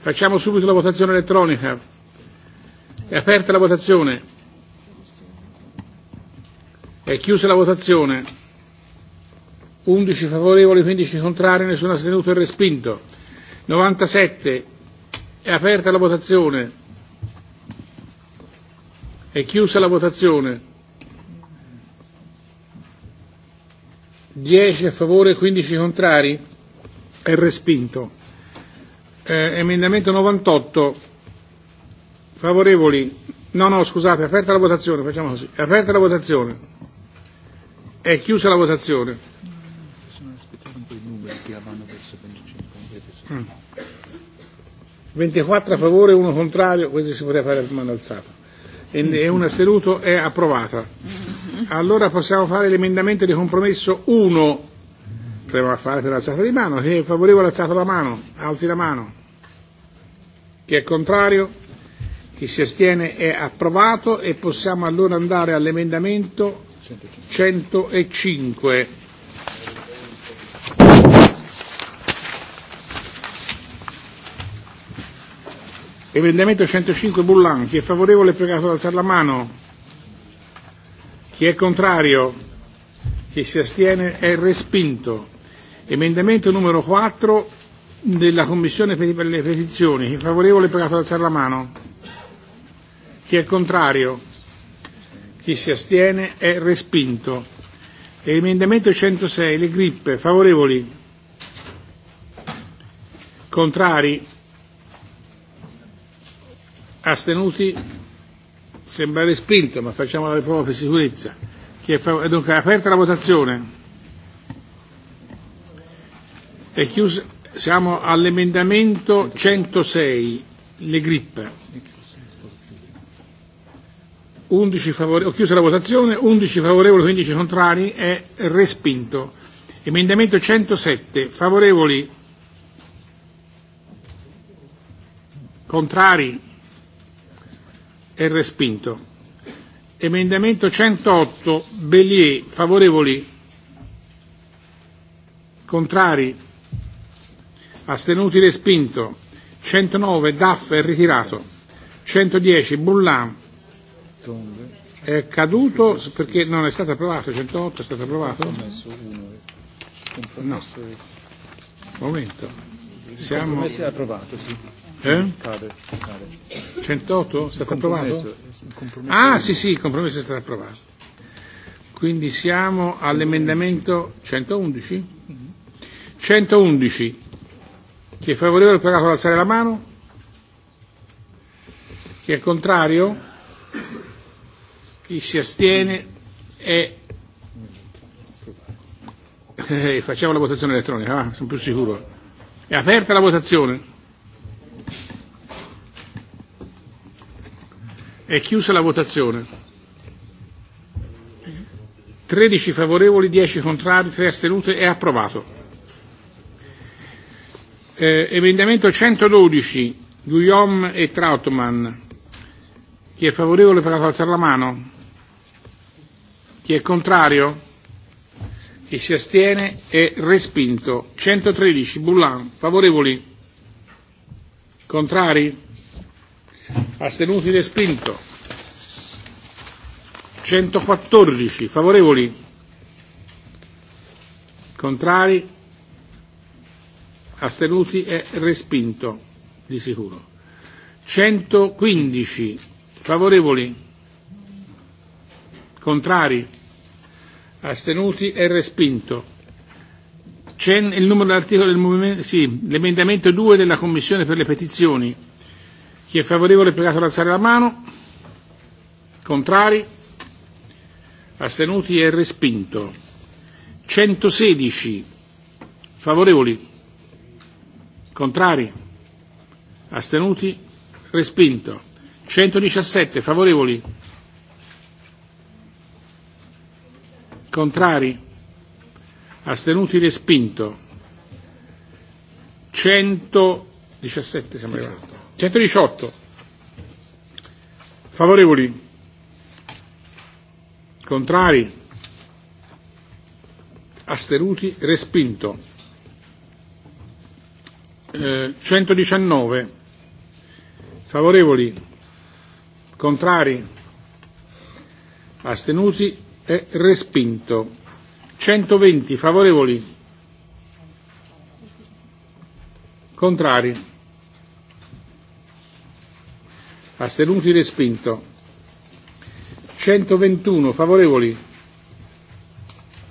Facciamo subito la votazione elettronica. È aperta la votazione. È chiusa la votazione. 11 favorevoli, 15 contrari, nessuno astenuto è respinto. 97. È aperta la votazione. È chiusa la votazione. 10 a favore, 15 contrari. È respinto. Eh, emendamento 98. Favorevoli. No, no, scusate, aperta la votazione, facciamo così. Aperta la votazione. È chiusa la votazione. Sono mm. 24 a favore, 1 contrario, questo si poteva fare a mano alzata e un assoluto è approvata. Allora possiamo fare l'emendamento di compromesso 1. Proviamo a fare per l'alzata di mano. Chi è favorevole alzata la mano, alzi la mano. Chi è contrario? Chi si astiene è approvato e possiamo allora andare all'emendamento 105. Emendamento 105 Bullan, chi è favorevole è pregato ad alzare la mano. Chi è contrario? Chi si astiene è respinto. Emendamento numero 4 della Commissione per le petizioni. Chi è favorevole è pregato ad alzare la mano. Chi è contrario? Chi si astiene è respinto. Emendamento 106, le grippe, favorevoli? Contrari? Astenuti? Sembra respinto, ma facciamo la prova per sicurezza. Chi è fav- eh, dunque, è aperta la votazione. È chiusa. Siamo all'emendamento 106, le grip. 11 favorevoli, ho chiuso la votazione, 11 favorevoli, 15 contrari, è respinto. Emendamento 107, favorevoli, contrari, È e respinto. Emendamento 108, Bellier, favorevoli? Contrari? Astenuti respinto. 109, Daff è ritirato. 110, Bullan è caduto perché non è stato approvato. 108 è stato approvato? No. Momento. Siamo... E approvato, sì. Eh? Cade, cade. 108 è stato approvato? Ah sì sì, il compromesso è stato approvato. Quindi siamo all'emendamento 111? 111. Chi è favorevole per alzare la mano? Chi è contrario? Chi si astiene? È... Eh, facciamo la votazione elettronica, va? Ah, sono più sicuro. È aperta la votazione. È chiusa la votazione. 13 favorevoli, 10 contrari, 3 astenute. È approvato. Eh, emendamento 112, Guillaume e Trautmann. Chi è favorevole per alzare la mano? Chi è contrario? Chi si astiene è respinto. 113, Boulin, Favorevoli? Contrari? astenuti respinto 114 favorevoli contrari astenuti e respinto di sicuro 115 favorevoli contrari astenuti e respinto il numero dell'articolo del movimento sì l'emendamento 2 della commissione per le petizioni Chi è favorevole è pregato ad alzare la mano. Contrari? Astenuti e respinto. 116. Favorevoli? Contrari? Astenuti? Respinto. 117. Favorevoli? Contrari? Astenuti? Respinto. 117 siamo arrivati. 118. Favorevoli? Contrari? Asteruti. Respinto. Eh, 119. Favorevoli? Contrari? Astenuti? e respinto. 120. Favorevoli? Contrari? astenuti respinto 121 favorevoli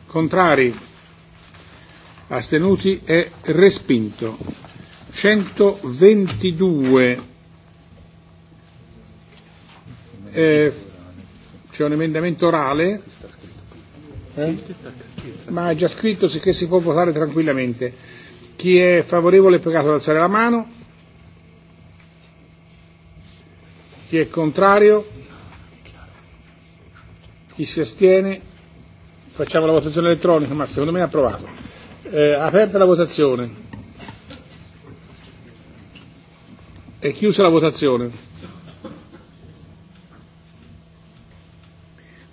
contrari astenuti è e respinto 122 eh, c'è un emendamento orale eh? ma è già scritto che si può votare tranquillamente chi è favorevole è pregato ad alzare la mano Chi è contrario? Chi si astiene? Facciamo la votazione elettronica, ma secondo me è approvato. Eh, aperta la votazione. È chiusa la votazione.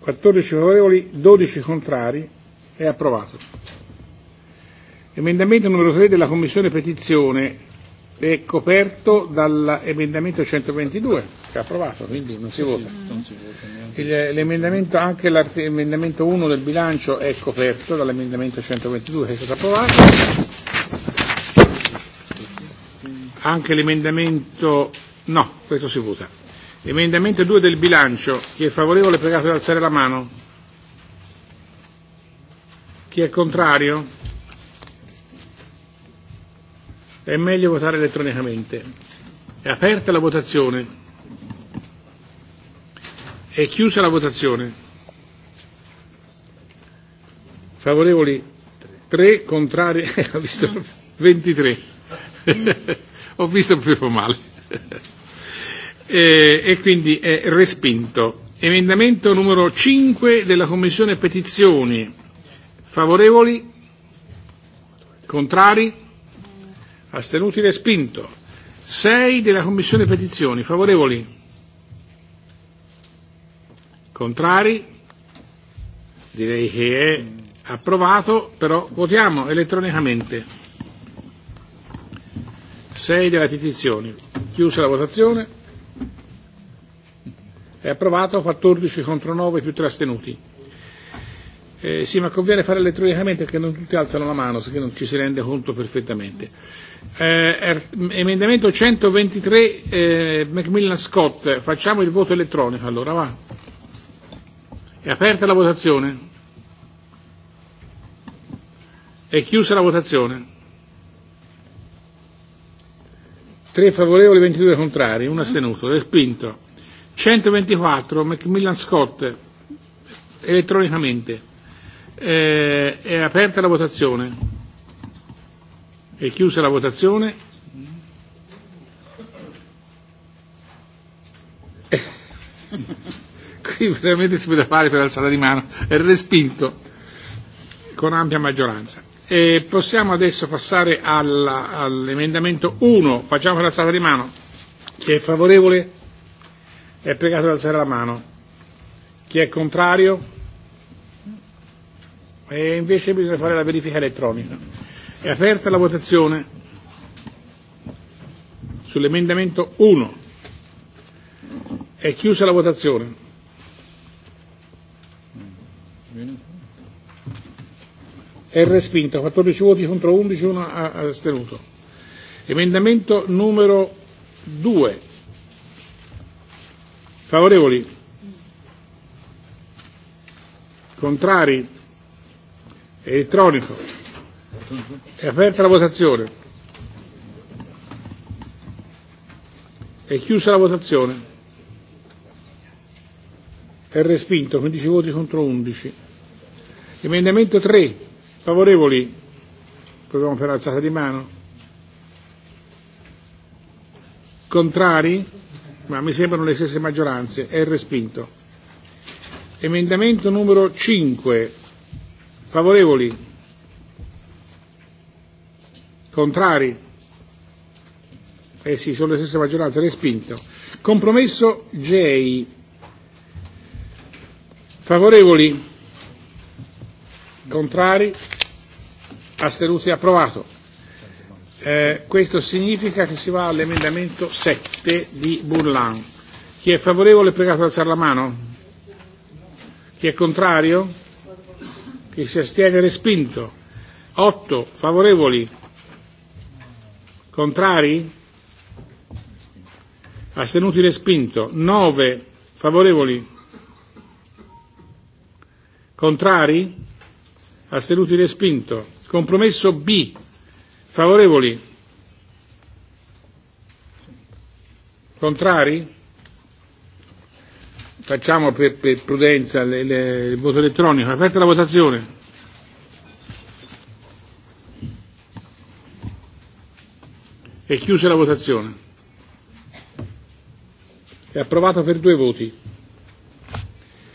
14 favorevoli, 12 contrari, è approvato. Emendamento numero 3 della Commissione Petizione è coperto dall'emendamento 122 che è approvato, quindi non si vota. Il, l'emendamento, anche l'emendamento 1 del bilancio è coperto dall'emendamento 122 che è stato approvato. Anche l'emendamento no, questo si vota. Emendamento 2 del bilancio, chi è favorevole è pregato di alzare la mano. Chi è contrario? È meglio votare elettronicamente. È aperta la votazione. È chiusa la votazione. Favorevoli 3, contrari, ho visto 23. ho visto proprio male. e, e quindi è respinto. Emendamento numero 5 della Commissione Petizioni. Favorevoli? Contrari? Astenuti respinto. 6 della Commissione Petizioni. Favorevoli? Contrari? Direi che è approvato, però votiamo elettronicamente. 6 della petizione. Chiusa la votazione. È approvato 14 contro 9 più 3 astenuti. Eh, sì, ma conviene fare elettronicamente perché non tutti alzano la mano, se non ci si rende conto perfettamente. Eh, er, emendamento 123 eh, Macmillan Scott, facciamo il voto elettronico allora, va. È aperta la votazione. È chiusa la votazione. 3 favorevoli, 22 contrari, 1 astenuto, respinto. 124 Macmillan Scott, elettronicamente. Eh, è aperta la votazione. È chiusa la votazione. Qui veramente si poteva fare per alzata di mano. È respinto con ampia maggioranza. E possiamo adesso passare alla, all'emendamento 1. Facciamo per alzata di mano. Chi è favorevole è pregato ad alzare la mano. Chi è contrario? E invece bisogna fare la verifica elettronica. È aperta la votazione sull'emendamento 1. È chiusa la votazione. È respinto. 14 voti contro 11, 1 ha astenuto. Emendamento numero 2. Favorevoli? Contrari? Elettronico? È aperta la votazione. È chiusa la votazione. È respinto, 15 voti contro 11. Emendamento 3, favorevoli. Proviamo per alzata di mano. Contrari? Ma mi sembrano le stesse maggioranze. È respinto. Emendamento numero 5. Favorevoli? Contrari? Eh sì, sono le stesse maggioranze, respinto. Compromesso J. Favorevoli? Contrari? Astenuti? Approvato. Eh, questo significa che si va all'emendamento 7 di Burlan. Chi è favorevole è pregato ad alzare la mano? Chi è contrario? Chi si astiene respinto? 8 favorevoli Contrari? Astenuti respinto. 9 favorevoli. Contrari? Astenuti respinto. Compromesso B. Favorevoli? Contrari? Facciamo per, per prudenza le, le, il voto elettronico. Aperta la votazione. È e chiusa la votazione. È approvata per due voti.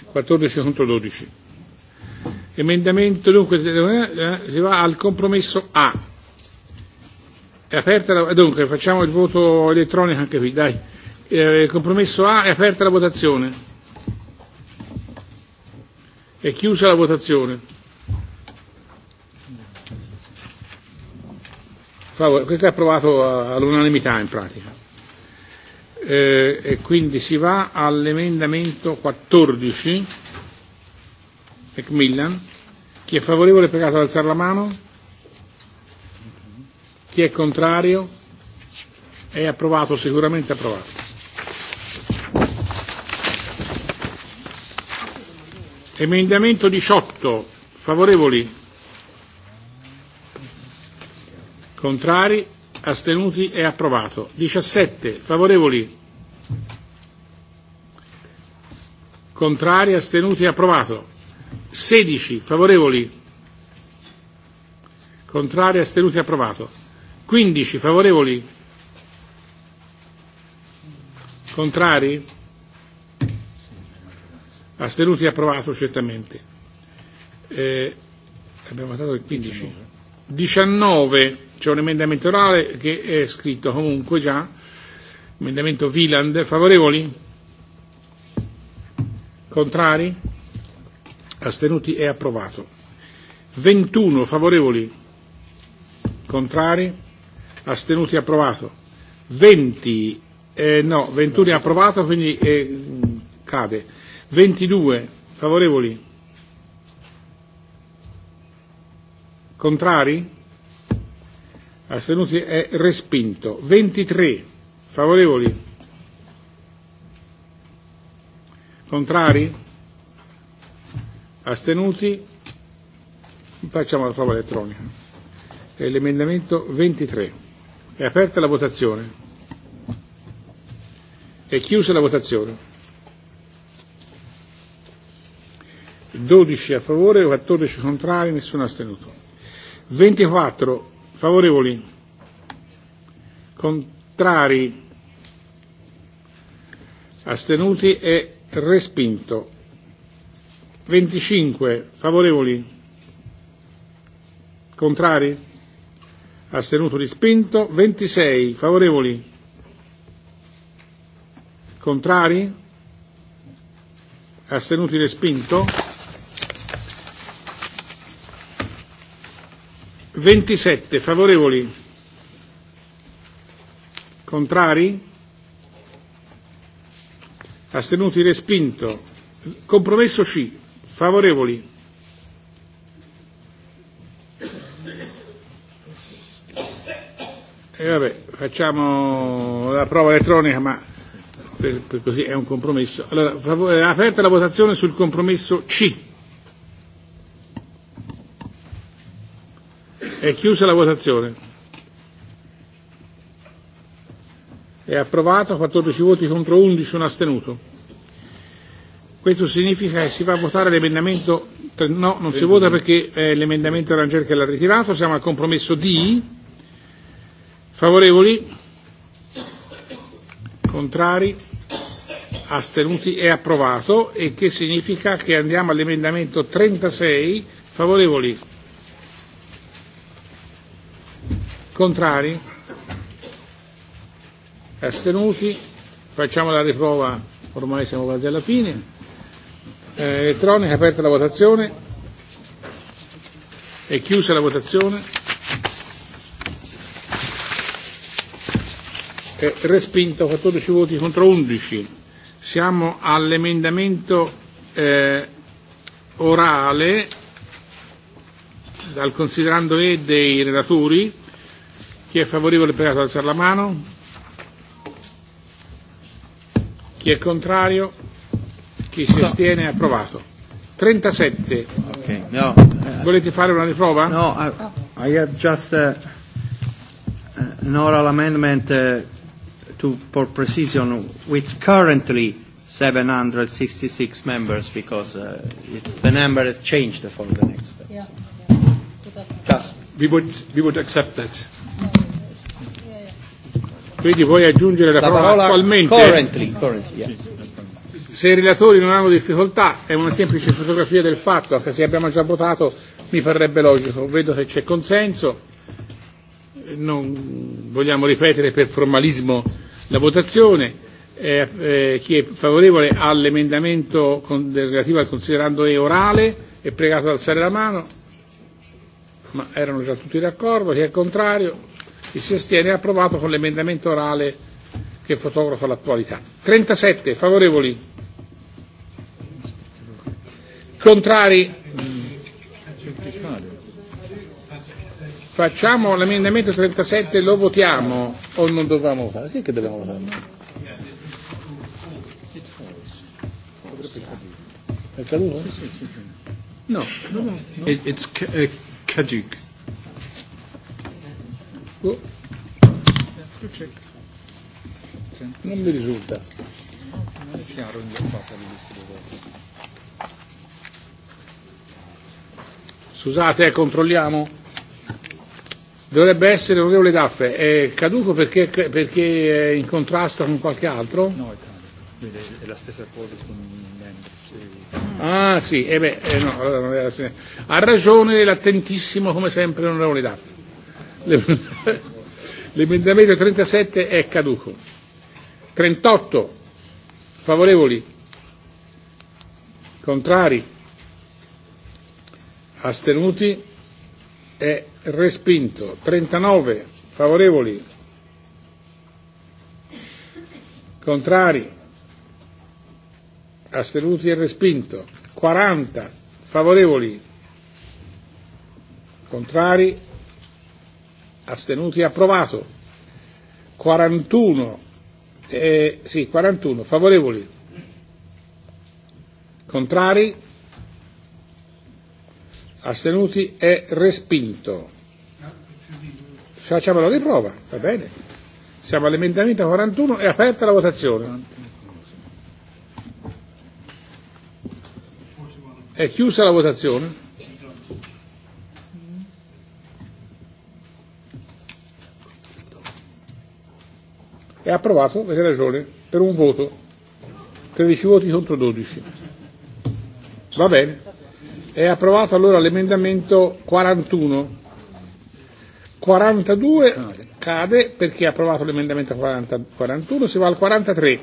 14 contro 12. Emendamento, dunque, eh, si va al compromesso A. È aperta la, eh, dunque, facciamo il voto elettronico anche qui, dai. Eh, compromesso A, è aperta la votazione. È chiusa la votazione. favore. Questo è approvato all'unanimità in pratica. Eh, e quindi si va all'emendamento 14, Macmillan. Chi è favorevole è pregato ad alzare la mano. Chi è contrario è approvato, sicuramente approvato. Emendamento 18, favorevoli? Contrari? Astenuti? È e approvato. 17. Favorevoli? Contrari? Astenuti? È e approvato. 16. Favorevoli? Contrari? Astenuti? È e approvato. 15. Favorevoli? Contrari? Astenuti? È approvato certamente. Eh, abbiamo votato il 15. 19 c'è un emendamento orale che è scritto comunque già, emendamento Wieland, favorevoli? Contrari? Astenuti? È approvato. 21 favorevoli? Contrari? Astenuti? Approvato. 20, eh, no, 21 è approvato quindi eh, cade. 22 favorevoli? Contrari? Astenuti è respinto. 23. Favorevoli? Contrari? Astenuti? Facciamo la prova elettronica. È l'emendamento 23. È aperta la votazione. È chiusa la votazione. 12 a favore, 14 contrari, nessuno astenuto. 24 favorevoli, contrari, astenuti e respinto. 25 favorevoli, contrari, astenuto respinto. 26 favorevoli, contrari, astenuti respinto. 27 favorevoli, contrari, astenuti respinto, compromesso C, favorevoli, E vabbè, facciamo la prova elettronica, ma per, per così è un compromesso. Allora, favore, aperta la votazione sul compromesso C. È chiusa la votazione. È approvato, 14 voti contro 11, un astenuto. Questo significa che si va a votare l'emendamento, no, non si vota perché eh, l'emendamento Rangel che l'ha ritirato, siamo al compromesso D, favorevoli, contrari, astenuti, è approvato e che significa che andiamo all'emendamento 36, favorevoli, Contrari? Astenuti? Facciamo la riprova, ormai siamo quasi alla fine. Eh, elettronica, aperta la votazione. È chiusa la votazione. È respinto 14 voti contro 11. Siamo all'emendamento eh, orale dal considerando E dei relatori Chi è favorevole è pregato ad alzare la mano. Chi è contrario? Chi si astiene? Approvato. 37. Okay, no, uh, Volete fare una riprova? No, I, I have just uh, an oral amendment uh, to, for precision with currently 766 members because uh, it's the number that changed for the next step. Yeah. yeah. Just. We would, we would accept that. Quindi vuoi aggiungere la, la parola, parola attualmente? Currently, currently, yeah. Se i relatori non hanno difficoltà, è una semplice fotografia del fatto, anche se abbiamo già votato, mi parrebbe logico. Vedo che c'è consenso, non vogliamo ripetere per formalismo la votazione. Eh, eh, chi è favorevole all'emendamento con, relativo al considerando E orale è pregato ad alzare la mano, ma erano già tutti d'accordo. Chi è contrario? e si astiene è approvato con l'emendamento orale che fotografa l'attualità. 37 favorevoli. Contrari. Facciamo l'emendamento 37, lo votiamo o non dobbiamo votare? Sì che dobbiamo votare. È caduto? No. no, no. It's eh, caduc. Oh. Non mi risulta. Non è chiaro indossata Scusate, eh, controlliamo. Dovrebbe essere onorevole Daffe, è caduto perché, perché è in contrasto con qualche altro? No, è caduto, è la stessa cosa con Ah sì, eh beh, eh, no, allora ha ragione l'attentissimo come sempre l'onorevole Daffe. L'emendamento 37 è caduco. 38 favorevoli, contrari, astenuti, è respinto. 39 favorevoli, contrari, astenuti e respinto. 40 favorevoli, contrari, astenuti approvato 41 eh, sì 41 favorevoli contrari astenuti è respinto facciamo la riprova va bene siamo all'emendamento 41 è aperta la votazione è chiusa la votazione È approvato, le ragioni per un voto. 13 voti contro 12. Va bene. È approvato allora l'emendamento 41. 42 cade perché è approvato l'emendamento 40, 41, si va al 43.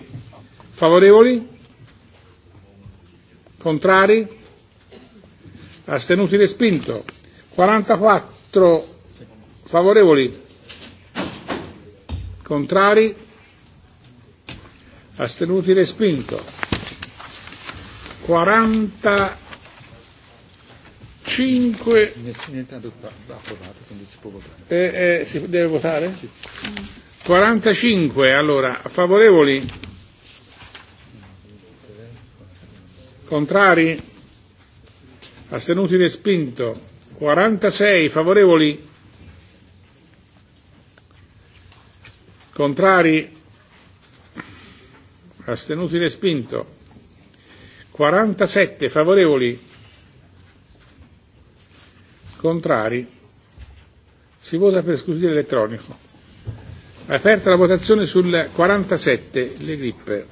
Favorevoli? Contrari? Astenuti respinto. 44 favorevoli? Contrari? astenuti respinto 45 niente approvato quindi si può votare eh, eh, si deve votare? Sì. 45 allora favorevoli contrari astenuti respinto 46 favorevoli contrari astenuti respinto, 47 favorevoli, contrari, si vota per scrutinio elettronico. Aperta la votazione sul 47, le grippe.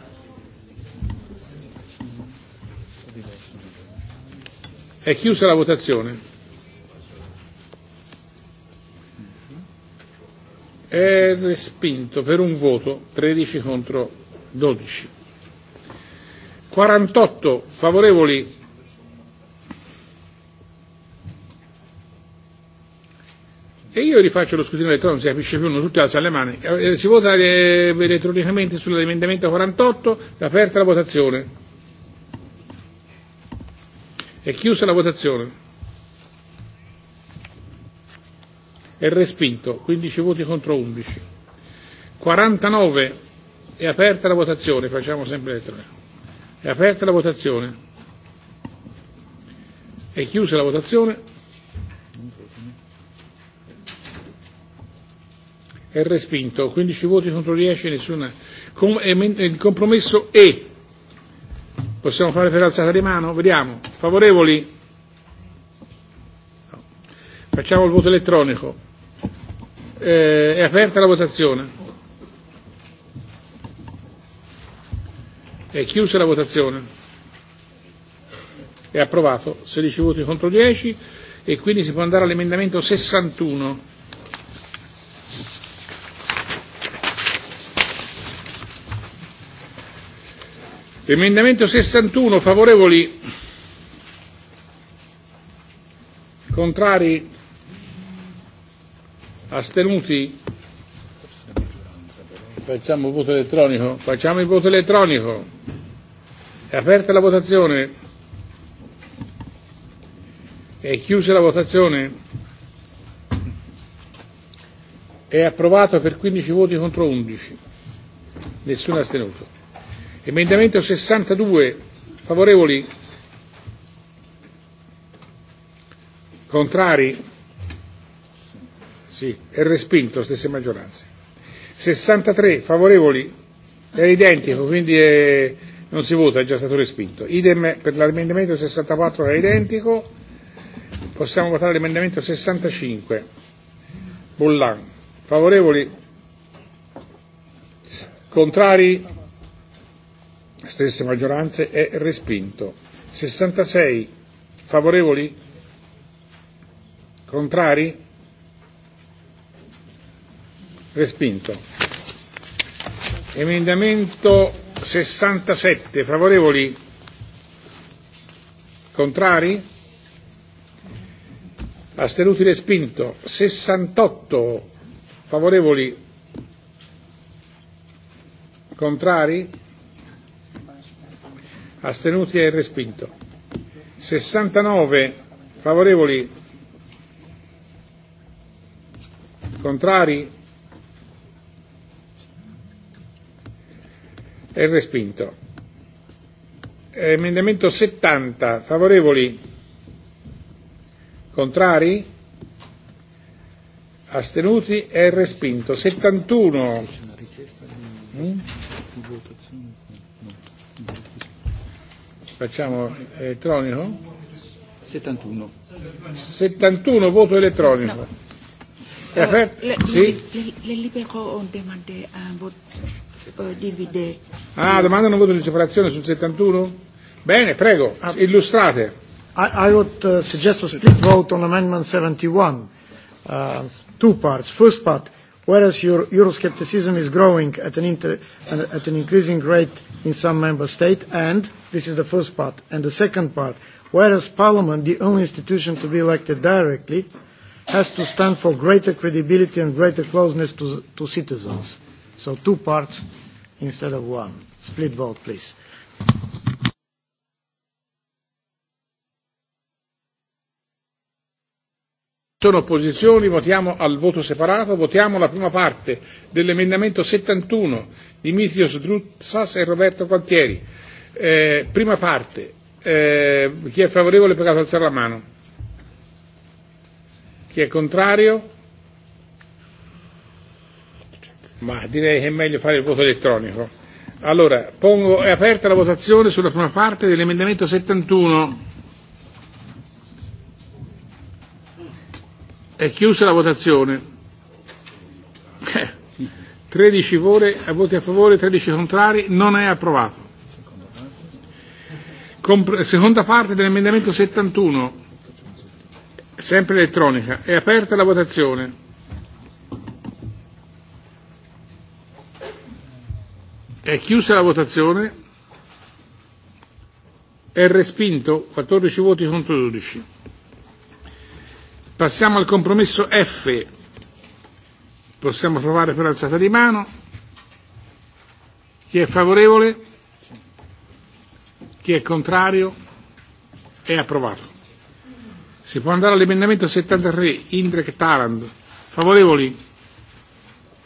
È chiusa la votazione. È respinto per un voto, 13 contro 12. 48 favorevoli e io rifaccio lo scrutinio elettronico, si capisce più, non tutti alzano le mani. Eh, eh si vota eh, elettronicamente sull'emendamento 48, è aperta la votazione. È chiusa la votazione. È respinto, 15 voti contro 11. 49 È aperta la votazione, facciamo sempre le tre. È aperta la votazione. È chiusa la votazione. È respinto. 15 voti contro 10, nessuna. Com- il compromesso E. Possiamo fare per alzata di mano? Vediamo. Favorevoli? No. Facciamo il voto elettronico. Eh, è aperta la votazione. È chiusa la votazione. È approvato. 16 voti contro 10 e quindi si può andare all'emendamento 61. Emendamento 61, favorevoli, contrari, astenuti, Facciamo il voto elettronico? Facciamo il voto elettronico. È aperta la votazione. È chiusa la votazione. È approvato per 15 voti contro 11. Nessuno astenuto. Emendamento 62. Favorevoli? Contrari? Sì, è respinto, stesse maggioranze. 63 favorevoli, è identico, quindi è, non si vota, è già stato respinto. Idem per l'emendamento 64 è identico, possiamo votare l'emendamento 65. Bullan, favorevoli? Contrari? Stesse maggioranze, è respinto. 66 favorevoli? Contrari? Respinto. Emendamento 67. Favorevoli? Contrari? Astenuti respinto. 68. Favorevoli? Contrari? Astenuti e respinto. 69. Favorevoli? Contrari? È respinto. Emendamento 70. Favorevoli? Contrari? Astenuti? È respinto. 71. Mm? Facciamo elettronico? 71. 71 voto elettronico. No. Fer, sí. Les libéraux ont demandé un eh, vote eh, dividé. Ah, domandano un voto di separazione sul 71? Bene, prego, uh, illustrate. I, I would uh, suggest a split vote on Amendment 71. Uh, two parts. First part, whereas your Euroscepticism is growing at an, inter uh, at an increasing rate in some member states, and this is the first part. And the second part, whereas Parliament, the only institution to be elected directly, has to stand for greater credibility and greater closeness to, to citizens. So two parts instead of one. Split vote, please. Sono opposizioni, votiamo al voto separato, votiamo la prima parte dell'emendamento 71 di Mithios Drutsas e Roberto Quantieri. Eh, prima parte, eh, chi è favorevole per alzare la mano? Chi è contrario? Ma direi che è meglio fare il voto elettronico. Allora, pongo, è aperta la votazione sulla prima parte dell'emendamento 71. È chiusa la votazione. 13 voti a, voti a favore, 13 contrari, non è approvato. Compr- seconda parte dell'emendamento 71 sempre elettronica. È aperta la votazione. È chiusa la votazione. È respinto 14 voti contro 12. Passiamo al compromesso F. Possiamo provare per alzata di mano. Chi è favorevole? Chi è contrario? È approvato. Si può andare all'emendamento 73, Indrek Tarand. Favorevoli?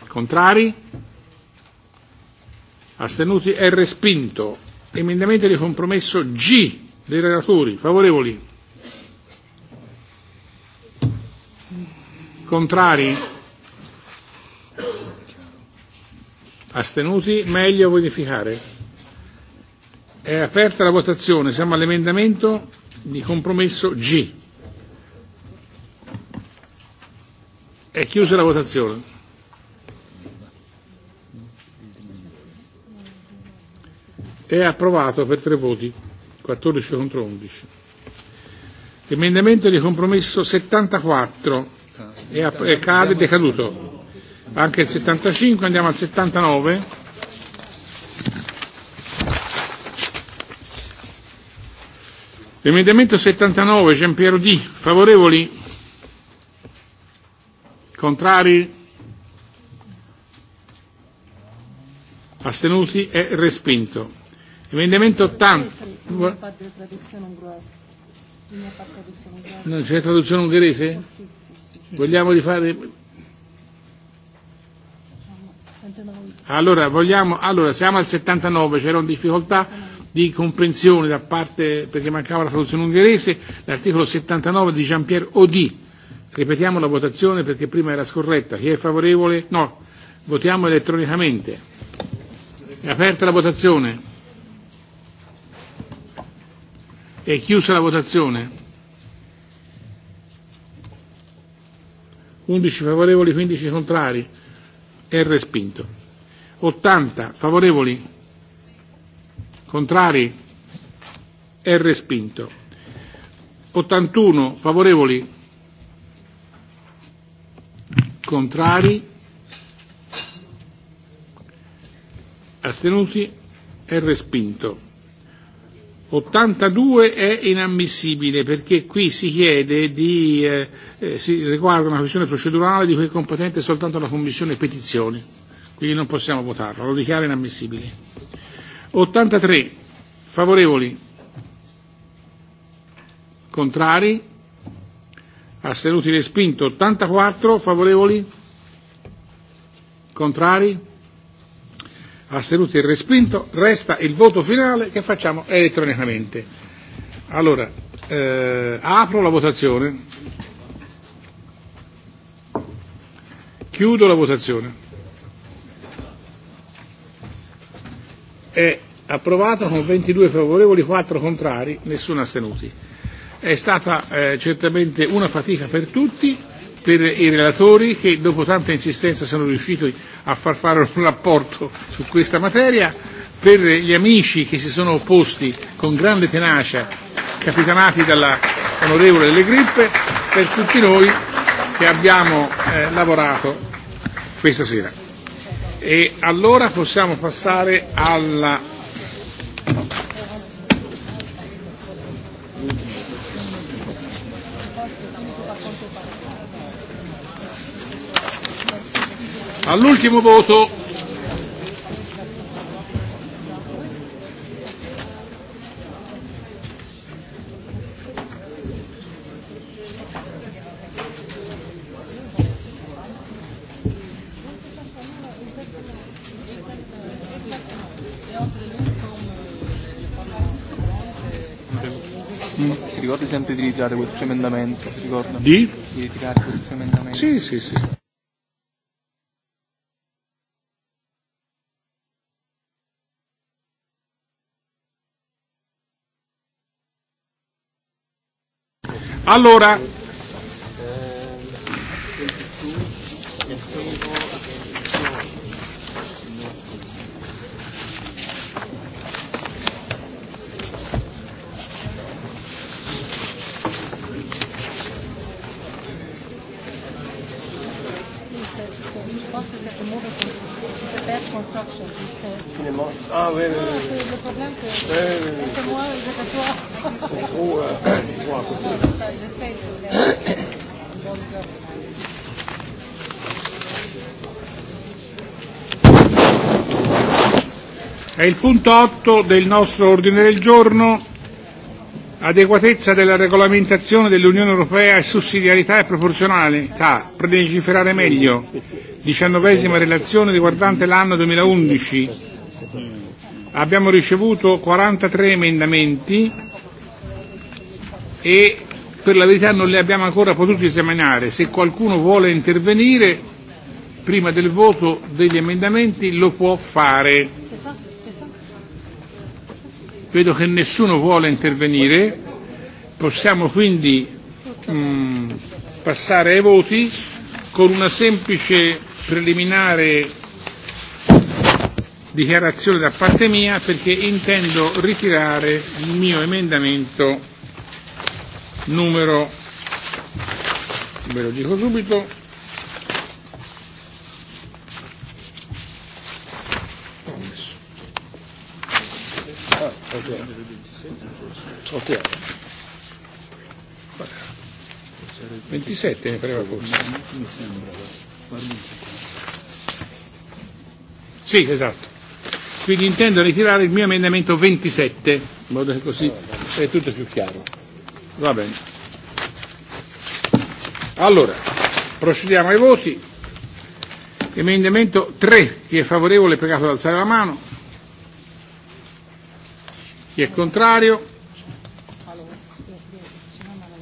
Contrari? Astenuti? È respinto. Emendamento di compromesso G dei relatori. Favorevoli? Contrari? Astenuti? Meglio verificare. È aperta la votazione. Siamo all'emendamento di compromesso G. È chiusa la votazione. È approvato per tre voti, 14 contro 11. Emendamento di compromesso 74 è, è cade, decaduto. Anche il 75, andiamo al 79. Emendamento 79, Gian Piero D. Favorevoli? Contrari? Astenuti? È e respinto. Emendamento 80. Non c'è traduzione ungherese? Vogliamo di fare. Allora, vogliamo, allora, siamo al 79, c'erano difficoltà di comprensione da parte, perché mancava la traduzione ungherese, l'articolo 79 di Jean-Pierre Audi Ripetiamo la votazione perché prima era scorretta. Chi è favorevole? No. Votiamo elettronicamente. È aperta la votazione. È chiusa la votazione. 11 favorevoli, 15 contrari. È respinto. 80 favorevoli, contrari. È respinto. 81 favorevoli, Contrari? Astenuti? È e respinto. 82 è inammissibile perché qui si chiede di, eh, eh, si riguarda una questione procedurale di cui è competente soltanto la Commissione petizioni, quindi non possiamo votarlo, lo dichiaro inammissibile. 83 favorevoli, contrari, Astenuti respinto. 84 favorevoli? Contrari? Astenuti respinto. Resta il voto finale che facciamo elettronicamente. Allora, eh, apro la votazione. Chiudo la votazione. È approvato con 22 favorevoli, 4 contrari, nessuno astenuti. È stata eh, certamente una fatica per tutti, per i relatori che dopo tanta insistenza sono riusciti a far fare un rapporto su questa materia, per gli amici che si sono opposti con grande tenacia, capitanati dall'onorevole Delle Grippe, per tutti noi che abbiamo eh, lavorato questa sera. E allora possiamo passare alla All'ultimo voto. Mm. Si ricorda sempre di ritirare questo emendamento, ricorda? Di? Di ritirare questo emendamento. Sì, sì, sì. Allora, Ah oui, oui, oui. Ah, c'est Le problème que... Oui, oui, oui. Laissez-moi, je vais toi. È il punto 8 del nostro ordine del giorno, adeguatezza della regolamentazione dell'Unione Europea e sussidiarietà e proporzionalità, per legiferare meglio, diciannovesima relazione riguardante l'anno 2011. Abbiamo ricevuto 43 emendamenti e per la verità non le abbiamo ancora potuto esaminare. Se qualcuno vuole intervenire prima del voto degli emendamenti lo può fare. Vedo che nessuno vuole intervenire, possiamo quindi mh, mm, passare ai voti con una semplice preliminare dichiarazione da parte mia perché intendo ritirare il mio emendamento numero, ve lo dico subito, ah, okay. 27 mi pareva forse. Sì, esatto. Quindi intendo ritirare il mio emendamento 27, in modo che così è tutto più chiaro. Va bene. Allora, procediamo ai voti. Emendamento 3. Chi è favorevole è pregato ad alzare la mano. Chi è contrario?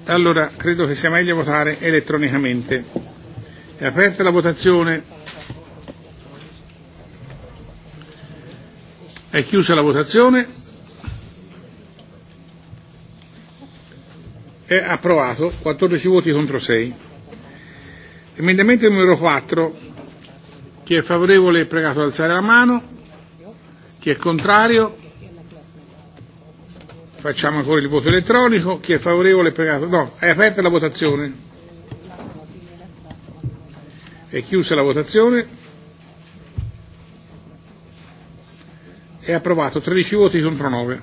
Allora, credo che sia meglio votare elettronicamente. È aperta la votazione. È chiusa la votazione. È approvato, 14 voti contro 6. Emendamento numero 4, chi è favorevole è pregato ad alzare la mano, chi è contrario facciamo ancora il voto elettronico, chi è favorevole è pregato, no, è aperta la votazione. È chiusa la votazione. È approvato 13 voti contro 9.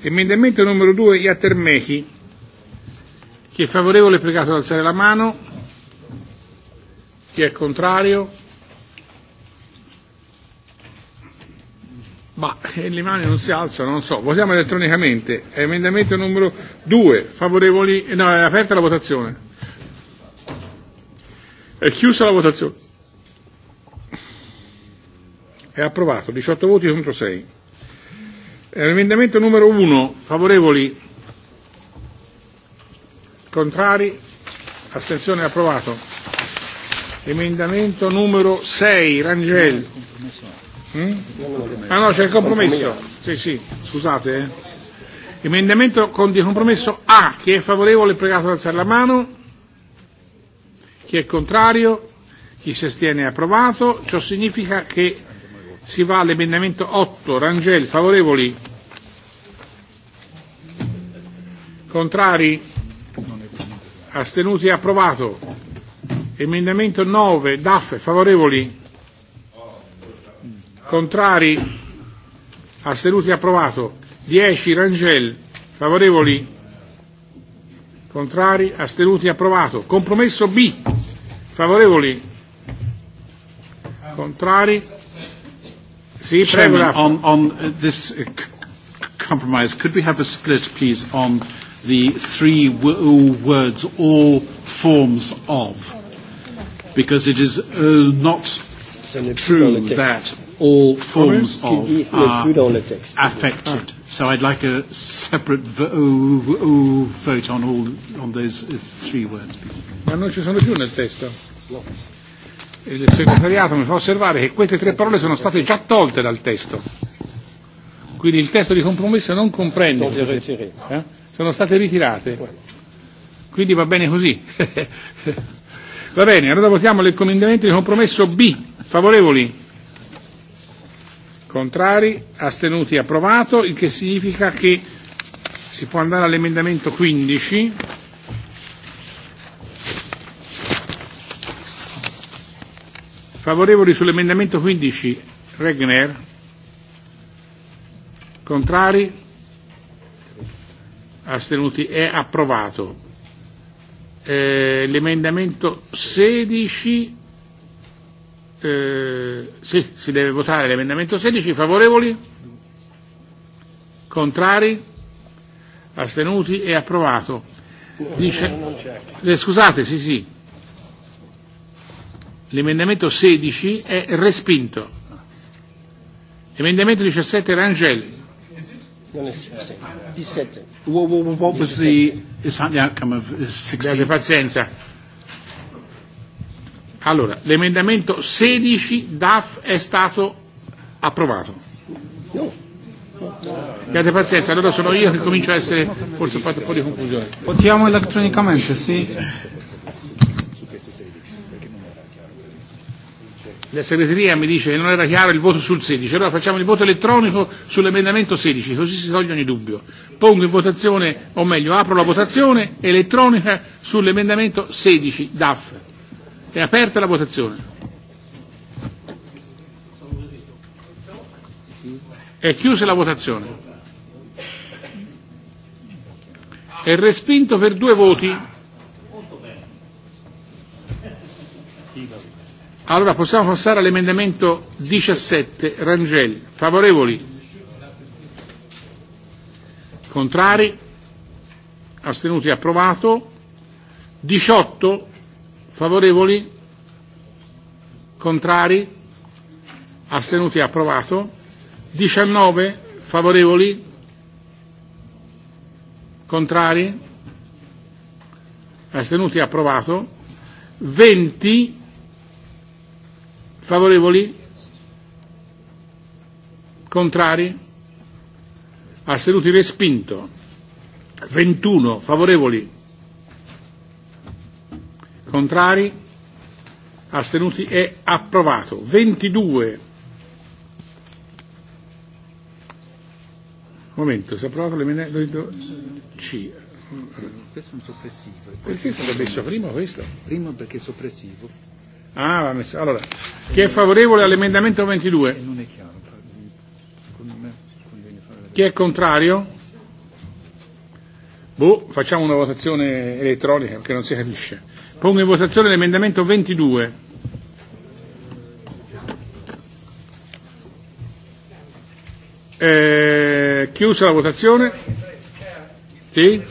Emendamento numero 2 Iatermechi. Chi è favorevole è pregato ad alzare la mano. Chi è contrario? Ma eh, le mani non si alzano, non so. Votiamo elettronicamente. Emendamento numero 2. Favorevoli? Eh, no, è aperta la votazione. È chiusa la votazione. È approvato. 18 voti contro 6. Eh, emendamento numero 1. Favorevoli? Contrari? Astensione approvato. Emendamento numero 6, Rangel. Mm? Ah no, c'è il compromesso. Sì, sì, scusate. Eh. Emendamento con di compromesso A. Chi è favorevole è pregato ad alzare la mano. Chi è contrario? Chi si astiene è approvato. Ciò significa che si va all'emendamento 8. Rangel, favorevoli? Contrari? astenuti e approvato. Emendamento 9, DAF, favorevoli? Contrari? Astenuti e approvato. 10, Rangel, favorevoli? Contrari? Astenuti e approvato. Compromesso B, favorevoli? Contrari? Sì, prego. Chairman, on, on this compromise, could we have a split, please, on the three w- words, all forms of, because it is uh, not true that all forms of are affected. So I'd like a separate vo- vote on all on those three words. Please. Ma non ci sono più nel testo. Il e segretariato mi fa osservare che queste tre parole sono state già tolte dal testo. Quindi il testo di compromesso non comprende. Eh? sono state ritirate. Quindi va bene così. va bene, allora votiamo le commendamenti di compromesso B. Favorevoli? Contrari? Astenuti? Approvato, il che significa che si può andare all'emendamento 15. Favorevoli sull'emendamento 15? Regner? Contrari? astenuti è approvato. Eh, l'emendamento 16 eh, sì, si deve votare l'emendamento 16 favorevoli contrari astenuti è approvato Dice, eh, scusate sì sì l'emendamento 16 è respinto emendamento 17 Rangel 17 What, what, what yeah, was the, is that the outcome of 16? Date pazienza. Allora, l'emendamento 16 DAF è stato approvato. Abbiate pazienza, allora sono io che comincio a essere forse fatto un po' di confusione. Votiamo elettronicamente, sì. la segreteria mi dice che non era chiaro il voto sul 16, allora facciamo il voto elettronico sull'emendamento 16, così si toglie ogni dubbio. Pongo in votazione, o meglio, apro la votazione elettronica sull'emendamento 16 DAF. È aperta la votazione. È chiusa la votazione. È respinto per due voti Allora possiamo passare all'emendamento 17, Rangel. Favorevoli? Contrari? Astenuti? Approvato. 18, favorevoli? Contrari? Astenuti? Approvato. 19, favorevoli? Contrari? Astenuti? Approvato. 20, Favorevoli? Contrari? Astenuti respinto. 21. Favorevoli? Contrari? Astenuti è approvato. 22. Momento, si è approvato l'emendamento C. Questo è un soppressivo. Perché è stato messo prima questo? Prima perché è soppressivo. Ah, va messo. Allora, chi è favorevole all'emendamento 22? E non è chiaro, secondo me conviene fare Chi è contrario? Boh, facciamo una votazione elettronica perché non si capisce. Pongo in votazione l'emendamento 22. Eh, chiusa la votazione? Sì?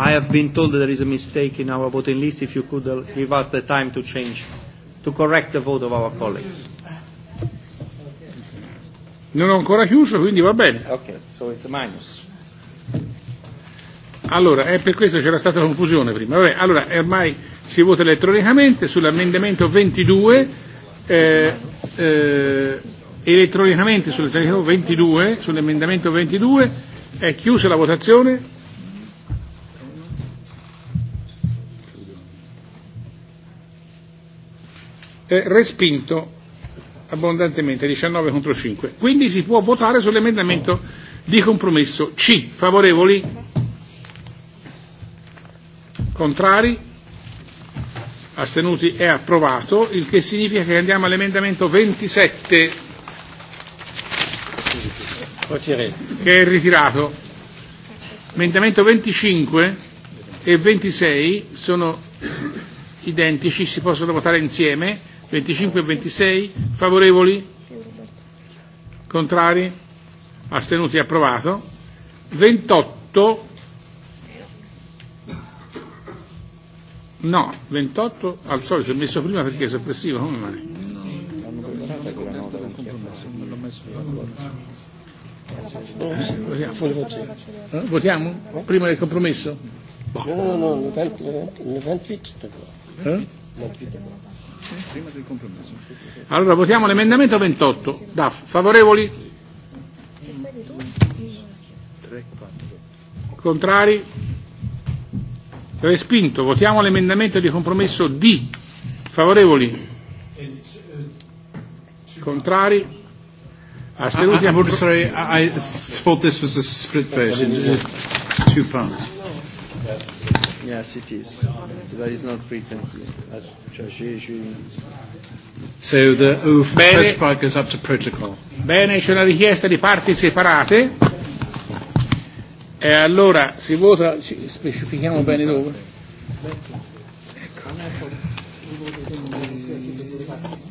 I have been told that there is a mistake in our voting list. If you could uh, give us the time to change, to correct the vote of our colleagues. Non ho ancora chiuso, quindi va bene. Okay, so it's a minus. Allora, è per questo c'era stata confusione prima. Vabbè, allora, ormai si vota elettronicamente sull'ammendamento 22, eh, eh, elettronicamente sull'ammendamento 22, sull'emendamento 22, è chiusa la votazione. eh, respinto abbondantemente 19 contro 5. Quindi si può votare sull'emendamento di compromesso C. Favorevoli? Contrari? Astenuti? È approvato, il che significa che andiamo all'emendamento 27 che è ritirato. Emendamento 25 e 26 sono identici, si possono votare insieme 25 e 26 favorevoli, contrari, astenuti, approvato. 28 No, 28 al solito, ho messo prima perché è soppressivo, come mai? Votiamo? Votiamo? Prima del compromesso? No, no, no, no no no Prima del compromesso. Allora votiamo l'emendamento 28. DAF, favorevoli? Contrari? Respinto. Votiamo l'emendamento di compromesso D. Favorevoli? Contrari? Astenuti? I'm sorry, I thought this was a split version. Two parts. Yes, it is. That is not frequently. So the oof, first part goes up to protocol. Bene, c'è una richiesta di parti separate. E allora si vota, ci specifichiamo bene dove. Ecco.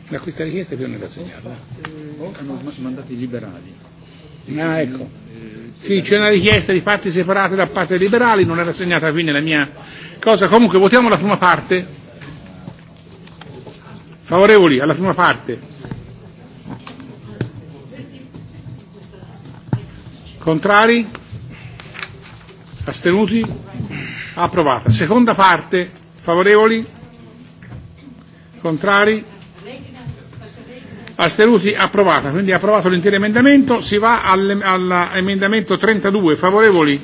Ma questa richiesta più non segnata. Hanno eh? mandato i liberali. Ah, ecco. Sì, c'è una richiesta di parti separate da parte dei liberali, non era segnata quindi la mia cosa. Comunque votiamo la prima parte. Favorevoli alla prima parte. Contrari? Astenuti? Approvata. Seconda parte. Favorevoli? Contrari? astenuti approvata, quindi approvato l'intero emendamento, si va all'emendamento 32, favorevoli,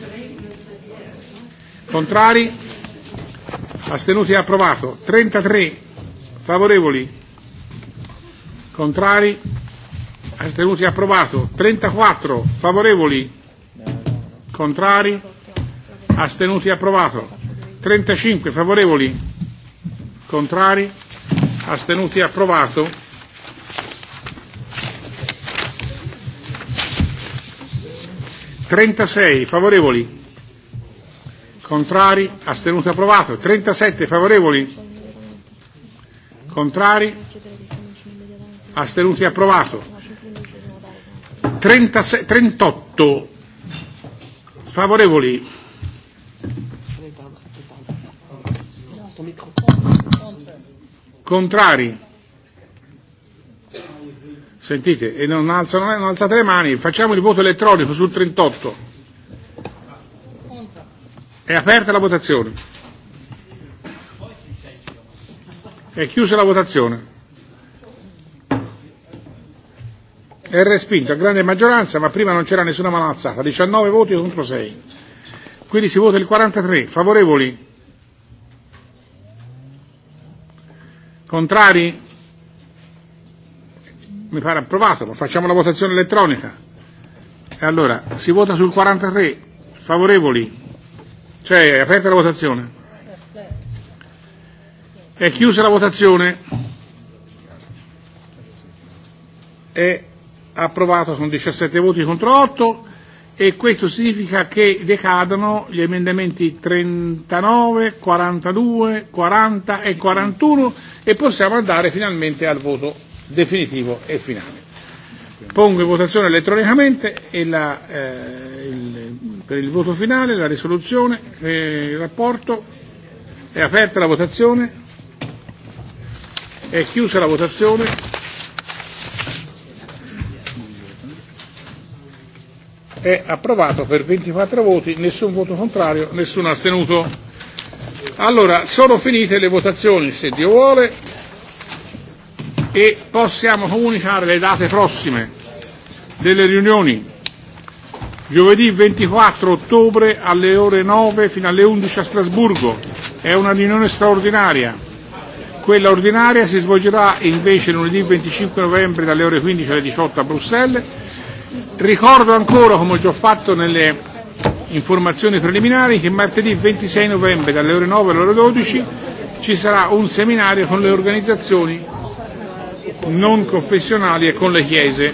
contrari, astenuti approvato, 33, favorevoli, contrari, astenuti approvato, 34, favorevoli, contrari, astenuti approvato, 35, favorevoli, contrari, astenuti approvato, 36 favorevoli, contrari, astenuto approvato, 37 favorevoli, contrari, astenuti approvato, 36, 38 favorevoli, contrari, Sentite, e non, alza, alzano, non alzate le mani, facciamo il voto elettronico sul 38. È aperta la votazione. È chiusa la votazione. È respinto a grande maggioranza, ma prima non c'era nessuna mano alzata. 19 voti contro 6. Quindi si vota il 43. Favorevoli? Contrari? mi pare approvato, ma facciamo la votazione elettronica. E allora, si vota sul 43, favorevoli, cioè è aperta la votazione. È chiusa la votazione. È approvato con 17 voti contro 8 e questo significa che decadono gli emendamenti 39, 42, 40 e 41 e possiamo andare finalmente al voto definitivo e finale. Pongo in votazione elettronicamente e la, eh, il, per il voto finale la risoluzione, eh, il rapporto. È aperta la votazione. È chiusa la votazione. È approvato per 24 voti, nessun voto contrario, nessuno astenuto. Allora, sono finite le votazioni, se Dio vuole e possiamo comunicare le date prossime delle riunioni. Giovedì 24 ottobre alle ore 9 fino alle 11 a Strasburgo è una riunione straordinaria. Quella ordinaria si svolgerà invece lunedì 25 novembre dalle ore 15 alle 18 a Bruxelles. Ricordo ancora, come ho già fatto nelle informazioni preliminari, che martedì 26 novembre dalle ore 9 alle ore 12 ci sarà un seminario con le organizzazioni non confessionali e con le chiese.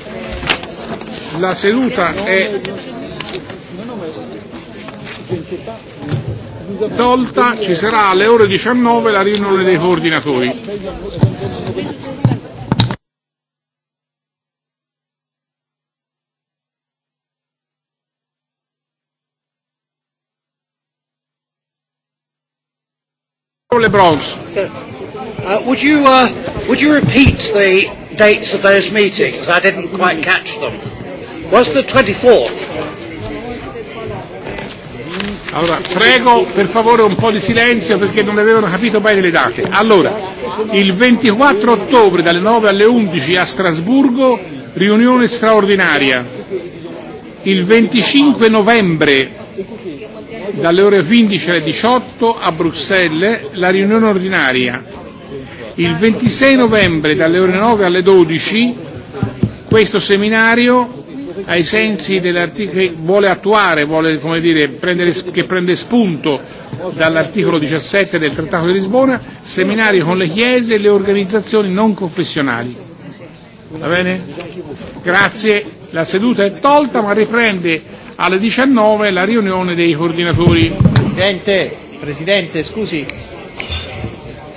La seduta è tolta, ci sarà alle ore 19 la riunione dei coordinatori. Honourable Bronx. Uh, would you uh, would you repeat the dates of those meetings? I didn't quite catch them. Was the 24th? Allora, prego per favore un po' di silenzio perché non avevano capito bene le date. Allora, il 24 ottobre dalle 9 alle 11 a Strasburgo, riunione straordinaria. Il 25 novembre dalle ore 15 alle 18 a Bruxelles la riunione ordinaria. Il 26 novembre dalle ore 9 alle 12 questo seminario ai sensi dell'articolo che vuole attuare, vuole come dire, prendere, che prende spunto dall'articolo 17 del Trattato di Lisbona, seminari con le chiese e le organizzazioni non confessionali. Va bene? Grazie. La seduta è tolta ma riprende alle 19 la riunione dei coordinatori. Presidente, Presidente scusi,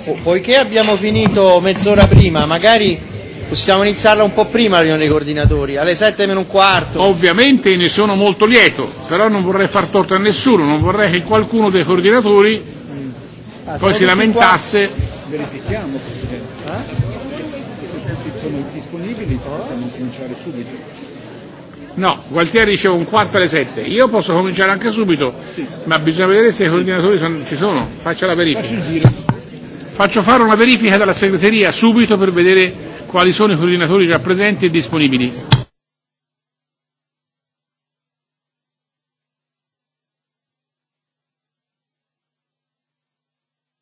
po poiché abbiamo finito mezz'ora prima, magari possiamo iniziarla un po' prima la riunione dei coordinatori, alle 7 meno un quarto. Ovviamente ne sono molto lieto, però non vorrei far torto a nessuno, non vorrei che qualcuno dei coordinatori mm. ah, poi si lamentasse. Verifichiamo, Presidente. Eh? sono disponibili, possiamo cominciare subito. No, Gualtieri diceva un quarto alle sette. Io posso cominciare anche subito, sì. ma bisogna vedere se i coordinatori son, ci sono. Faccio la verifica. Faccio, Faccio fare una verifica dalla segreteria subito per vedere quali sono i coordinatori già presenti e disponibili.